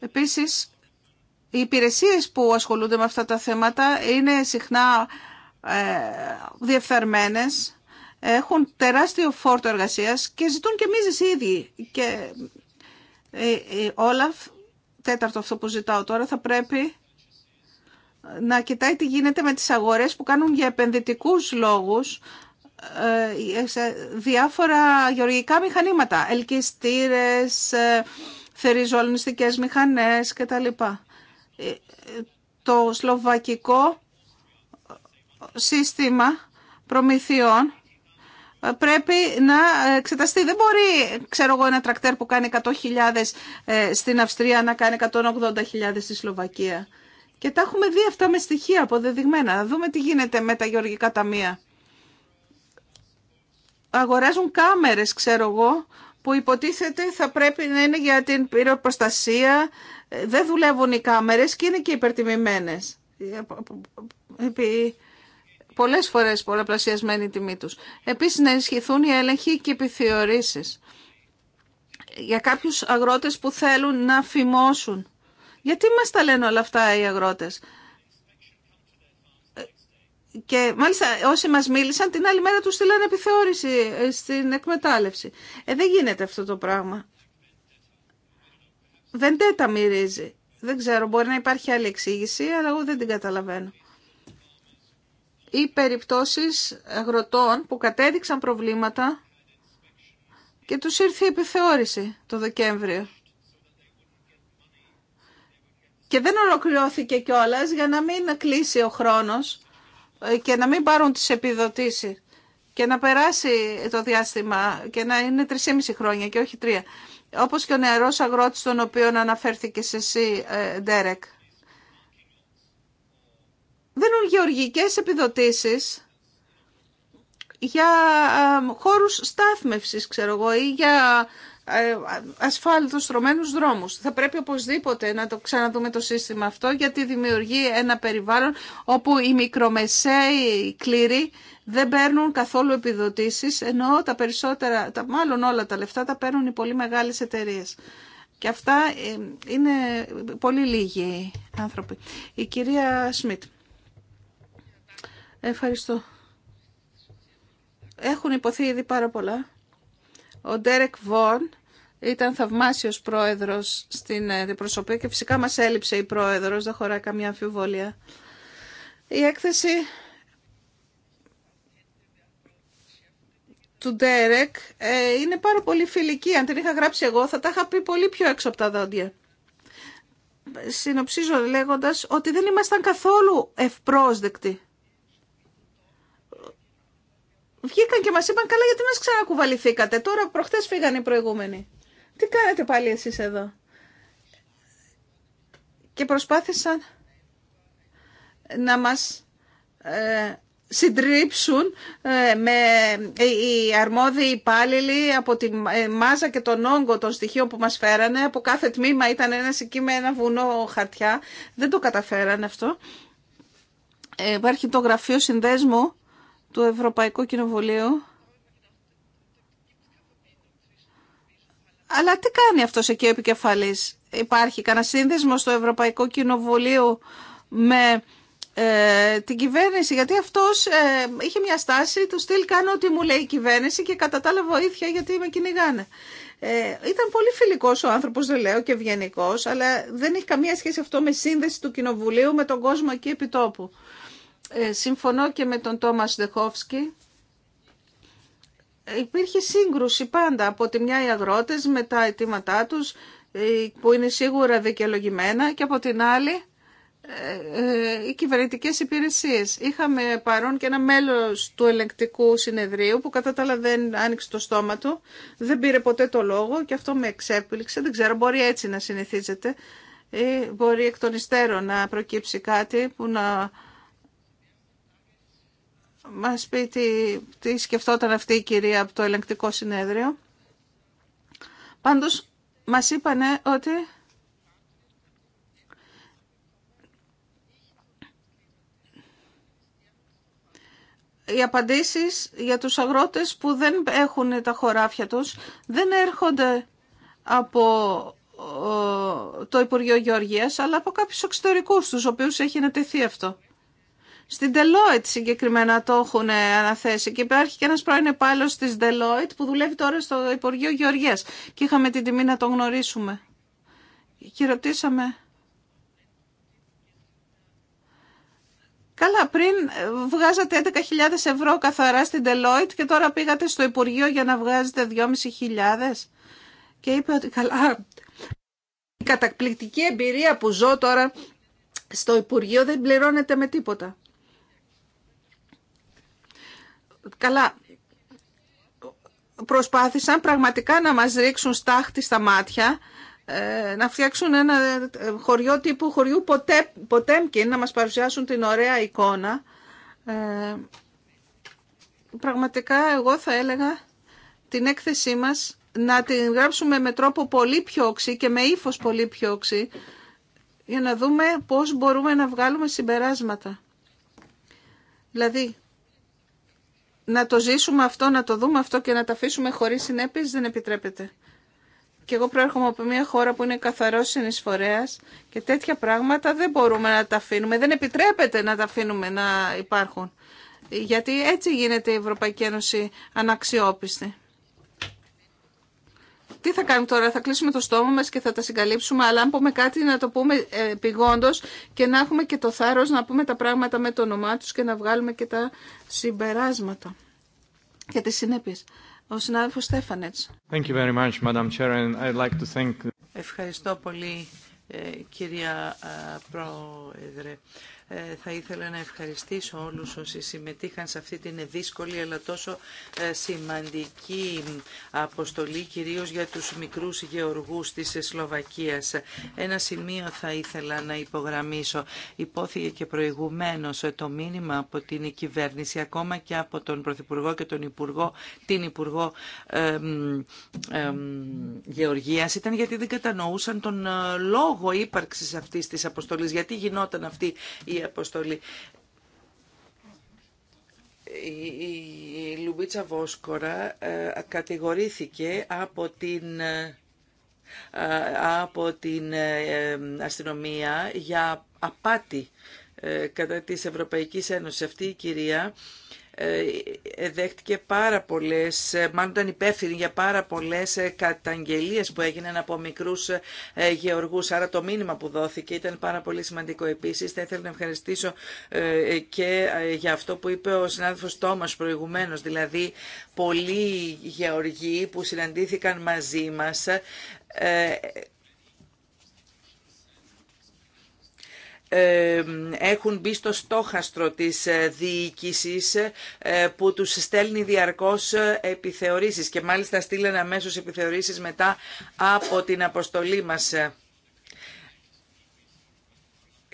Επίση, οι υπηρεσίε που ασχολούνται με αυτά τα θέματα είναι συχνά ε, διεφθαρμένες, έχουν τεράστιο φόρτο εργασίας και ζητούν και εμείς οι ίδιοι. Και η τέταρτο αυτό που ζητάω τώρα, θα πρέπει να κοιτάει τι γίνεται με τις αγορές που κάνουν για επενδυτικούς λόγους ε, σε διάφορα γεωργικά μηχανήματα, ελκυστήρες, ε, θεριζόλνιστικές μηχανές κτλ. Ε, το σλοβακικό σύστημα προμηθειών πρέπει να εξεταστεί. Δεν μπορεί, ξέρω εγώ, ένα τρακτέρ που κάνει 100.000 ε, στην Αυστρία να κάνει 180.000 στη Σλοβακία. Και τα έχουμε δει αυτά με στοιχεία αποδεδειγμένα. Να δούμε τι γίνεται με τα γεωργικά ταμεία. Αγοράζουν κάμερες, ξέρω εγώ, που υποτίθεται θα πρέπει να είναι για την πυροπροστασία. Ε, δεν δουλεύουν οι κάμερες και είναι και υπερτιμημένες. Ε, Πολλέ φορές πολλαπλασιασμένη η τιμή του. Επίσης να ενισχυθούν οι έλεγχοι και οι επιθεωρήσεις για κάποιου αγρότες που θέλουν να φημώσουν. Γιατί μας τα λένε όλα αυτά οι αγρότες. Και μάλιστα όσοι μας μίλησαν την άλλη μέρα τους στείλανε επιθεώρηση ε, στην εκμετάλλευση. Ε, δεν γίνεται αυτό το πράγμα. Δεν τέτα μυρίζει. Δεν ξέρω, μπορεί να υπάρχει άλλη εξήγηση, αλλά εγώ δεν την καταλαβαίνω ή περιπτώσεις αγροτών που κατέδειξαν προβλήματα και τους ήρθε η επιθεώρηση το Δεκέμβριο. Και δεν ολοκληρώθηκε κιόλα για να μην κλείσει ο χρόνος ε, και να μην πάρουν τις επιδοτήσεις και να περάσει το διάστημα και να είναι 3,5 χρόνια και όχι τρία. Όπως και ο νεαρός αγρότης τον οποίο σε εσύ, ε, Ντέρεκ δίνουν γεωργικές επιδοτήσεις για χώρους στάθμευσης, ξέρω εγώ, ή για ε, ασφάλτους στρωμένους δρόμους. Θα πρέπει οπωσδήποτε να το ξαναδούμε το σύστημα αυτό γιατί δημιουργεί ένα περιβάλλον όπου οι μικρομεσαίοι κλήροι δεν παίρνουν καθόλου επιδοτήσεις ενώ τα περισσότερα, τα, μάλλον όλα τα λεφτά τα παίρνουν οι πολύ μεγάλες εταιρείες. Και αυτά ε, είναι πολύ λίγοι άνθρωποι. Η κυρία Σμιτ. Ευχαριστώ. Έχουν υποθεί ήδη πάρα πολλά. Ο Ντέρεκ Βόρν ήταν θαυμάσιος πρόεδρος στην αντιπροσωπεία και φυσικά μας έλειψε η πρόεδρος, δεν χωράει καμία αμφιβολία. Η έκθεση του Ντέρεκ ε, είναι πάρα πολύ φιλική. Αν την είχα γράψει εγώ θα τα είχα πει πολύ πιο έξω από τα δόντια. Συνοψίζω λέγοντας ότι δεν ήμασταν καθόλου ευπρόσδεκτοι βγήκαν και μας είπαν καλά γιατί μας ξανακουβαληθήκατε. Τώρα προχθές φύγανε οι προηγούμενοι. Τι κάνετε πάλι εσείς εδώ. Και προσπάθησαν να μας ε, συντρίψουν ε, με ε, οι αρμόδιοι υπάλληλοι από τη ε, μάζα και τον όγκο των στοιχείων που μας φέρανε. Από κάθε τμήμα ήταν ένα εκεί με ένα βουνό χαρτιά. Δεν το καταφέρανε αυτό. Ε, υπάρχει το γραφείο συνδέσμου του Ευρωπαϊκού Κοινοβουλίου. Αλλά τι κάνει αυτός εκεί ο επικεφαλής. Υπάρχει κανένα σύνδεσμο στο Ευρωπαϊκό Κοινοβουλίο με ε, την κυβέρνηση. Γιατί αυτός ε, είχε μια στάση του στυλ κάνω ό,τι μου λέει η κυβέρνηση και κατά τα άλλα βοήθεια γιατί με κυνηγάνε. Ε, ήταν πολύ φιλικός ο άνθρωπος, δεν λέω, και ευγενικό, αλλά δεν έχει καμία σχέση αυτό με σύνδεση του Κοινοβουλίου με τον κόσμο εκεί επιτόπου. Ε, συμφωνώ και με τον Τόμας Δεχόφσκι. Υπήρχε σύγκρουση πάντα από τη μια οι αγρότες με τα αιτήματά τους ε, που είναι σίγουρα δικαιολογημένα και από την άλλη ε, οι κυβερνητικές υπηρεσίες. Είχαμε παρόν και ένα μέλος του ελεγκτικού συνεδρίου που κατά τα άλλα δεν άνοιξε το στόμα του, δεν πήρε ποτέ το λόγο και αυτό με εξέπληξε. Δεν ξέρω, μπορεί έτσι να συνηθίζεται ή μπορεί εκ των υστέρων να προκύψει κάτι που να μας πει τι, τι σκεφτόταν αυτή η κυρία από το ελεγκτικό συνέδριο. Πάντως μας είπανε ότι οι απαντήσεις για τους αγρότες που δεν έχουν τα χωράφια τους δεν έρχονται από ε, το Υπουργείο Γεωργίας αλλά από κάποιους εξωτερικούς τους οποίους έχει ανατεθεί αυτό. Στην Deloitte συγκεκριμένα το έχουν αναθέσει και υπάρχει και ένας πρώην επάλληλος της Deloitte που δουλεύει τώρα στο Υπουργείο Γεωργίας και είχαμε την τιμή να τον γνωρίσουμε. Και ρωτήσαμε... Καλά, πριν ε, βγάζατε 11.000 ευρώ καθαρά στην Deloitte και τώρα πήγατε στο Υπουργείο για να βγάζετε 2.500 και είπε ότι καλά, η καταπληκτική εμπειρία που ζω τώρα στο Υπουργείο δεν πληρώνεται με τίποτα καλά προσπάθησαν πραγματικά να μας ρίξουν στάχτη στα μάτια, ε, να φτιάξουν ένα ε, χωριό τύπου χωριού ποτέ, Ποτέμκιν, να μας παρουσιάσουν την ωραία εικόνα. Ε, πραγματικά εγώ θα έλεγα την έκθεσή μας να την γράψουμε με τρόπο πολύ πιο οξύ και με ύφος πολύ πιο οξύ για να δούμε πώς μπορούμε να βγάλουμε συμπεράσματα. Δηλαδή, να το ζήσουμε αυτό, να το δούμε αυτό και να τα αφήσουμε χωρίς συνέπειες δεν επιτρέπεται. Και εγώ προέρχομαι από μια χώρα που είναι καθαρός συνεισφορέα και τέτοια πράγματα δεν μπορούμε να τα αφήνουμε, δεν επιτρέπεται να τα αφήνουμε να υπάρχουν. Γιατί έτσι γίνεται η Ευρωπαϊκή Ένωση αναξιόπιστη τι θα κάνουμε τώρα, θα κλείσουμε το στόμα μας και θα τα συγκαλύψουμε, αλλά αν πούμε κάτι να το πούμε ε, πηγόντως και να έχουμε και το θάρρος να πούμε τα πράγματα με το όνομά τους και να βγάλουμε και τα συμπεράσματα και τις συνέπειες. Ο συνάδελφος Στέφανετς. like Ευχαριστώ πολύ, ε, κυρία ε, Πρόεδρε. Ε, θα ήθελα να ευχαριστήσω όλους όσοι συμμετείχαν σε αυτή την δύσκολη αλλά τόσο ε, σημαντική αποστολή κυρίως για τους μικρούς γεωργούς της Σλοβακίας. Ένα σημείο θα ήθελα να υπογραμμίσω. Υπόθηκε και προηγουμένως ε, το μήνυμα από την κυβέρνηση ακόμα και από τον Πρωθυπουργό και τον Υπουργό, την Υπουργό εμ, Γεωργίας ήταν γιατί δεν κατανοούσαν τον λόγο ύπαρξης αυτής της αποστολής, γιατί γινόταν αυτή η αποστολή. Η Λουμπίτσα Βόσκορα ε, κατηγορήθηκε από την ε, από την ε, αστυνομία για απάτη κατά της Ευρωπαϊκής Ένωσης. Αυτή η κυρία ε, δέχτηκε πάρα πολλές, ε, μάλλον ήταν υπεύθυνη για πάρα πολλές ε, καταγγελίες που έγιναν από μικρούς γεωργούς. Άρα το μήνυμα που δόθηκε ήταν πάρα πολύ σημαντικό. Επίσης θα ήθελα να ευχαριστήσω και για αυτό που είπε ο συνάδελφος Τόμας προηγουμένως, δηλαδή πολλοί γεωργοί που συναντήθηκαν μαζί μας έχουν μπει στο στόχαστρο της ε, διοίκησης ε, που τους στέλνει διαρκώς ε, επιθεωρήσεις και μάλιστα στείλανε αμέσως επιθεωρήσεις μετά από την αποστολή μας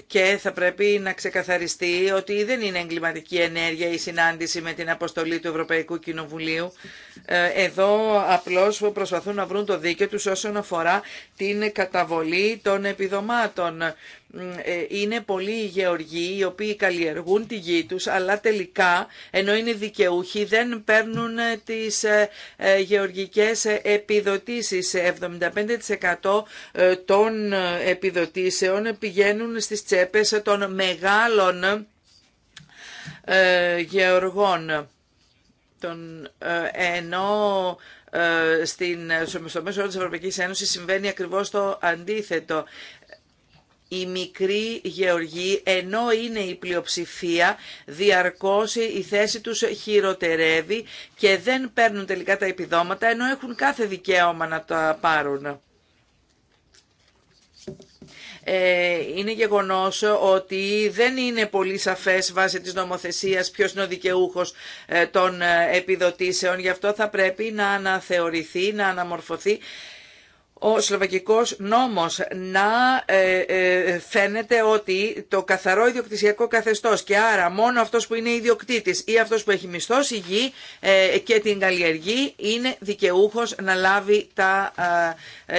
και θα πρέπει να ξεκαθαριστεί ότι δεν είναι εγκληματική ενέργεια η συνάντηση με την αποστολή του Ευρωπαϊκού Κοινοβουλίου. Εδώ απλώς προσπαθούν να βρουν το δίκαιο τους όσον αφορά την καταβολή των επιδομάτων. Ε, είναι πολλοί οι γεωργοί οι οποίοι καλλιεργούν τη γη τους, αλλά τελικά, ενώ είναι δικαιούχοι, δεν παίρνουν ε, τις ε, γεωργικές επιδοτήσεις. 75% των επιδοτήσεων πηγαίνουν στις τσέπες των μεγάλων γεωργών. ενώ στην, στο μέσο της Ευρωπαϊκής Ένωσης συμβαίνει ακριβώς το αντίθετο οι μικροί γεωργοί, ενώ είναι η πλειοψηφία, διαρκώς η θέση τους χειροτερεύει και δεν παίρνουν τελικά τα επιδόματα, ενώ έχουν κάθε δικαίωμα να τα πάρουν. Ε, είναι γεγονός ότι δεν είναι πολύ σαφές βάσει της νομοθεσίας ποιος είναι ο δικαιούχος ε, των ε, επιδοτήσεων. Γι' αυτό θα πρέπει να αναθεωρηθεί, να αναμορφωθεί ο σλοβακικός νόμος να ε, ε, φαίνεται ότι το καθαρό ιδιοκτησιακό καθεστώς και άρα μόνο αυτός που είναι ιδιοκτήτης ή αυτός που έχει μισθώσει γη ε, και την καλλιεργή είναι δικαιούχος να λάβει τα,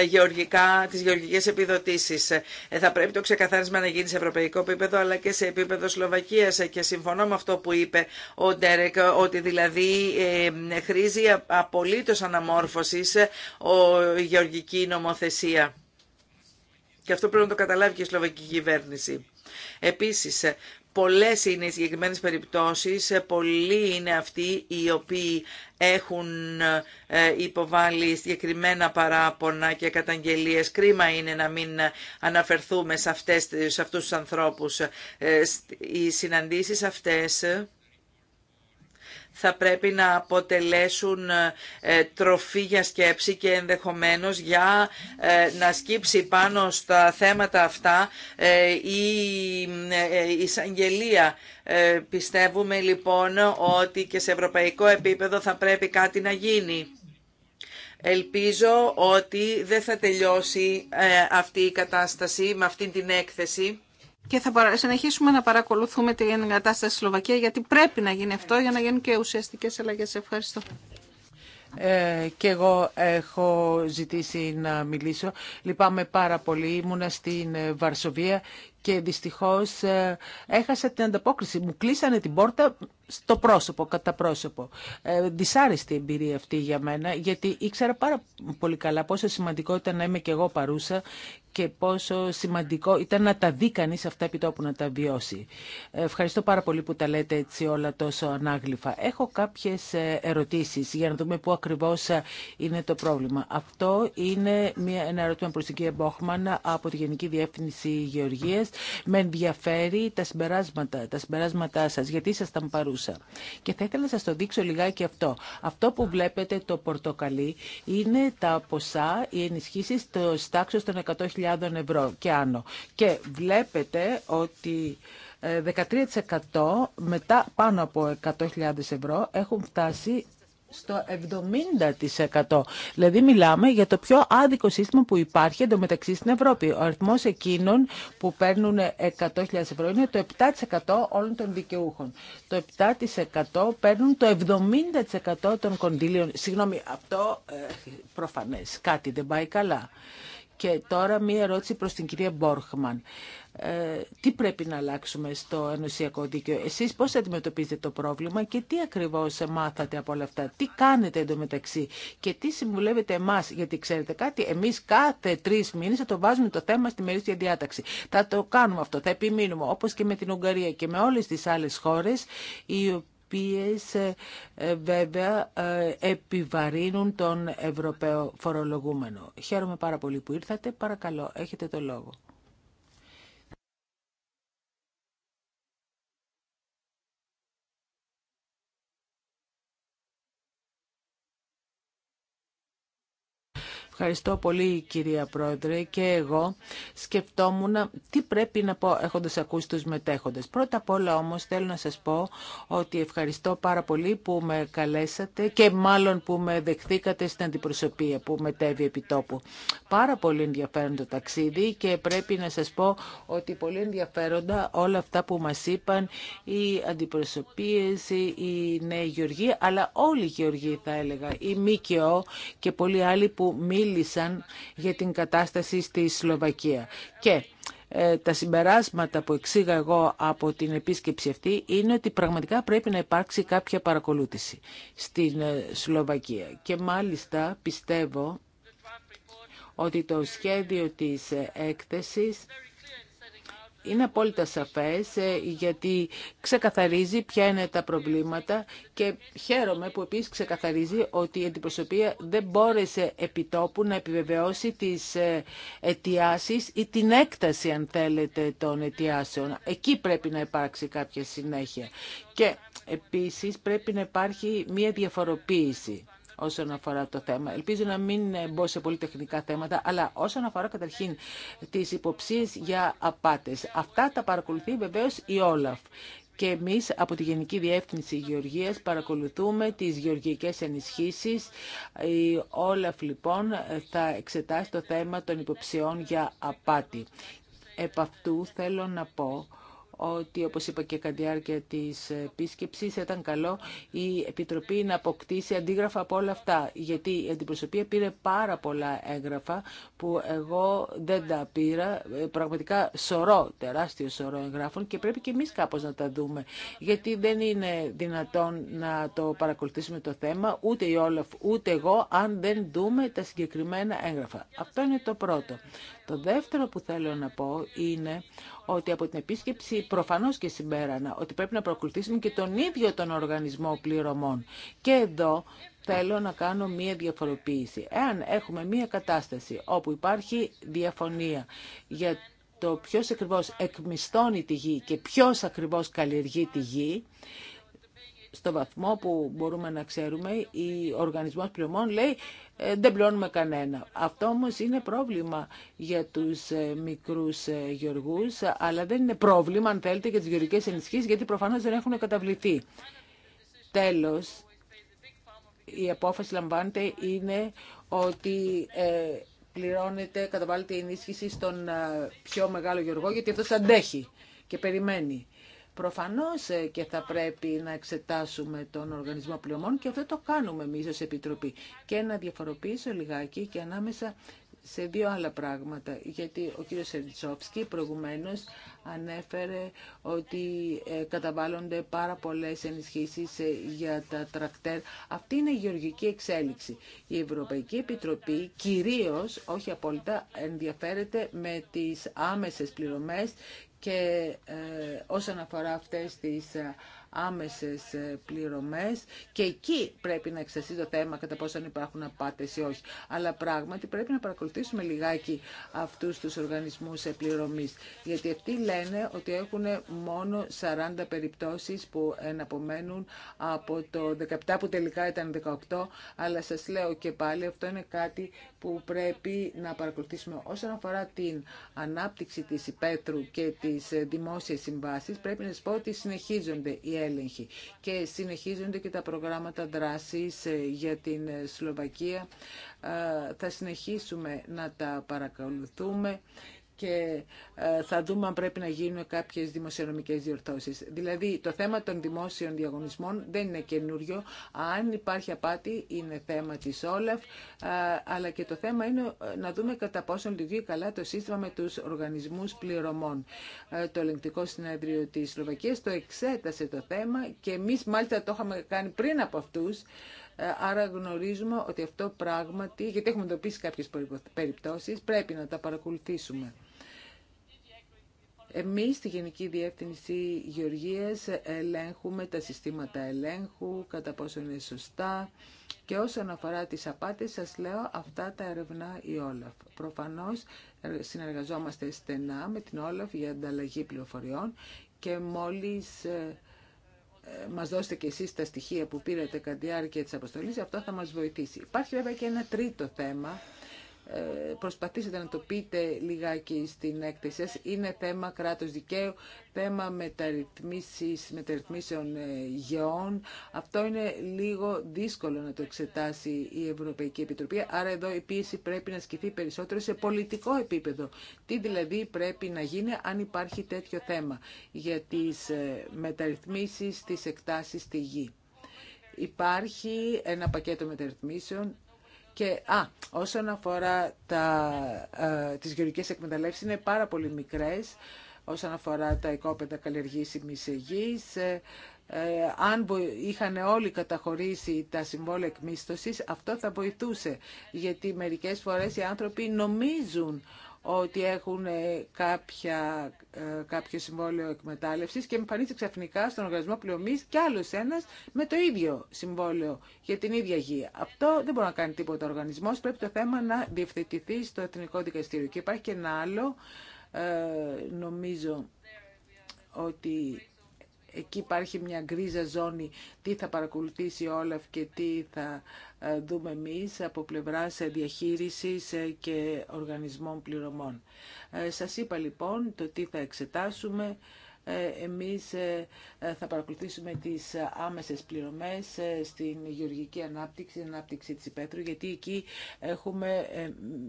γεωργικά, τις γεωργικές επιδοτήσεις. θα πρέπει το ξεκαθάρισμα να γίνει σε ευρωπαϊκό επίπεδο αλλά και σε επίπεδο Σλοβακίας και συμφωνώ με αυτό που είπε ο Ντέρεκ ότι δηλαδή χρήζει απολύτως αναμόρφωσης ο γεωργική νομοθεσία. Και αυτό πρέπει να το καταλάβει και η Σλοβακική κυβέρνηση. Επίσης, πολλές είναι οι συγκεκριμένες περιπτώσεις, πολλοί είναι αυτοί οι οποίοι έχουν ε, υποβάλει συγκεκριμένα παράπονα και καταγγελίες. Κρίμα είναι να μην αναφερθούμε σε, αυτές, σε αυτούς τους ανθρώπους. Ε, οι συναντήσεις αυτές θα πρέπει να αποτελέσουν ε, ε, τροφή για σκέψη και ενδεχομένως για ε, να σκύψει πάνω στα θέματα αυτά η εισαγγελία. Πιστεύουμε λοιπόν ότι και σε ευρωπαϊκό επίπεδο θα πρέπει κάτι να γίνει. Ελπίζω ότι δεν θα τελειώσει αυτή η κατάσταση με αυτή την έκθεση και θα συνεχίσουμε να παρακολουθούμε την κατάσταση στη Σλοβακία γιατί πρέπει να γίνει αυτό για να γίνουν και ουσιαστικές αλλαγέ. Ευχαριστώ. Ε, και εγώ έχω ζητήσει να μιλήσω. Λυπάμαι πάρα πολύ. Ήμουνα στην ε, Βαρσοβία και δυστυχώς ε, έχασα την ανταπόκριση. Μου κλείσανε την πόρτα στο πρόσωπο, κατά πρόσωπο. Ε, δυσάρεστη εμπειρία αυτή για μένα, γιατί ήξερα πάρα πολύ καλά πόσο σημαντικό ήταν να είμαι και εγώ παρούσα και πόσο σημαντικό ήταν να τα δει κανεί αυτά επί τόπου να τα βιώσει. Ευχαριστώ πάρα πολύ που τα λέτε έτσι όλα τόσο ανάγλυφα. Έχω κάποιε ερωτήσει για να δούμε πού ακριβώ ε, είναι το πρόβλημα. Αυτό είναι μια, ένα ερώτημα προ την κυρία Μπόχμαν από τη Γενική Διεύθυνση Γεωργίας. Με ενδιαφέρει τα συμπεράσματα, τα συμπεράσματά σα γιατί ήσασταν παρούσα. Και θα ήθελα να σα το δείξω λιγάκι αυτό. Αυτό που βλέπετε το πορτοκαλί είναι τα ποσά, οι ενισχύσει στο των 100.000 ευρώ και Και βλέπετε ότι 13% ε, μετά πάνω από 100.000 ευρώ έχουν φτάσει στο 70%. Δηλαδή μιλάμε για το πιο άδικο σύστημα που υπάρχει εντωμεταξύ στην Ευρώπη. Ο αριθμό εκείνων που παίρνουν 100.000 ευρώ είναι το 7% όλων των δικαιούχων. Το 7% παίρνουν το 70% των κονδύλιων. Συγγνώμη, αυτό ε, προφανές κάτι δεν πάει καλά. Και τώρα μία ερώτηση προς την κυρία Μπόρχμαν. Ε, τι πρέπει να αλλάξουμε στο ενωσιακό δίκαιο. Εσείς πώς αντιμετωπίζετε το πρόβλημα και τι ακριβώς μάθατε από όλα αυτά. Τι κάνετε εντωμεταξύ και τι συμβουλεύετε εμάς. Γιατί ξέρετε κάτι, εμείς κάθε τρεις μήνες θα το βάζουμε το θέμα στη μερίσια διάταξη. Θα το κάνουμε αυτό, θα επιμείνουμε όπως και με την Ουγγαρία και με όλες τις άλλες χώρες οποίες ε, ε, βέβαια ε, επιβαρύνουν τον Ευρωπαίο φορολογούμενο. Χαίρομαι πάρα πολύ που ήρθατε. Παρακαλώ, έχετε το λόγο. Ευχαριστώ πολύ κυρία Πρόεδρε και εγώ σκεφτόμουν τι πρέπει να πω έχοντας ακούσει τους μετέχοντες. Πρώτα απ' όλα όμως θέλω να σας πω ότι ευχαριστώ πάρα πολύ που με καλέσατε και μάλλον που με δεχθήκατε στην αντιπροσωπεία που μετέβει επί τόπου. Πάρα πολύ ενδιαφέρον το ταξίδι και πρέπει να σας πω ότι πολύ ενδιαφέροντα όλα αυτά που μας είπαν οι αντιπροσωπείες, οι νέοι γεωργοί, αλλά όλοι οι γεωργοί θα έλεγα, η ΜΚΟ και πολλοί άλλοι που μίλησαν για την κατάσταση στη Σλοβακία. Και ε, τα συμπεράσματα που εξήγα εγώ από την επίσκεψη αυτή είναι ότι πραγματικά πρέπει να υπάρξει κάποια παρακολούθηση στην ε, Σλοβακία. Και μάλιστα πιστεύω ότι το σχέδιο της ε, έκθεσης είναι απόλυτα σαφές ε, γιατί ξεκαθαρίζει ποια είναι τα προβλήματα και χαίρομαι που επίσης ξεκαθαρίζει ότι η αντιπροσωπεία δεν μπόρεσε επιτόπου να επιβεβαιώσει τις ε, αιτιάσεις ή την έκταση αν θέλετε των αιτιάσεων. Εκεί πρέπει να υπάρξει κάποια συνέχεια. Και επίσης πρέπει να υπάρχει μια διαφοροποίηση όσον αφορά το θέμα. Ελπίζω να μην μπω σε πολύ τεχνικά θέματα, αλλά όσον αφορά καταρχήν τις υποψίες για απάτες. Αυτά τα παρακολουθεί βεβαίως η Όλαφ. Και εμείς από τη Γενική Διεύθυνση Γεωργίας παρακολουθούμε τις γεωργικές ενισχύσει. Η Όλαφ λοιπόν θα εξετάσει το θέμα των υποψιών για απάτη. Επ' αυτού θέλω να πω ότι, όπως είπα και κατά τη διάρκεια της επίσκεψης, ήταν καλό η Επιτροπή να αποκτήσει αντίγραφα από όλα αυτά, γιατί η αντιπροσωπεία πήρε πάρα πολλά έγγραφα που εγώ δεν τα πήρα, πραγματικά σωρό, τεράστιο σωρό εγγράφων και πρέπει και εμείς κάπως να τα δούμε, γιατί δεν είναι δυνατόν να το παρακολουθήσουμε το θέμα, ούτε η Όλαφ, ούτε εγώ, αν δεν δούμε τα συγκεκριμένα έγγραφα. Αυτό είναι το πρώτο. Το δεύτερο που θέλω να πω είναι ότι από την επίσκεψη προφανώς και συμπέρανα ότι πρέπει να προκλουθήσουμε και τον ίδιο τον οργανισμό πληρωμών. Και εδώ θέλω να κάνω μία διαφοροποίηση. Εάν έχουμε μία κατάσταση όπου υπάρχει διαφωνία για το ποιος ακριβώς εκμισθώνει τη γη και ποιος ακριβώς καλλιεργεί τη γη, στο βαθμό που μπορούμε να ξέρουμε, ο οργανισμός πληρωμών λέει ε, δεν πληρώνουμε κανένα. Αυτό όμω είναι πρόβλημα για τους ε, μικρούς ε, γεωργούς, αλλά δεν είναι πρόβλημα, αν θέλετε, για τις γεωργικές ενισχύσεις, γιατί προφανώς δεν έχουν καταβληθεί. Τέλος, η απόφαση λαμβάνεται είναι ότι πληρώνεται, καταβάλλεται η ενίσχυση στον πιο μεγάλο γεωργό, γιατί αυτός αντέχει και περιμένει. Προφανώς ε, και θα πρέπει να εξετάσουμε τον οργανισμό πληρωμών και αυτό το κάνουμε εμείς ως Επιτροπή. Και να διαφοροποιήσω λιγάκι και ανάμεσα σε δύο άλλα πράγματα, γιατί ο κύριος Σερτσόφσκι προηγουμένως ανέφερε ότι ε, καταβάλλονται πάρα πολλές ενισχύσεις ε, για τα τρακτέρ. Αυτή είναι η γεωργική εξέλιξη. Η Ευρωπαϊκή Επιτροπή κυρίως, όχι απόλυτα, ενδιαφέρεται με τις άμεσες πληρωμές και ε, όσον αφορά αυτές τις ε, άμεσες ε, πληρωμές και εκεί πρέπει να εξεταστεί το θέμα κατά πόσο υπάρχουν απάτες ή όχι. Αλλά πράγματι πρέπει να παρακολουθήσουμε λιγάκι αυτούς τους οργανισμούς πληρωμής. Γιατί αυτοί λένε ότι έχουν μόνο 40 περιπτώσεις που εναπομένουν από το 17 που τελικά ήταν 18. Αλλά σας λέω και πάλι αυτό είναι κάτι που πρέπει να παρακολουθήσουμε. Όσον αφορά την ανάπτυξη της υπέτρου και τις ε, δημόσιες συμβάσεις, πρέπει να σας πω ότι συνεχίζονται οι και συνεχίζονται και τα προγράμματα δράσης ε, για την ε, Σλοβακία. Θα συνεχίσουμε να τα παρακολουθούμε και ε, θα δούμε αν πρέπει να γίνουν κάποιες δημοσιονομικές διορθώσεις. Δηλαδή, το θέμα των δημόσιων διαγωνισμών δεν είναι καινούριο. Αν υπάρχει απάτη, είναι θέμα της Όλαφ, ε, αλλά και το θέμα είναι ε, να δούμε κατά πόσον λειτουργεί καλά το σύστημα με τους οργανισμούς πληρωμών. Το ελεγκτικό συνέδριο της Σλοβακίας το εξέτασε το θέμα και εμείς μάλιστα το είχαμε κάνει πριν από αυτούς ε, άρα γνωρίζουμε ότι αυτό πράγματι, γιατί έχουμε εντοπίσει κάποιες περιπτώσεις, πρέπει να τα παρακολουθήσουμε. Εμείς στη Γενική Διεύθυνση Γεωργίας ελέγχουμε τα συστήματα ελέγχου, κατά πόσο είναι σωστά και όσον αφορά τις απάτες σας λέω αυτά τα ερευνά η Όλαφ. Προφανώς ε, συνεργαζόμαστε στενά με την Όλαφ για ανταλλαγή πληροφοριών και μόλις ε, μας δώσετε και εσείς τα στοιχεία που πήρατε κατά τη διάρκεια της αποστολής, αυτό θα μας βοηθήσει. Υπάρχει βέβαια και ένα τρίτο θέμα ε, προσπαθήσετε να το πείτε λιγάκι στην έκθεση σας. Είναι θέμα κράτος δικαίου, θέμα μεταρρυθμίσεων ε, γεών. Αυτό είναι λίγο δύσκολο να το εξετάσει η Ευρωπαϊκή Επιτροπή, άρα εδώ η πίεση πρέπει να σκεφτεί περισσότερο σε πολιτικό επίπεδο. Τι δηλαδή πρέπει να γίνει αν υπάρχει τέτοιο θέμα για τις ε, μεταρρυθμίσεις, τις εκτάσεις στη γη. Υπάρχει ένα πακέτο μεταρρυθμίσεων, και α, όσον αφορά τα, ε, τις γεωργικές εκμεταλλεύσεις, είναι πάρα πολύ μικρές όσον αφορά τα οικόπεδα καλλιεργήσιμης γης. Ε, ε, αν είχαν όλοι καταχωρήσει τα συμβόλαια εκμίστοσης, αυτό θα βοηθούσε, γιατί μερικές φορές οι άνθρωποι νομίζουν ότι έχουν ε, κάποια, ε, κάποιο συμβόλαιο εκμετάλλευση και εμφανίζεται ξαφνικά στον οργανισμό πληρωμή κι άλλο ένα με το ίδιο συμβόλαιο για την ίδια γη. Αυτό δεν μπορεί να κάνει τίποτα ο οργανισμό. Πρέπει το θέμα να διευθετηθεί στο Εθνικό Δικαστήριο. Και υπάρχει και ένα άλλο, ε, νομίζω ότι Εκεί υπάρχει μια γκρίζα ζώνη τι θα παρακολουθήσει όλα και τι θα ε, δούμε εμείς από πλευράς ε, διαχείρισης ε, και οργανισμών πληρωμών. Σας είπα λοιπόν το τι θα εξετάσουμε ε, εμείς ε, ε, θα παρακολουθήσουμε τις άμεσες πληρωμές στην γεωργική ανάπτυξη, την ανάπτυξη της υπαίθρου, γιατί εκεί έχουμε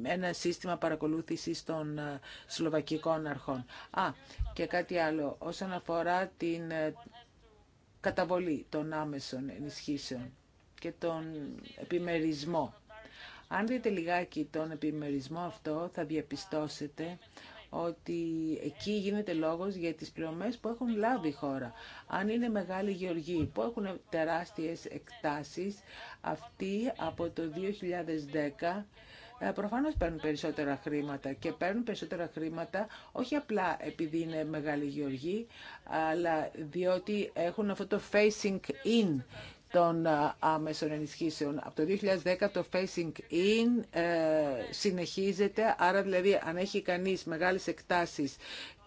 ένα σύστημα παρακολούθησης των σλοβακικών αρχών. Α, και κάτι άλλο, όσον αφορά την καταβολή των άμεσων ενισχύσεων και τον επιμερισμό. Αν δείτε λιγάκι τον επιμερισμό αυτό, θα διαπιστώσετε ότι εκεί γίνεται λόγος για τις πληρωμές που έχουν λάβει η χώρα. Αν είναι μεγάλη γεωργή που έχουν τεράστιες εκτάσεις, αυτοί από το 2010 ε, Προφανώ παίρνουν περισσότερα χρήματα και παίρνουν περισσότερα χρήματα όχι απλά επειδή είναι μεγάλη γεωργή, αλλά διότι έχουν αυτό το facing in των ε, άμεσων ενισχύσεων. Από το 2010 το facing in ε, συνεχίζεται, άρα δηλαδή αν έχει κανείς μεγάλες εκτάσεις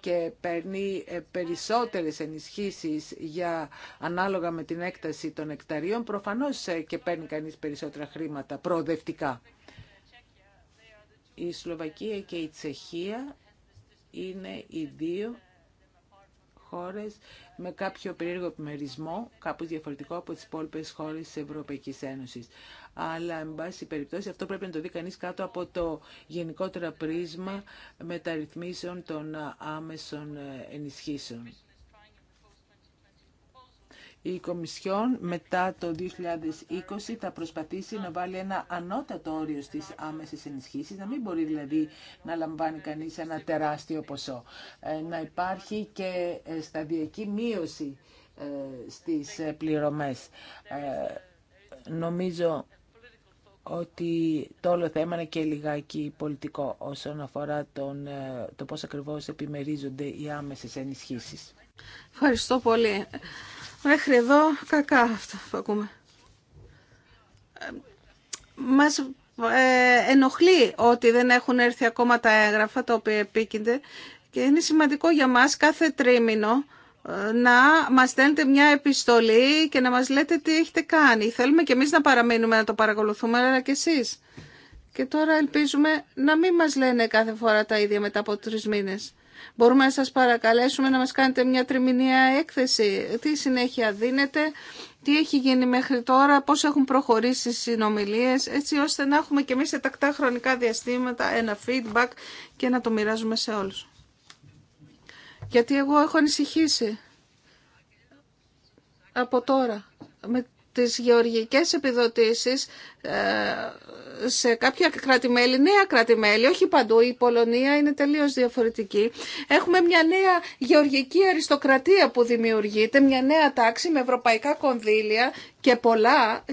και παίρνει ε, περισσότερες ενισχύσεις για ανάλογα με την έκταση των εκταρίων, προφανώς και παίρνει κανείς περισσότερα χρήματα προοδευτικά. Η Σλοβακία και η Τσεχία είναι οι δύο χώρες με κάποιο περίεργο επιμερισμό, κάπως διαφορετικό από τις υπόλοιπε χώρες της Ευρωπαϊκής Ένωσης. Αλλά, εν πάση περιπτώσει, αυτό πρέπει να το δει κανεί κάτω από το γενικότερα πρίσμα μεταρρυθμίσεων των άμεσων ε, ενισχύσεων η Κομισιόν μετά το 2020 θα προσπαθήσει να βάλει ένα ανώτατο όριο στις άμεσες ενισχύσεις, να μην μπορεί δηλαδή να λαμβάνει κανείς ένα τεράστιο ποσό. Ε, να υπάρχει και ε, σταδιακή μείωση ε, στις πληρωμές. Νομίζω ότι το όλο θέμα είναι και λιγάκι πολιτικό όσον αφορά τον, το πώς ακριβώς επιμερίζονται οι άμεσες ενισχύσεις. Ευχαριστώ πολύ. Μέχρι εδώ κακά αυτά που ακούμε. Ε, μας ε, ενοχλεί ότι δεν έχουν έρθει ακόμα τα έγγραφα τα οποία επίκυνται και είναι σημαντικό για μας κάθε τρίμηνο ε, να μας στέλνετε μια επιστολή και να μας λέτε τι έχετε κάνει. Θέλουμε και εμείς να παραμείνουμε να το παρακολουθούμε, αλλά και εσείς. Και τώρα ελπίζουμε να μην μας λένε κάθε φορά τα ίδια μετά από τρεις μήνες. Μπορούμε να σας παρακαλέσουμε να μας κάνετε μια τριμηνία έκθεση. Τι συνέχεια δίνεται, τι έχει γίνει μέχρι τώρα, πώς έχουν προχωρήσει οι συνομιλίες, έτσι ώστε να έχουμε και εμείς σε τακτά χρονικά διαστήματα ένα feedback και να το μοιράζουμε σε όλους. Γιατί εγώ έχω ανησυχήσει από τώρα με τις γεωργικές επιδοτήσεις ε, σε κάποια κράτη-μέλη, νέα κράτη-μέλη, όχι παντού, η Πολωνία είναι τελείως διαφορετική. Έχουμε μια νέα γεωργική αριστοκρατία που δημιουργείται, μια νέα τάξη με ευρωπαϊκά κονδύλια και πολλά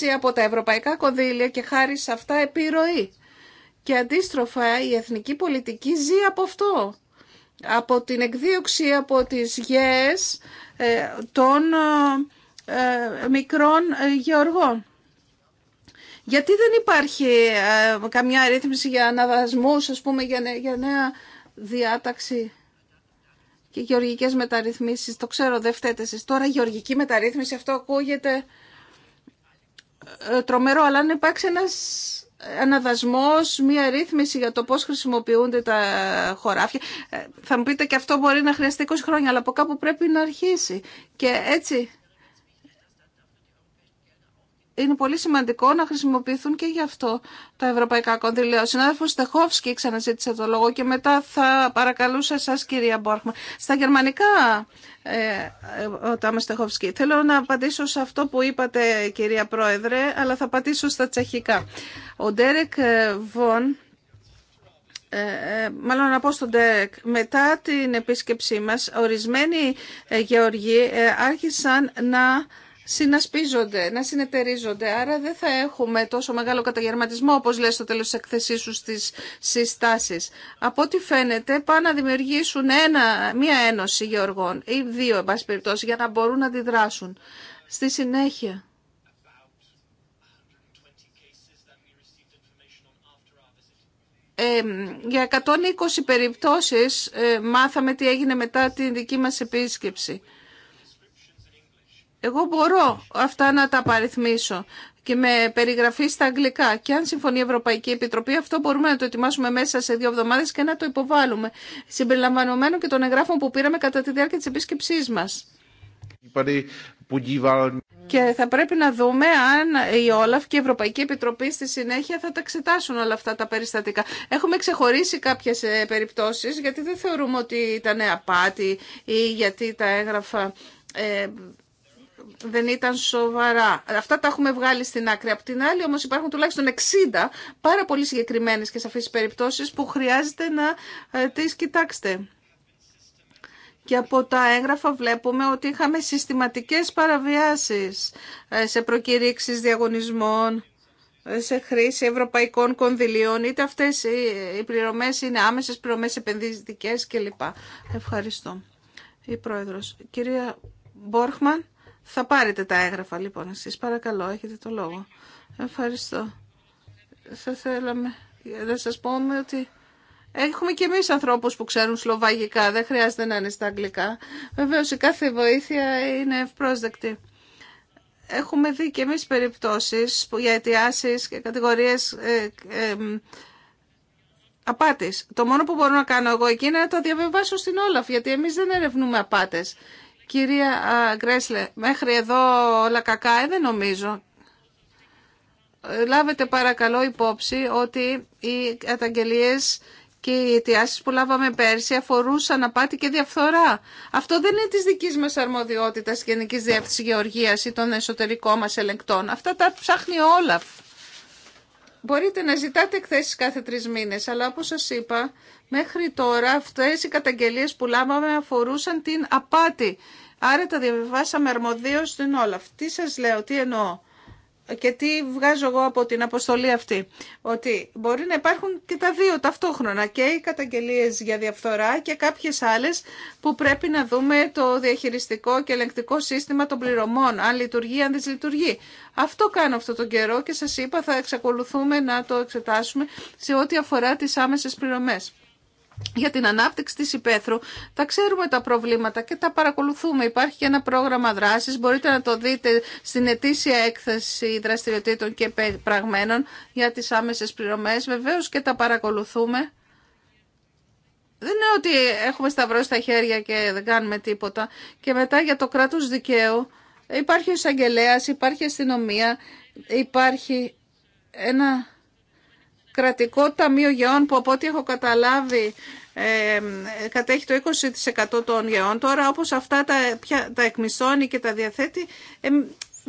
και από τα ευρωπαϊκά κονδύλια και χάρη σε αυτά επιρροή. Και αντίστροφα η εθνική πολιτική ζει από αυτό, από την εκδίωξη από τις γέες ε, των ε, ε, μικρών ε, γεωργών. Γιατί δεν υπάρχει ε, καμιά ρύθμιση για αναδασμούς ας πούμε, για νέα διάταξη και γεωργικές μεταρρυθμίσεις. Το ξέρω, δεν φταίτε εσείς. Τώρα γεωργική μεταρρύθμιση, αυτό ακούγεται τρομερό, αλλά αν υπάρξει ένας αναδασμός, μία ρύθμιση για το πώς χρησιμοποιούνται τα χωράφια. Θα μου πείτε και αυτό μπορεί να χρειαστεί 20 χρόνια, αλλά από κάπου πρέπει να αρχίσει. Και έτσι είναι πολύ σημαντικό να χρησιμοποιηθούν και γι' αυτό τα ευρωπαϊκά κονδυλία. Ο συνάδελφο Στεχόφσκι ξαναζήτησε το λόγο και μετά θα παρακαλούσα εσά, κυρία Μπόρχμα. Στα γερμανικά, ε, ε ο Τάμα Στεχόφσκι, θέλω να απαντήσω σε αυτό που είπατε, κυρία Πρόεδρε, αλλά θα απαντήσω στα τσεχικά. Ο Ντέρεκ ε, Βον. Ε, ε, μάλλον να πω στον Ντέρεκ, μετά την επίσκεψή μας, ορισμένοι γεωργοί άρχισαν να συνασπίζονται, να συνεταιρίζονται. Άρα δεν θα έχουμε τόσο μεγάλο καταγερματισμό, όπως λες στο τέλος της εκθεσής σου στις συστάσεις. Από ό,τι φαίνεται, πάνε να δημιουργήσουν ένα, μία ένωση γεωργών ή δύο, εν περιπτώσει, για να μπορούν να αντιδράσουν. Στη συνέχεια. Ε, για 120 περιπτώσεις μάθαμε τι έγινε μετά την δική μας επίσκεψη. Εγώ μπορώ αυτά να τα παριθμίσω και με περιγραφή στα αγγλικά. Και αν συμφωνεί η Ευρωπαϊκή Επιτροπή, αυτό μπορούμε να το ετοιμάσουμε μέσα σε δύο εβδομάδε και να το υποβάλουμε. Συμπεριλαμβανομένων και των εγγράφων που πήραμε κατά τη διάρκεια τη επίσκεψή μα. Και θα πρέπει να δούμε αν η Όλαφ και η Ευρωπαϊκή Επιτροπή στη συνέχεια θα τα εξετάσουν όλα αυτά τα περιστατικά. Έχουμε ξεχωρίσει κάποιε περιπτώσει, γιατί δεν θεωρούμε ότι ήταν απάτη ή γιατί τα έγραφα. Ε, δεν ήταν σοβαρά. Αυτά τα έχουμε βγάλει στην άκρη. από την άλλη όμως υπάρχουν τουλάχιστον 60 πάρα πολύ συγκεκριμένε και σαφείς περιπτώσεις που χρειάζεται να ε, τις κοιτάξετε. Και από τα έγγραφα βλέπουμε ότι είχαμε συστηματικές παραβιάσεις ε, σε προκηρύξεις διαγωνισμών, ε, σε χρήση ευρωπαϊκών κονδυλίων, είτε αυτές οι πληρωμές είναι άμεσες πληρωμές επενδυτικές κλπ. Ευχαριστώ. Η Πρόεδρος. Κυρία Μπόρχμαν, θα πάρετε τα έγγραφα λοιπόν εσείς. Παρακαλώ, έχετε το λόγο. Ευχαριστώ. Θα θέλαμε να σας πούμε ότι έχουμε και εμείς ανθρώπους που ξέρουν σλοβαγικά. Δεν χρειάζεται να είναι στα αγγλικά. Βεβαίως η κάθε βοήθεια είναι ευπρόσδεκτη. Έχουμε δει και εμείς περιπτώσεις για αιτιάσεις και κατηγορίες ε, ε, ε, απάτης. Το μόνο που μπορώ να κάνω εγώ εκεί είναι να το διαβεβάσω στην Όλαφ, γιατί εμείς δεν ερευνούμε απάτες. Κυρία Γκρέσλε, μέχρι εδώ όλα κακά, ε, δεν νομίζω. Λάβετε παρακαλώ υπόψη ότι οι καταγγελίε και οι αιτιάσεις που λάβαμε πέρσι αφορούσαν απάτη και διαφθορά. Αυτό δεν είναι της δικής μας αρμοδιότητας Γενικής Διεύθυνσης Γεωργίας ή των εσωτερικών μας ελεγκτών. Αυτά τα ψάχνει όλα Μπορείτε να ζητάτε εκθέσεις κάθε τρεις μήνες, αλλά όπως σας είπα, μέχρι τώρα αυτές οι καταγγελίες που λάβαμε αφορούσαν την απάτη. Άρα τα διαβιβάσαμε αρμοδίως στην όλα. Τι σας λέω, τι εννοώ και τι βγάζω εγώ από την αποστολή αυτή. Ότι μπορεί να υπάρχουν και τα δύο ταυτόχρονα και οι καταγγελίες για διαφθορά και κάποιες άλλες που πρέπει να δούμε το διαχειριστικό και ελεγκτικό σύστημα των πληρωμών, αν λειτουργεί, αν λειτουργεί. Αυτό κάνω αυτό τον καιρό και σας είπα θα εξακολουθούμε να το εξετάσουμε σε ό,τι αφορά τις άμεσες πληρωμές για την ανάπτυξη της υπαίθρου. Τα ξέρουμε τα προβλήματα και τα παρακολουθούμε. Υπάρχει και ένα πρόγραμμα δράσης, μπορείτε να το δείτε στην ετήσια έκθεση δραστηριοτήτων και πραγμένων για τις άμεσες πληρωμές. Βεβαίως και τα παρακολουθούμε. Δεν είναι ότι έχουμε σταυρό στα χέρια και δεν κάνουμε τίποτα. Και μετά για το κράτος δικαίου υπάρχει ο εισαγγελέα, υπάρχει αστυνομία, υπάρχει ένα κρατικό ταμείο γεών που από ό,τι έχω καταλάβει ε, κατέχει το 20% των γεών. Τώρα όπως αυτά τα, πια, τα εκμισώνει και τα διαθέτει, ε,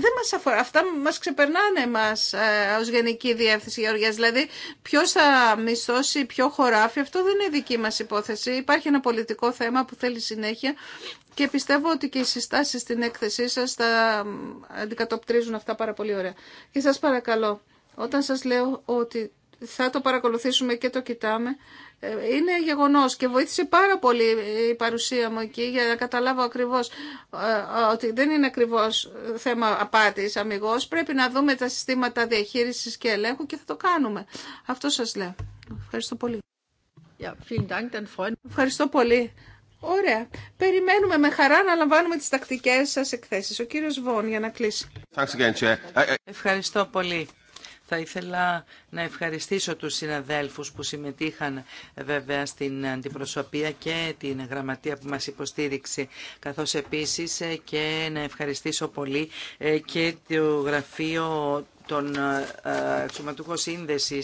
δεν μας αφορά. Αυτά μας ξεπερνάνε μας ε, ως Γενική Διεύθυνση Γεωργίας. Δηλαδή ποιος θα μισθώσει ποιο χωράφι, αυτό δεν είναι δική μας υπόθεση. Υπάρχει ένα πολιτικό θέμα που θέλει συνέχεια και πιστεύω ότι και οι συστάσεις στην έκθεσή σας θα ε, αντικατοπτρίζουν αυτά πάρα πολύ ωραία. Και σας παρακαλώ, όταν σας λέω ότι θα το παρακολουθήσουμε και το κοιτάμε. Ε, είναι γεγονός και βοήθησε πάρα πολύ η παρουσία μου εκεί για να καταλάβω ακριβώς ε, ότι δεν είναι ακριβώς θέμα απάτης αμυγός. Πρέπει να δούμε τα συστήματα διαχείρισης και ελέγχου και θα το κάνουμε. Αυτό σας λέω. Ευχαριστώ πολύ. Ευχαριστώ πολύ. Ωραία. Περιμένουμε με χαρά να λαμβάνουμε τις τακτικές σας εκθέσεις. Ο κύριος Βόν για να κλείσει. Ε, Ευχαριστώ πολύ. Θα ήθελα να ευχαριστήσω τους συναδέλφους που συμμετείχαν βέβαια στην αντιπροσωπεία και την γραμματεία που μας υποστήριξε, καθώς επίσης ε, και να ευχαριστήσω πολύ ε, και το γραφείο των αξιωματούχο ε, σύνδεση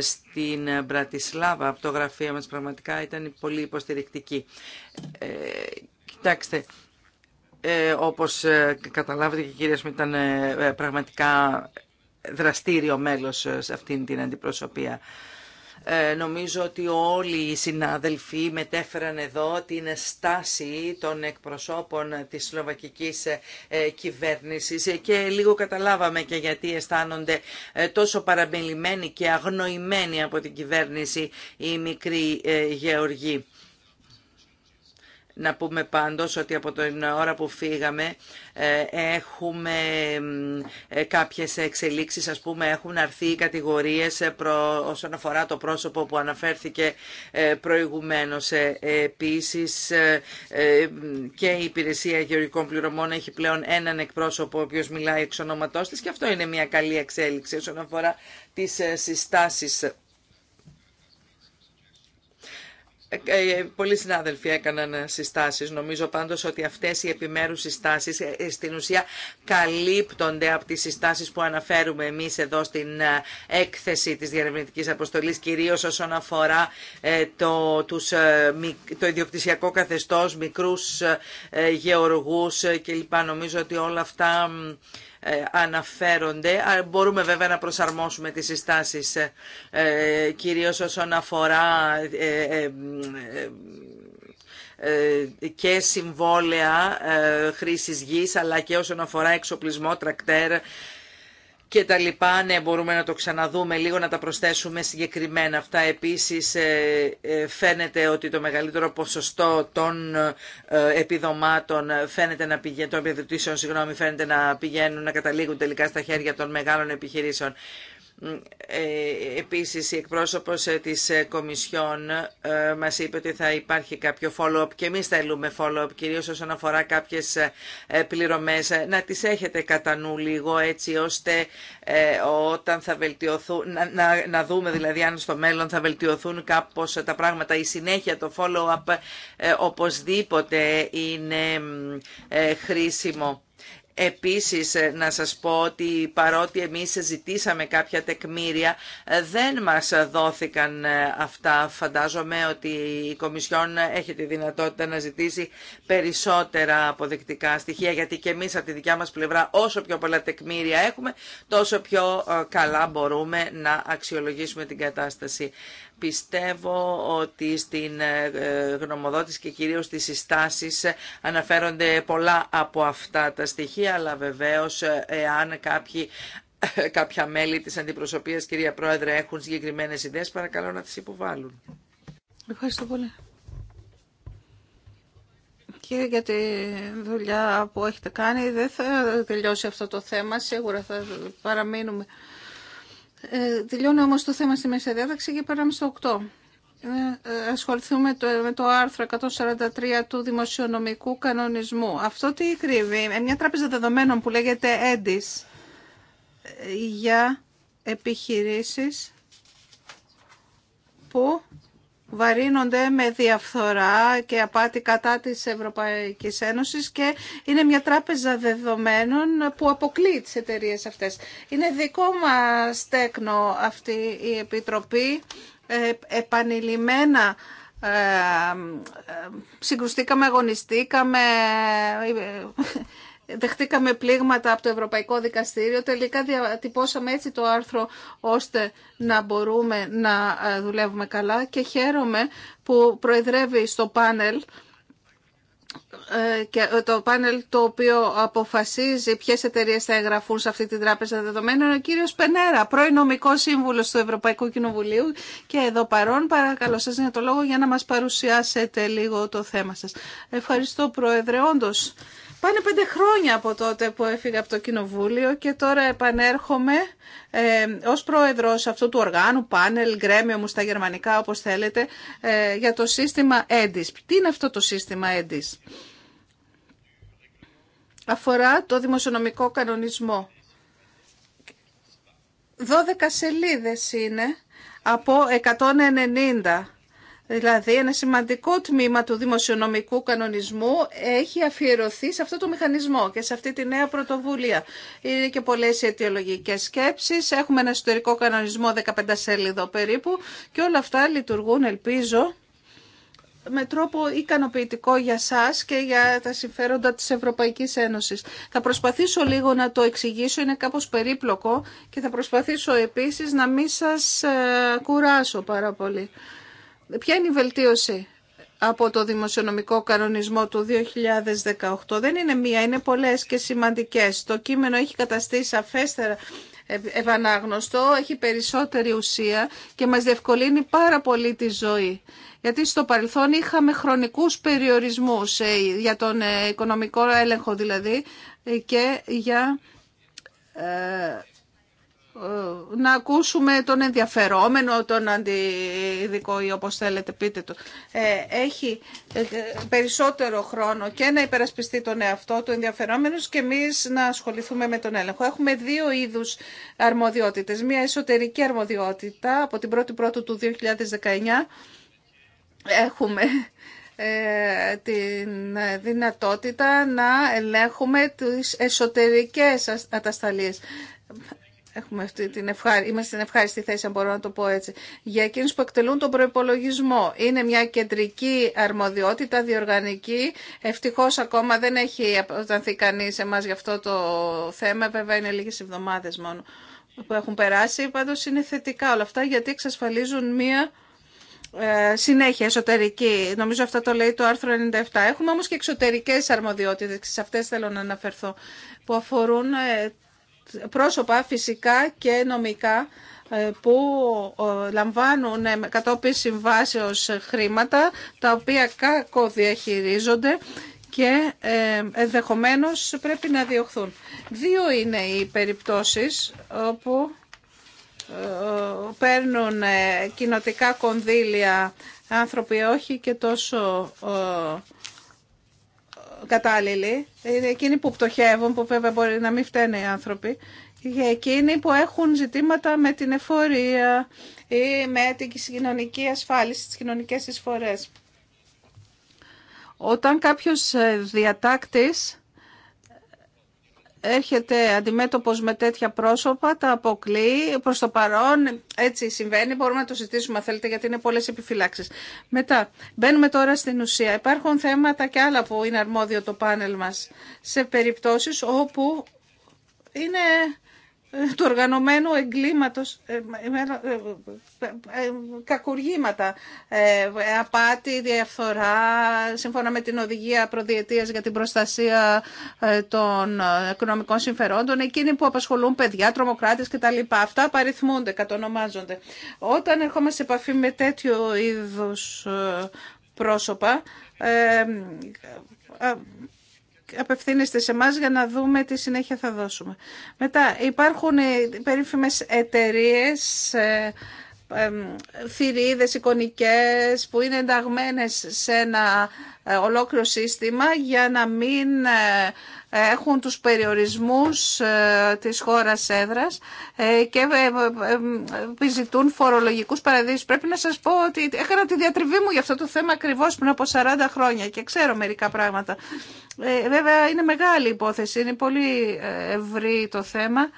στην Μπρατισλάβα από το γραφείο μας πραγματικά ήταν πολύ υποστηρικτική. κοιτάξτε, ε, όπως καταλάβετε και η ήταν πραγματικά δραστήριο μέλος σε αυτήν την αντιπροσωπεία. Ε, νομίζω ότι όλοι οι συνάδελφοι μετέφεραν εδώ την στάση των εκπροσώπων της Σλοβακικής ε, κυβέρνησης και λίγο καταλάβαμε και γιατί αισθάνονται ε, τόσο παραμελημένοι και αγνοημένοι από την κυβέρνηση οι μικροί ε, γεωργοί. Να πούμε πάντως ότι από την ώρα που φύγαμε ε, έχουμε ε, κάποιες εξελίξεις, ας πούμε έχουν αρθεί οι κατηγορίες ε, προ, όσον αφορά το πρόσωπο που αναφέρθηκε προηγουμένως. Επίσης και η Υπηρεσία Γεωργικών Πληρωμών έχει πλέον έναν εκπρόσωπο ο οποίος μιλάει εξ ονόματός της και αυτό είναι μια καλή εξέλιξη όσον αφορά τις συστάσεις Ε, ε, πολλοί συνάδελφοι έκαναν ε, συστάσεις. Νομίζω πάντως ότι αυτές οι επιμέρους συστάσεις στην ουσία καλύπτονται από τις συστάσεις που αναφέρουμε εμείς εδώ στην έκθεση της διαρευνητικής αποστολής, κυρίως όσον αφορά το, τους, το ιδιοκτησιακό καθεστώς, μικρούς γεωργούς κλπ. Νομίζω ότι όλα αυτά ε, αναφέρονται. Μπορούμε βέβαια να προσαρμόσουμε τις συστάσεις ε, κυρίως όσον αφορά ε, και συμβόλαια χρήσης γης αλλά και όσον αφορά εξοπλισμό, τρακτέρ και τα λοιπά. Ναι, μπορούμε να το ξαναδούμε λίγο, να τα προσθέσουμε συγκεκριμένα αυτά. Επίσης ε, ε, φαίνεται ότι το μεγαλύτερο ποσοστό των ε, επιδομάτων φαίνεται να πηγαίνει των επιδοτήσεων, συγγνώμη, φαίνεται να πηγαίνουν, να καταλήγουν τελικά στα χέρια των μεγάλων επιχειρήσεων. Ε, επίσης, η εκπρόσωπος ε, της ε, Κομισιόν μας είπε ότι θα υπάρχει κάποιο follow-up και εμείς θέλουμε follow-up, κυρίως όσον αφορά κάποιες πληρωμές, να τις έχετε κατά νου λίγο έτσι ώστε όταν θα βελτιωθούν, να, να, να δούμε δηλαδή αν στο μέλλον θα βελτιωθούν κάπως τα πράγματα. Η συνέχεια, το follow-up οπωσδήποτε είναι χρήσιμο Επίσης ε, να σας πω ότι παρότι εμείς ζητήσαμε κάποια τεκμήρια ε, δεν μας δόθηκαν ε, αυτά. Φαντάζομαι ότι η Κομισιόν έχει τη δυνατότητα να ζητήσει περισσότερα αποδεκτικά στοιχεία γιατί και εμείς από τη δικιά μας πλευρά όσο πιο πολλά τεκμήρια έχουμε τόσο πιο καλά μπορούμε να αξιολογήσουμε την κατάσταση. Πιστεύω ότι στην ε, γνωμοδότηση και κυρίως στις συστάσεις ε, αναφέρονται πολλά από αυτά τα στοιχεία, αλλά βεβαίως ε, εάν κάποιοι κάποια μέλη της αντιπροσωπείας, κυρία Πρόεδρε, έχουν συγκεκριμένες ιδέες, παρακαλώ να τις υποβάλουν. Ευχαριστώ πολύ. Και για τη δουλειά που έχετε κάνει, δεν θα τελειώσει αυτό το θέμα, σίγουρα θα παραμείνουμε ε, τελειώνω όμως το θέμα στη μέση διάταξη και πέραμε στο 8. Ε, ε, ασχοληθούμε το, με το άρθρο 143 του δημοσιονομικού κανονισμού. Αυτό τι κρύβει. Ε, μια τράπεζα δεδομένων που λέγεται EDIS ε, για επιχειρήσεις που βαρύνονται με διαφθορά και απάτη κατά της Ευρωπαϊκής Ένωσης και είναι μια τράπεζα δεδομένων που αποκλεί τις εταιρείε αυτές. Είναι δικό μας τέκνο αυτή η Επιτροπή. Ε, επανειλημμένα ε, ε συγκρουστήκαμε, αγωνιστήκαμε, ε, δεχτήκαμε πλήγματα από το Ευρωπαϊκό Δικαστήριο. Τελικά διατυπώσαμε έτσι το άρθρο ώστε να μπορούμε να ε, δουλεύουμε καλά και χαίρομαι που προεδρεύει στο πάνελ ε, και ε, το πάνελ το οποίο αποφασίζει ποιες εταιρείε θα εγγραφούν σε αυτή την τράπεζα δεδομένων ο κύριος Πενέρα, πρώην νομικό σύμβουλος του Ευρωπαϊκού Κοινοβουλίου και εδώ παρόν παρακαλώ σας για το λόγο για να μας παρουσιάσετε λίγο το θέμα σας. Ευχαριστώ Πρόεδρε, όντως Πάνε πέντε χρόνια από τότε που έφυγα από το Κοινοβούλιο και τώρα επανέρχομαι ε, ως πρόεδρος αυτού του οργάνου, πάνελ, γκρέμιο μου στα γερμανικά όπως θέλετε, ε, για το σύστημα έντις. Τι είναι αυτό το σύστημα έντις. Αφορά το δημοσιονομικό κανονισμό. 12 σελίδες είναι από 190 Δηλαδή ένα σημαντικό τμήμα του δημοσιονομικού κανονισμού έχει αφιερωθεί σε αυτό το μηχανισμό και σε αυτή τη νέα πρωτοβουλία. Είναι και πολλές αιτιολογικές σκέψεις, έχουμε ένα ιστορικό κανονισμό 15 σελίδο περίπου και όλα αυτά λειτουργούν ελπίζω με τρόπο ικανοποιητικό για σας και για τα συμφέροντα της Ευρωπαϊκής Ένωσης. Θα προσπαθήσω λίγο να το εξηγήσω, είναι κάπως περίπλοκο και θα προσπαθήσω επίσης να μην σας ε, κουράσω πάρα πολύ. Ποια είναι η βελτίωση από το δημοσιονομικό κανονισμό του 2018. Δεν είναι μία, είναι πολλές και σημαντικές. Το κείμενο έχει καταστεί σαφέστερα ευανάγνωστο, έχει περισσότερη ουσία και μας διευκολύνει πάρα πολύ τη ζωή. Γιατί στο παρελθόν είχαμε χρονικούς περιορισμούς ε, για τον ε, οικονομικό έλεγχο δηλαδή ε, και για ε, να ακούσουμε τον ενδιαφερόμενο, τον αντιδικό ή όπως θέλετε πείτε το. Ε, έχει ε, περισσότερο χρόνο και να υπερασπιστεί τον εαυτό του ενδιαφερόμενος και εμείς να ασχοληθούμε με τον έλεγχο. Έχουμε δύο είδους αρμοδιότητες. Μία εσωτερική αρμοδιότητα από την 1η Πρώτου του 2019 έχουμε τη δυνατότητα να ελέγχουμε τις εσωτερικές ατασταλίες Έχουμε αυτή την ευχάρι... Είμαστε στην ευχάριστη θέση, αν μπορώ να το πω έτσι. Για εκείνου που εκτελούν τον προπολογισμό. Είναι μια κεντρική αρμοδιότητα, διοργανική. Ευτυχώ ακόμα δεν έχει αποτανθεί κανεί σε εμά για αυτό το θέμα. Βέβαια είναι λίγε εβδομάδε μόνο που έχουν περάσει. Πάντω είναι θετικά όλα αυτά γιατί εξασφαλίζουν μια ε, συνέχεια εσωτερική. Νομίζω αυτό το λέει το άρθρο 97. Έχουμε όμω και εξωτερικέ αρμοδιότητε, σε αυτέ θέλω να αναφερθώ, που αφορούν ε, πρόσωπα φυσικά και νομικά ε, που ε, λαμβάνουν ε, κατόπιν συμβάσεως χρήματα, τα οποία διαχειρίζονται και ενδεχομένω πρέπει να διωχθούν. Δύο είναι οι περιπτώσεις όπου παίρνουν κοινοτικά κονδύλια άνθρωποι όχι και τόσο είναι εκείνοι που πτωχεύουν, που βέβαια μπορεί να μην φταίνε οι άνθρωποι, για εκείνοι που έχουν ζητήματα με την εφορία ή με την κοινωνική ασφάλιση, τις κοινωνικές εισφορές. Όταν κάποιος ε, διατάκτης έρχεται αντιμέτωπος με τέτοια πρόσωπα, τα αποκλεί. Προς το παρόν έτσι συμβαίνει, μπορούμε να το συζητήσουμε θέλετε γιατί είναι πολλές επιφυλάξεις. Μετά, μπαίνουμε τώρα στην ουσία. Υπάρχουν θέματα και άλλα που είναι αρμόδιο το πάνελ μας σε περιπτώσεις όπου είναι του οργανωμένου εγκλήματος, ε, ε, ε, κακουργήματα, απάτη, διαφθορά, σύμφωνα με την οδηγία προδιετίας για την προστασία των οικονομικών συμφερόντων, εκείνοι που απασχολούν παιδιά, τρομοκράτες κτλ. Αυτά παριθμούνται, κατονομάζονται. Όταν ερχόμαστε σε επαφή με τέτοιου είδους πρόσωπα, απευθύνεστε σε εμά για να δούμε τι συνέχεια θα δώσουμε. Μετά υπάρχουν οι περίφημες εταιρείες ε, θηρίδες εικονικές που είναι ενταγμένες σε ένα ε, ολόκληρο σύστημα για να μην ε, έχουν τους περιορισμούς ε, της χώρας έδρας και επιζητούν φορολογικούς παραδείσους. Πρέπει να σας πω ότι έκανα τη διατριβή μου για αυτό το θέμα ακριβώς πριν από 40 χρόνια και ξέρω μερικά πράγματα. Βέβαια είναι μεγάλη υπόθεση, είναι πολύ ευρύ το θέμα.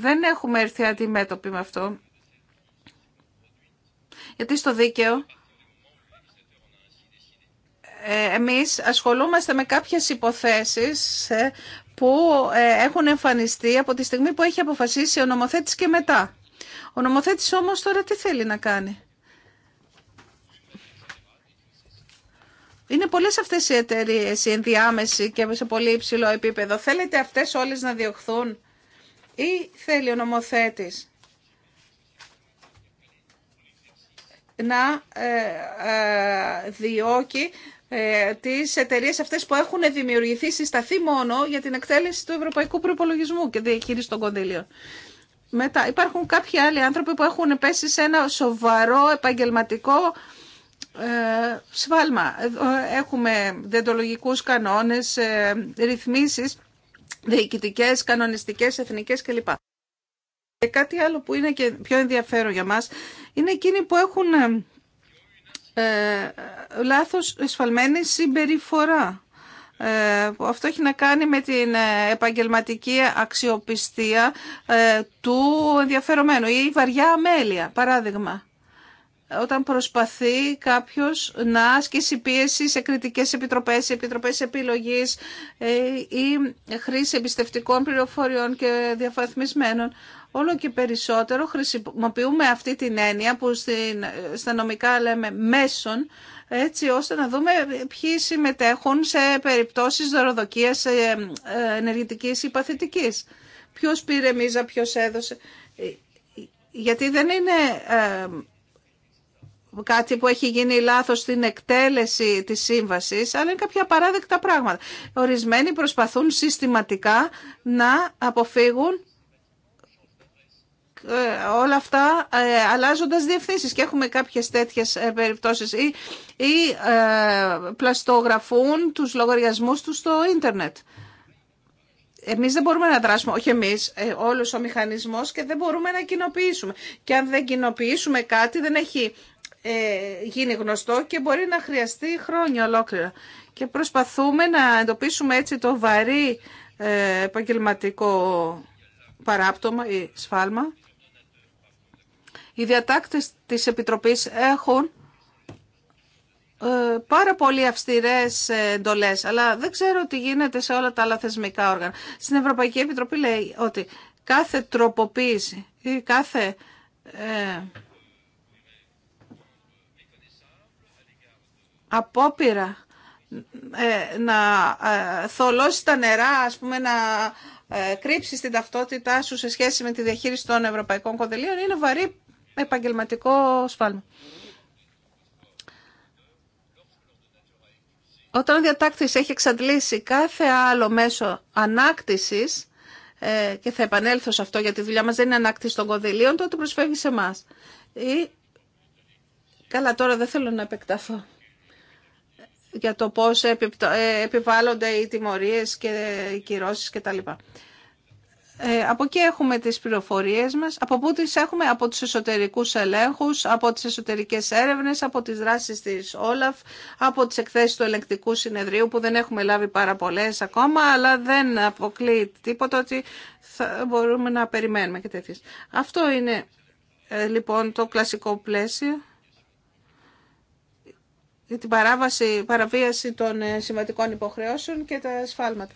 Δεν έχουμε έρθει αντιμέτωποι με αυτό γιατί στο δίκαιο ε, εμείς ασχολούμαστε με κάποιες υποθέσεις ε, που ε, έχουν εμφανιστεί από τη στιγμή που έχει αποφασίσει ο νομοθέτης και μετά. Ο νομοθέτης όμως τώρα τι θέλει να κάνει. Είναι πολλές αυτές οι εταιρείε, οι ενδιάμεση και σε πολύ υψηλό επίπεδο. Θέλετε αυτές όλες να διωχθούν ή θέλει ο νομοθέτης να ε, ε, διώκει ε, τις εταιρείε αυτές που έχουν δημιουργηθεί συσταθεί μόνο για την εκτέλεση του ευρωπαϊκού προπολογισμού και διαχείριση των κονδυλίων. Μετά υπάρχουν κάποιοι άλλοι άνθρωποι που έχουν πέσει σε ένα σοβαρό επαγγελματικό σφάλμα. Έχουμε δεντολογικούς κανόνες, ρυθμίσεις, διοικητικές, κανονιστικές, εθνικές κλπ. Και κάτι άλλο που είναι και πιο ενδιαφέρον για μας είναι εκείνοι που έχουν ε, ε, λάθος εσφαλμένη συμπεριφορά. Ε, αυτό έχει να κάνει με την ε, επαγγελματική αξιοπιστία ε, του ενδιαφερομένου ή βαριά αμέλεια, παράδειγμα. Όταν προσπαθεί κάποιος να ασκήσει πίεση σε κριτικές επιτροπές, επιτροπές επιλογής ή χρήση εμπιστευτικών πληροφοριών και διαφαθμισμένων, όλο και περισσότερο χρησιμοποιούμε αυτή την έννοια που στα νομικά λέμε μέσον, έτσι ώστε να δούμε ποιοι συμμετέχουν σε περιπτώσεις δωροδοκίας ε, ε, ενεργητικής ή παθητικής. Ποιος πήρε μίζα, ποιος έδωσε. Γιατί δεν είναι ε, κάτι που έχει γίνει λάθος στην εκτέλεση της σύμβασης, αλλά είναι κάποια παράδεκτα πράγματα. Ορισμένοι προσπαθούν συστηματικά να αποφύγουν ε, όλα αυτά ε, αλλάζοντας διευθύνσεις και έχουμε κάποιες τέτοιες ε, περιπτώσεις ή, ή πλαστογραφούν τους λογαριασμούς τους στο ίντερνετ. Εμείς δεν μπορούμε να δράσουμε, όχι εμείς, όλος ο μηχανισμός και δεν μπορούμε να κοινοποιήσουμε. Και αν δεν κοινοποιήσουμε κάτι δεν έχει γίνει γνωστό και μπορεί να χρειαστεί χρόνια ολόκληρα. Και προσπαθούμε να εντοπίσουμε έτσι το βαρύ επαγγελματικό παράπτωμα ή σφάλμα οι διατάκτες της Επιτροπής έχουν ε, πάρα πολύ αυστηρές εντολές, αλλά δεν ξέρω τι γίνεται σε όλα τα άλλα θεσμικά όργανα. Στην Ευρωπαϊκή Επιτροπή λέει ότι κάθε τροποποίηση ή κάθε ε, απόπειρα ε, να ε, θολώσει τα νερά, ας πούμε, να κρύψει την ταυτότητά σου σε σχέση με τη διαχείριση των ευρωπαϊκών κονδυλίων είναι βαρύ επαγγελματικό σφάλμα. Όταν ο διατάκτης έχει εξαντλήσει κάθε άλλο μέσο ανάκτησης, ε, και θα επανέλθω σε αυτό γιατί η δουλειά μας δεν είναι ανάκτηση των κονδυλίων, τότε προσφεύγει σε εμά. Καλά, τώρα δεν θέλω να επεκταθώ για το πώς ε, επιβάλλονται οι τιμωρίες και οι κυρώσεις κτλ. Ε, από εκεί έχουμε τις πληροφορίες μας. Από πού τις έχουμε? Από τους εσωτερικούς ελέγχους, από τις εσωτερικές έρευνες, από τις δράσεις της Όλαφ, από τις εκθέσεις του ελεγκτικού συνεδρίου που δεν έχουμε λάβει πάρα πολλέ ακόμα, αλλά δεν αποκλεί τίποτα ότι μπορούμε να περιμένουμε και τέτοιες. Αυτό είναι ε, λοιπόν το κλασικό πλαίσιο για την παραβίαση των ε, σημαντικών υποχρεώσεων και τα σφάλματα.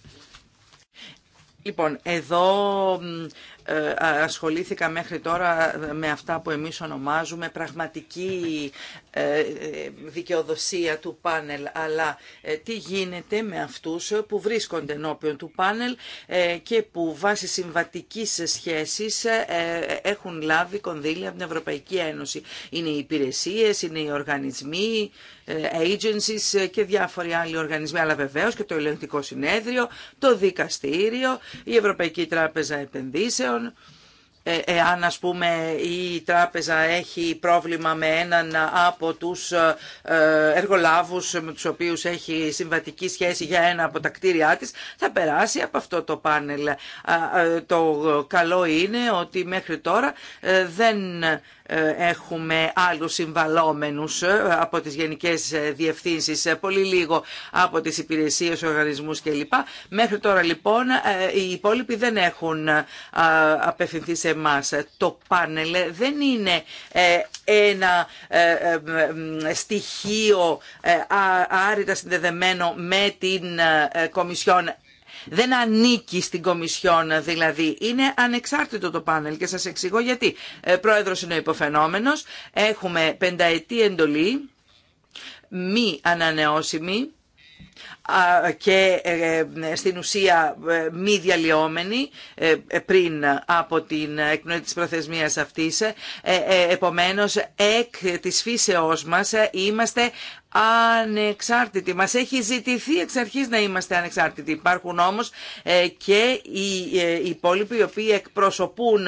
Λοιπόν, εδώ ε, ασχολήθηκα μέχρι τώρα με αυτά που εμείς ονομάζουμε πραγματική ε, ε, δικαιοδοσία του πάνελ, αλλά τι γίνεται με αυτούς που βρίσκονται ενώπιον του πάνελ και που βάσει συμβατικής σχέσης έχουν λάβει κονδύλια από την Ευρωπαϊκή Ένωση. Είναι οι υπηρεσίες, είναι οι οργανισμοί, agencies και διάφοροι άλλοι οργανισμοί, αλλά βεβαίως και το ελεγκτικό συνέδριο, το δικαστήριο, η Ευρωπαϊκή Τράπεζα Επενδύσεων, ε, εάν ας πούμε η τράπεζα έχει πρόβλημα με έναν από τους ε, εργολάβους με τους οποίους έχει συμβατική σχέση για ένα από τα κτίρια της θα περάσει από αυτό το πάνελ. Ε, το καλό είναι ότι μέχρι τώρα ε, δεν ε, έχουμε άλλους συμβαλόμενους ε, από τις γενικές διευθύνσεις, ε, πολύ λίγο από τις υπηρεσίες, οργανισμούς κλπ. Μέχρι τώρα λοιπόν οι υπόλοιποι δεν έχουν απευθυνθεί σε εμά. Το πάνελ δεν είναι ένα στοιχείο άρρητα συνδεδεμένο με την Κομισιόν δεν ανήκει στην Κομισιόν δηλαδή. Είναι ανεξάρτητο το πάνελ και σας εξηγώ γιατί. Ε, πρόεδρος είναι ο υποφαινόμενος. Έχουμε πενταετή εντολή, μη ανανεώσιμη και ε, ε, στην ουσία ε, μη διαλυόμενη πριν από την εκνοή της προθεσμίας αυτής. Επομένως, εκ της φύσεώς μας είμαστε ανεξάρτητοι. Μας έχει ζητηθεί εξ αρχής να είμαστε ανεξάρτητοι. Υπάρχουν όμως ε, και ε, οι υπόλοιποι οι οποίοι εκπροσωπούν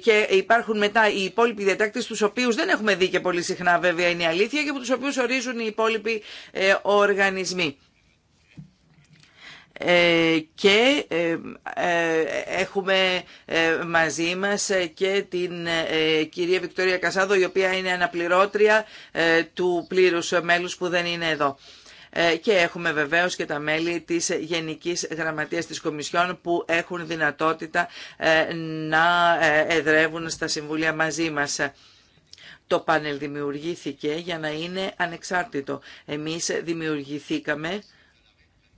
και υπάρχουν μετά οι υπόλοιποι διατάκτες τους οποίους δεν έχουμε δει και πολύ συχνά βέβαια είναι η αλήθεια και από τους οποίους ορίζουν οι υπόλοιποι ε, οργανισμοί. Ε, και ε, ε, έχουμε μαζί μας και την κυρία Βικτωρία Κασάδο η οποία είναι αναπληρώτρια του πλήρους μέλους που δεν είναι εδώ και έχουμε βεβαίως και τα μέλη της Γενικής Γραμματείας της Κομισιόν που έχουν δυνατότητα να εδρεύουν στα Συμβούλια μαζί μας. Το πάνελ δημιουργήθηκε για να είναι ανεξάρτητο. Εμείς δημιουργηθήκαμε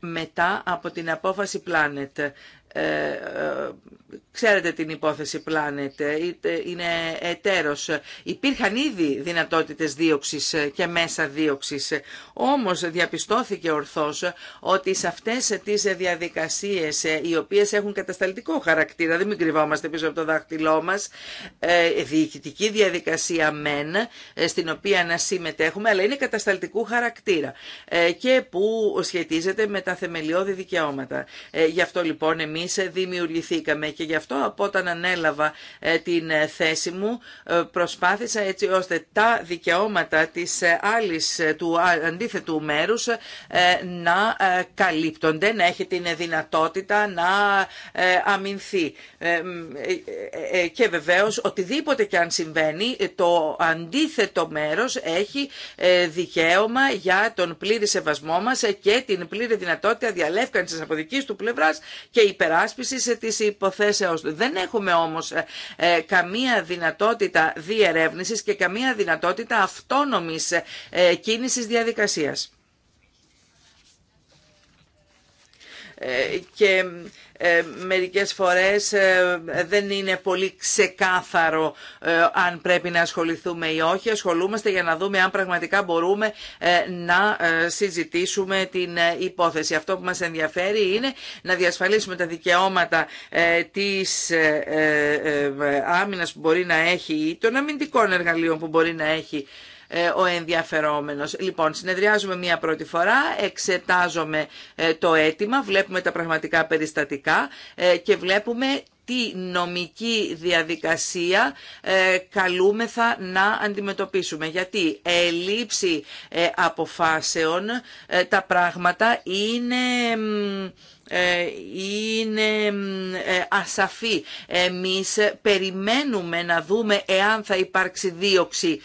μετά από την απόφαση Planet. Ε, ε, ξέρετε την υπόθεση Planet, ε, είναι εταίρος. Υπήρχαν ήδη δυνατότητες δίωξης και μέσα δίωξης, όμως διαπιστώθηκε ορθώς ότι σε αυτές τις διαδικασίες οι οποίες έχουν κατασταλτικό χαρακτήρα, δεν μην κρυβόμαστε πίσω από το δάχτυλό μας, διοικητική διαδικασία μεν, στην οποία να συμμετέχουμε, αλλά είναι κατασταλτικού χαρακτήρα και που σχετίζεται με τα θεμελιώδη δικαιώματα. Γι' αυτό λοιπόν εμείς εμείς δημιουργηθήκαμε και γι' αυτό από όταν ανέλαβα ε, την ε, θέση μου ε, προσπάθησα έτσι ώστε τα δικαιώματα της άλλης, του αντίθετου μέρους να καλύπτονται, να έχει την δυνατότητα να αμυνθεί. Και βεβαίως οτιδήποτε και αν συμβαίνει το αντίθετο μέρος έχει δικαίωμα για τον πλήρη σεβασμό μας και την πλήρη δυνατότητα διαλεύκανσης από δική του πλευράς και υπεράσπισης υπεράσπισης ε, της υποθέσεως του. Δεν έχουμε όμως ε, ε, καμία δυνατότητα διερεύνησης και καμία δυνατότητα αυτόνομης κίνησης διαδικασίας. Και ε, μερικές φορές ε, δεν είναι πολύ ξεκάθαρο ε, αν πρέπει να ασχοληθούμε ή όχι. Ασχολούμαστε για να δούμε αν πραγματικά μπορούμε να συζητήσουμε την υπόθεση. Αυτό που μας ενδιαφέρει είναι να διασφαλίσουμε τα δικαιώματα της άμυνας που μπορεί να έχει ή των αμυντικών εργαλείων που μπορεί να έχει ε, ο ενδιαφερόμενος. Λοιπόν, συνεδριάζουμε μία πρώτη φορά, εξετάζομαι ε, το αίτημα, βλέπουμε τα πραγματικά περιστατικά ε, και βλέπουμε τι νομική διαδικασία καλούμεθα να αντιμετωπίσουμε. Γιατί ελλείψη αποφάσεων τα πράγματα είναι είναι ασαφή. Εμείς περιμένουμε να δούμε εάν θα υπάρξει δίωξη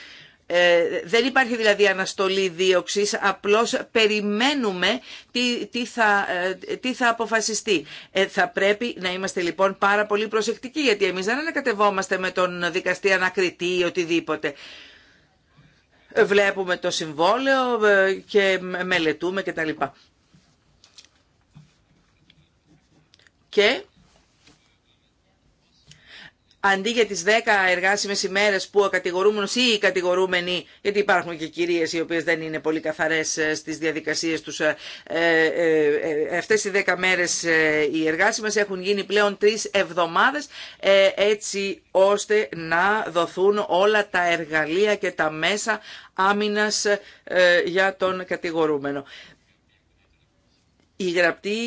ε, δεν υπάρχει δηλαδή αναστολή δίωξης, απλώς περιμένουμε τι, θα, ε, τι θα αποφασιστεί. Ε, θα πρέπει να είμαστε λοιπόν πάρα πολύ προσεκτικοί, γιατί εμείς δεν ανακατευόμαστε με τον δικαστή ανακριτή ή οτιδήποτε. Ε, βλέπουμε το συμβόλαιο και μελετούμε κτλ. Και, και αντί για τις 10 εργάσιμες ημέρες που ο κατηγορούμενος ή οι κατηγορούμενοι, γιατί υπάρχουν και κυρίες οι οποίες δεν είναι πολύ καθαρές ε, στις διαδικασίες τους, ε, ε, ε αυτές οι 10 μέρες οι εργάσιμες έχουν γίνει πλέον 3 εβδομάδες, έτσι ώστε να δοθούν όλα τα εργαλεία και τα μέσα άμυνας για τον κατηγορούμενο η γραπτή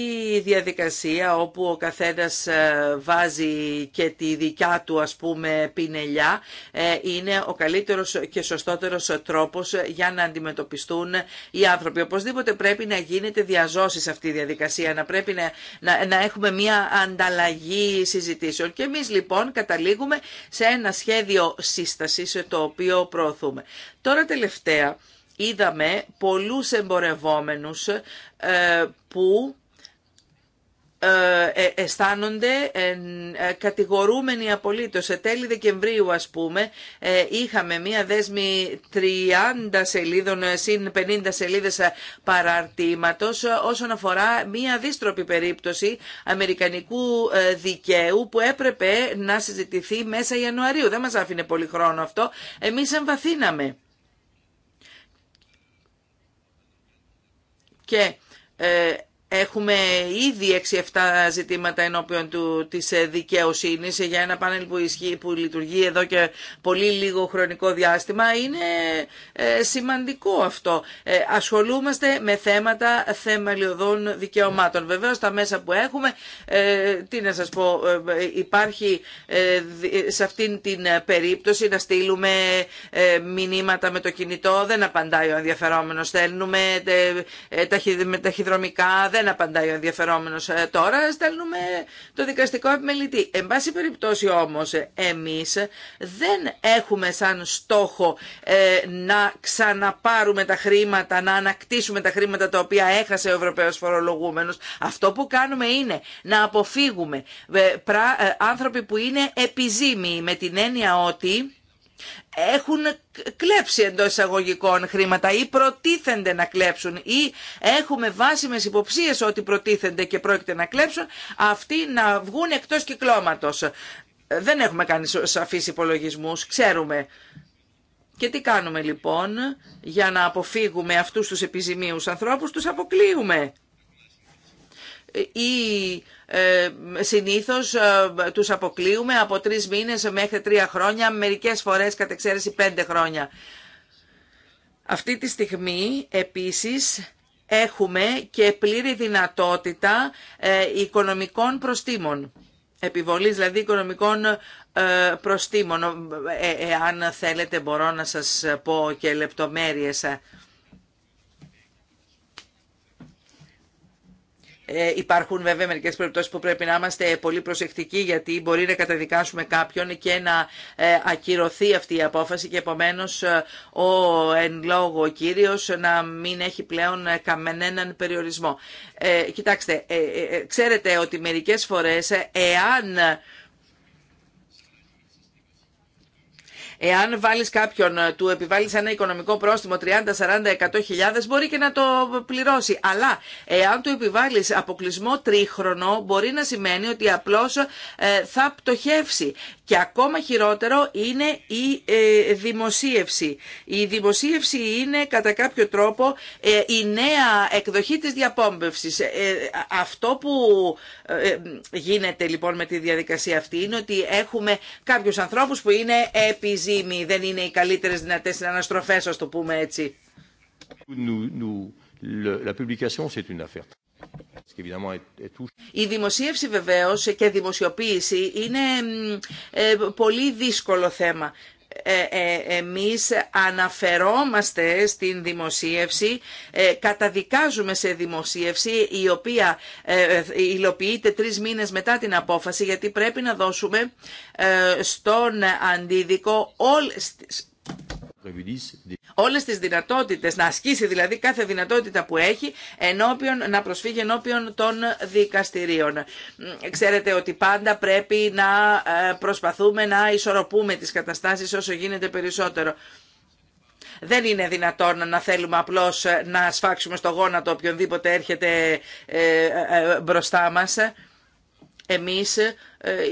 διαδικασία όπου ο καθένας ε, βάζει και τη δικιά του ας πούμε πινελιά ε, είναι ο καλύτερος και σωστότερος τρόπος για να αντιμετωπιστούν οι άνθρωποι. Οπωσδήποτε πρέπει να γίνεται διαζώση σε αυτή τη διαδικασία, να πρέπει να, έχουμε μια ανταλλαγή συζητήσεων. Και εμείς λοιπόν καταλήγουμε σε ένα σχέδιο σύστασης το οποίο προωθούμε. Τώρα τελευταία είδαμε πολλούς εμπορευόμενους ε, που ε, ε αισθάνονται ε, κατηγορούμενοι απολύτως. Σε τέλη Δεκεμβρίου ας πούμε είχαμε μία δέσμη 30 σελίδων συν 50 σελίδες παραρτήματος όσον αφορά μία δίστροπη περίπτωση αμερικανικού δικαίου που έπρεπε να συζητηθεί μέσα Ιανουαρίου. Δεν μας άφηνε πολύ χρόνο αυτό. Εμείς εμβαθύναμε. και ε, Έχουμε ήδη 6-7 ζητήματα ενώπιον του, της ε, δικαιοσύνης για ένα πάνελ που, ισχύει, που λειτουργεί εδώ και πολύ λίγο χρονικό διάστημα. Είναι ε, σημαντικό αυτό. Ε, ασχολούμαστε με θέματα θεμελιωδών δικαιωμάτων. Βεβαίως τα μέσα που έχουμε, ε, τι να σας πω, υπάρχει σε αυτήν την περίπτωση να στείλουμε μηνύματα με το κινητό, δεν απαντάει ο ενδιαφερόμενος, στέλνουμε με ταχυδρομικά, δεν απαντάει ο ενδιαφερόμενος ε, τώρα, στέλνουμε το δικαστικό επιμελητή. Εν πάση περιπτώσει όμως ε, εμείς δεν έχουμε σαν στόχο ε, να ξαναπάρουμε τα χρήματα, να ανακτήσουμε τα χρήματα τα οποία έχασε ο Ευρωπαίος φορολογούμενος. Αυτό που κάνουμε είναι να αποφύγουμε άνθρωποι που είναι επιζήμιοι με την έννοια ότι έχουν κλέψει εντό εισαγωγικών χρήματα ή προτίθενται να κλέψουν ή έχουμε βάσιμες υποψίες ότι προτίθενται και πρόκειται να κλέψουν αυτοί να βγουν εκτός κυκλώματος. Δεν έχουμε κάνει σαφείς υπολογισμούς, ξέρουμε. Και τι κάνουμε λοιπόν για να αποφύγουμε αυτούς τους επιζημίους ανθρώπους, τους αποκλείουμε ή ε, συνήθως ε, τους αποκλείουμε από τρεις μήνες μέχρι τρία χρόνια, μερικές φορές κατ' εξαίρεση πέντε χρόνια. Αυτή τη στιγμή επίσης έχουμε και πλήρη δυνατότητα ε, οικονομικών προστήμων. Επιβολής δηλαδή οικονομικών προστήμων. Αν θέλετε μπορώ να σας πω και λεπτομέρειες Ε, υπάρχουν βέβαια μερικές περιπτώσεις που πρέπει να είμαστε πολύ προσεκτικοί γιατί μπορεί να καταδικάσουμε κάποιον και να ε, ακυρωθεί αυτή η απόφαση και επομένως ε, ο εν λόγω κύριος να μην έχει πλέον κανέναν περιορισμό. Ε, κοιτάξτε, ε, ξέρετε ότι μερικές φορές εάν Εάν βάλει κάποιον, ε, του επιβάλλεις ένα οικονομικό πρόστιμο 30, 40, 100 χιλιάδες, μπορεί και να το πληρώσει. Αλλά εάν του επιβάλλεις αποκλεισμό τρίχρονο, μπορεί να σημαίνει ότι απλώς ε, θα πτωχεύσει. Και ακόμα χειρότερο είναι η ε, δημοσίευση. Η δημοσίευση είναι κατά κάποιο τρόπο η νέα εκδοχή της διαπόμπευσης. Αυτό που γίνεται λοιπόν με τη διαδικασία αυτή είναι ότι έχουμε κάποιου ανθρώπου που είναι επιζήτητε ζύμη δεν είναι οι καλύτερες δυνατές αναστροφέ, α το πούμε έτσι. Η δημοσίευση βεβαίως και δημοσιοποίηση είναι ε, πολύ δύσκολο θέμα. Ε, ε, εμείς αναφερόμαστε στην δημοσίευση, ε, καταδικάζουμε σε δημοσίευση η οποία υλοποιείται τρεις μήνες μετά την απόφαση γιατί πρέπει να δώσουμε στον αντίδικο όλες Όλες τις δυνατότητες, να ασκήσει δηλαδή κάθε δυνατότητα που έχει ενώπιον, να προσφύγει ενώπιον των δικαστηρίων. Ξέρετε ότι πάντα πρέπει να ε, προσπαθούμε να ισορροπούμε τις καταστάσεις όσο γίνεται περισσότερο. Δεν είναι δυνατόν να θέλουμε απλώς ε, να σφάξουμε στο γόνατο οποιονδήποτε έρχεται ε, μπροστά μας. Εμείς ε,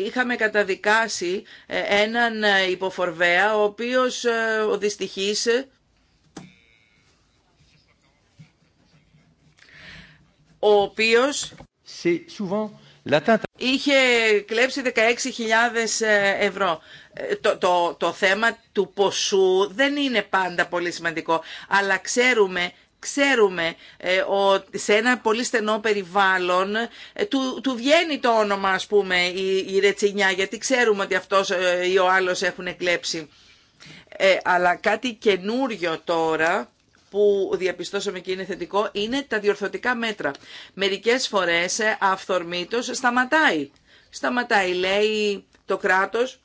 είχαμε καταδικάσει ε, έναν ε, υποφορβέα ο οποίος ο δυστυχής ο οποίος είχε κλέψει 16.000 ευρώ. Το, το, το θέμα του ποσού δεν είναι πάντα πολύ σημαντικό, αλλά ξέρουμε Ξέρουμε ότι ε, σε ένα πολύ στενό περιβάλλον ε, του, του βγαίνει το όνομα ας πούμε η, ρετσινιά γιατί ξέρουμε ότι αυτός ε, ή ο άλλος έχουν εκλέψει. Ε, αλλά κάτι καινούριο τώρα που διαπιστώσαμε και είναι θετικό είναι τα διορθωτικά μέτρα. Μερικές φορές αυθορμήτως σταματάει. Σταματάει λέει το κράτος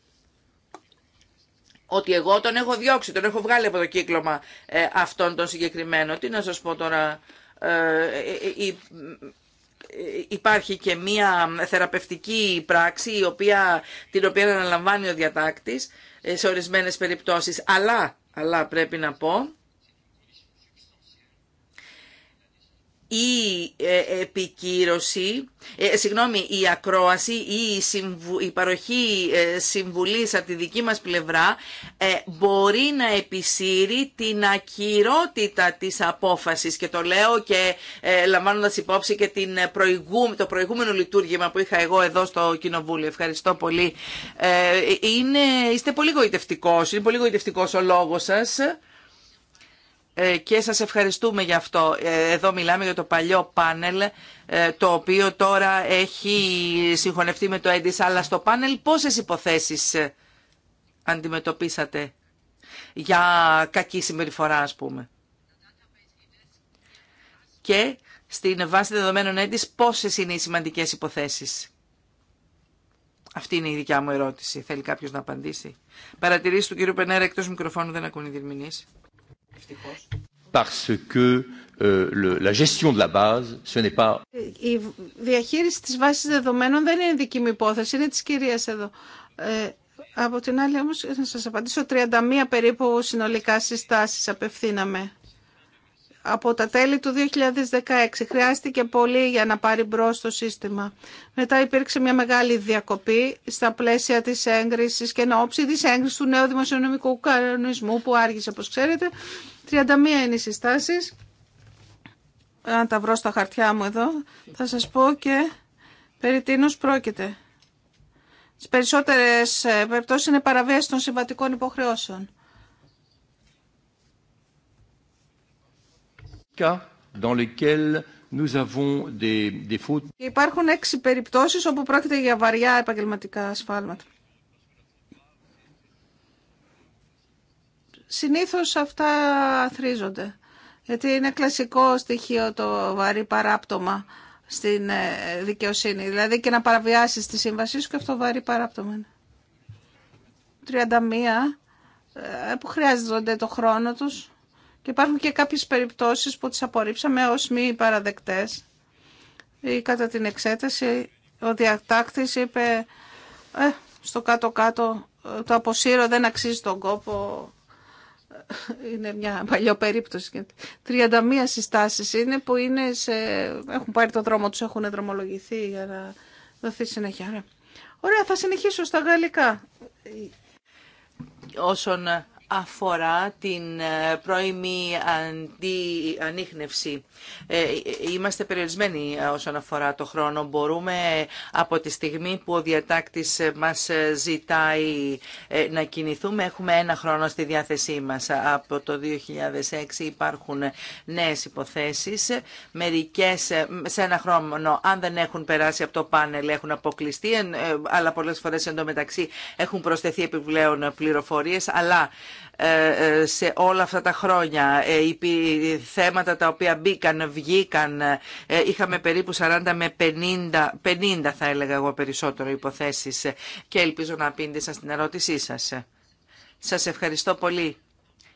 ότι εγώ τον έχω διώξει, τον έχω βγάλει από το κύκλωμα ε, αυτόν τον συγκεκριμένο. Τι να σας πω τώρα, ε, ε, υπάρχει και μία θεραπευτική πράξη η οποία, την οποία αναλαμβάνει ο διατάκτης σε ορισμένες περιπτώσεις. Αλλά, αλλά πρέπει να πω η ε, επικύρωση, ε, συγγνώμη, η ακρόαση ή η, συμβου, παροχή ε, συμβουλής από τη δική μας πλευρά μπορεί να επισύρει την ακυρότητα της απόφασης και το λέω και λαμβάνοντας υπόψη και την το προηγούμενο λειτουργήμα που είχα εγώ εδώ στο Κοινοβούλιο. Ευχαριστώ πολύ. είναι, είστε πολύ γοητευτικός, είναι πολύ γοητευτικός ο λόγος σας. Ε, και σας ευχαριστούμε για αυτό. Ε, εδώ μιλάμε για το παλιό πάνελ, ε, το οποίο τώρα έχει συγχωνευτεί με το έντις, αλλά στο πάνελ πόσες υποθέσεις αντιμετωπίσατε για κακή συμπεριφορά, ας πούμε. Και στην βάση δεδομένων έντις πόσες είναι οι σημαντικές υποθέσεις. Αυτή είναι η δικιά μου ερώτηση. Θέλει κάποιος να απαντήσει. Παρατηρήσει του κύριου Πενέρα εκτός μικροφώνου δεν ακούν οι Parce que euh, la gestion de la Η διαχείριση της βάσης δεδομένων δεν είναι δική μου υπόθεση, είναι της κυρίας εδώ. Ε, από την άλλη όμως, να σας απαντήσω, 31 περίπου συνολικά συστάσεις απευθύναμε. Από τα τέλη του 2016 χρειάστηκε πολύ για να πάρει μπρο το σύστημα. Μετά υπήρξε μια μεγάλη διακοπή στα πλαίσια της έγκρισης και εν ώψη της έγκρισης του νέου δημοσιονομικού κανονισμού που άργησε, όπως ξέρετε, 31 είναι οι συστάσεις. Αν τα βρω στα χαρτιά μου εδώ, θα σας πω και περί τίνος πρόκειται. Τις περισσότερες ε, περιπτώσεις είναι παραβίαση των συμβατικών υποχρεώσεων. nous avons des, des... Υπάρχουν έξι περιπτώσεις όπου πρόκειται για βαριά επαγγελματικά ασφάλματα. συνήθως αυτά θρίζονται. Γιατί είναι κλασικό στοιχείο το βαρύ παράπτωμα στην ε, δικαιοσύνη. Δηλαδή και να παραβιάσεις τη σύμβασή σου και αυτό βαρύ παράπτωμα είναι. 31 ε, που χρειάζονται το χρόνο τους και υπάρχουν και κάποιες περιπτώσεις που τις απορρίψαμε ως μη παραδεκτές ή κατά την εξέταση ο διατάκτης είπε «Ε, στο κάτω-κάτω το αποσύρω δεν αξίζει τον κόπο είναι μια παλιό περίπτωση. 31 συστάσεις είναι που είναι σε... έχουν πάρει το δρόμο τους, έχουν δρομολογηθεί για να δοθεί συνέχεια. Ωραία, θα συνεχίσω στα γαλλικά. Όσον αφορά την ε, πρώιμη ανείχνευση. Ε, είμαστε περιορισμένοι ε, όσον αφορά το χρόνο. Μπορούμε από τη στιγμή που ο διατάκτης μας ζητάει να κινηθούμε, έχουμε ένα χρόνο στη διάθεσή μας. Από το 2006 υπάρχουν νέες υποθέσεις. Μερικές σε ένα χρόνο, αν δεν έχουν περάσει από το πάνελ, έχουν αποκλειστεί, αλλά πολλές φορές εντωμεταξύ έχουν προσθεθεί επιπλέον πληροφορίες, αλλά ε, ε, σε όλα αυτά τα χρόνια. Ε, θέματα τα οποία μπήκαν, βγήκαν. Είχαμε περίπου 40 με 50, 50 θα έλεγα εγώ περισσότερο υποθέσεις και ελπίζω να απήντησα στην ερώτησή σας. Σας ευχαριστώ πολύ.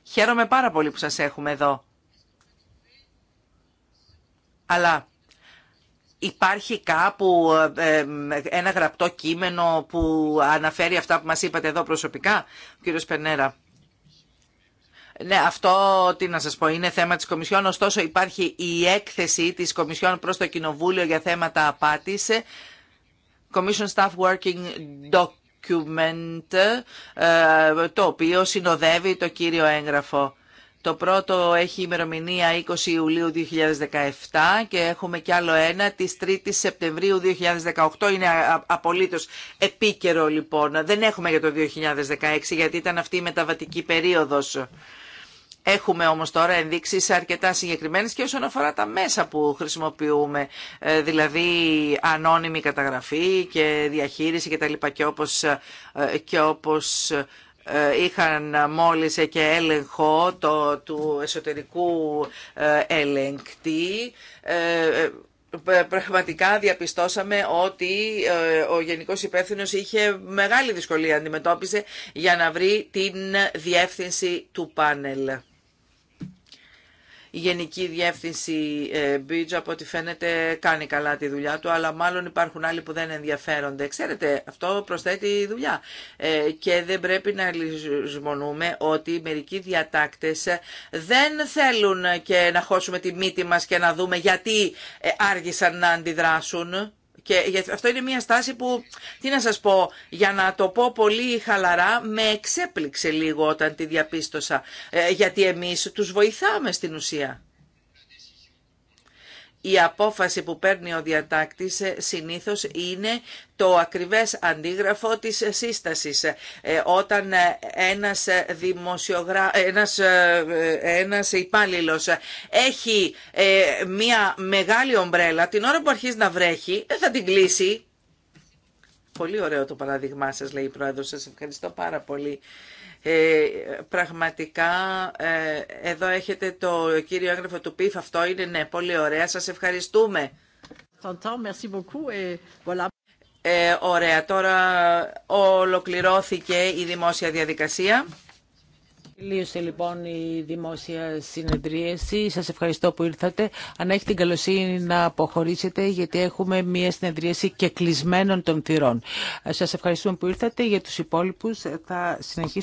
Χαίρομαι πάρα πολύ που σας έχουμε εδώ. Αλλά υπάρχει κάπου ένα γραπτό κείμενο που αναφέρει αυτά που μας είπατε εδώ προσωπικά, κύριος Πενέρα. Ναι, αυτό τι να σας πω είναι θέμα της Κομισιόν, ωστόσο υπάρχει η έκθεση της Κομισιόν προς το Κοινοβούλιο για θέματα απάτη. Commission Staff Working Document, ε, το οποίο συνοδεύει το κύριο έγγραφο. Το πρώτο έχει ημερομηνία 20 Ιουλίου 2017 και έχουμε κι άλλο ένα της 3ης Σεπτεμβρίου 2018. Είναι απολύτως επίκαιρο λοιπόν. Δεν έχουμε για το 2016 γιατί ήταν αυτή η μεταβατική περίοδος. Έχουμε όμως τώρα ενδείξεις αρκετά συγκεκριμένες και όσον αφορά τα μέσα που χρησιμοποιούμε, ε, δηλαδή ανώνυμη καταγραφή και διαχείριση κτλ. Και όπως, ε, και όπως ε, είχαν μόλις και έλεγχο το, του εσωτερικού ελεγκτή, πραγματικά διαπιστώσαμε ότι ο Γενικός Υπεύθυνος είχε μεγάλη δυσκολία αντιμετώπιζε για να βρει την διεύθυνση του πάνελ. Η Γενική Διεύθυνση Μπίτζ ε, από ό,τι φαίνεται κάνει καλά τη δουλειά του, αλλά μάλλον υπάρχουν άλλοι που δεν ενδιαφέρονται. Ξέρετε, αυτό προσθέτει δουλειά ε, και δεν πρέπει να λησμονούμε ότι μερικοί διατάκτες δεν θέλουν και να χώσουμε τη μύτη μας και να δούμε γιατί ε, άργησαν να αντιδράσουν. Και αυτό είναι μια στάση που, τι να σας πω, για να το πω πολύ χαλαρά, με εξέπληξε λίγο όταν τη διαπίστωσα, ε, γιατί εμείς τους βοηθάμε στην ουσία η απόφαση που παίρνει ο διατάκτης ε, συνήθως είναι το ακριβές αντίγραφο της σύστασης. Ε, όταν ε, ένας, δημοσιογρα... ένας, ένας υπάλληλος έχει μια μεγάλη ομπρέλα, την ώρα που αρχίζει να βρέχει θα την κλείσει. Πολύ ωραίο το παράδειγμά σας λέει η Πρόεδρος, σας ευχαριστώ πάρα πολύ. Ε, πραγματικά ε, εδώ έχετε το κύριο έγγραφο του ΠΙΦ. Αυτό είναι ναι, πολύ ωραία. Σας ευχαριστούμε. Ε, ωραία, τώρα ολοκληρώθηκε η δημόσια διαδικασία. Τελείωσε λοιπόν η δημόσια συνεδρίαση. Σας ευχαριστώ που ήρθατε. Αν έχετε την καλοσύνη να αποχωρήσετε γιατί έχουμε μια συνεδρίαση και κλεισμένων των θυρών. Σας ευχαριστούμε που ήρθατε. Για τους υπόλοιπους θα συνεχίσουμε.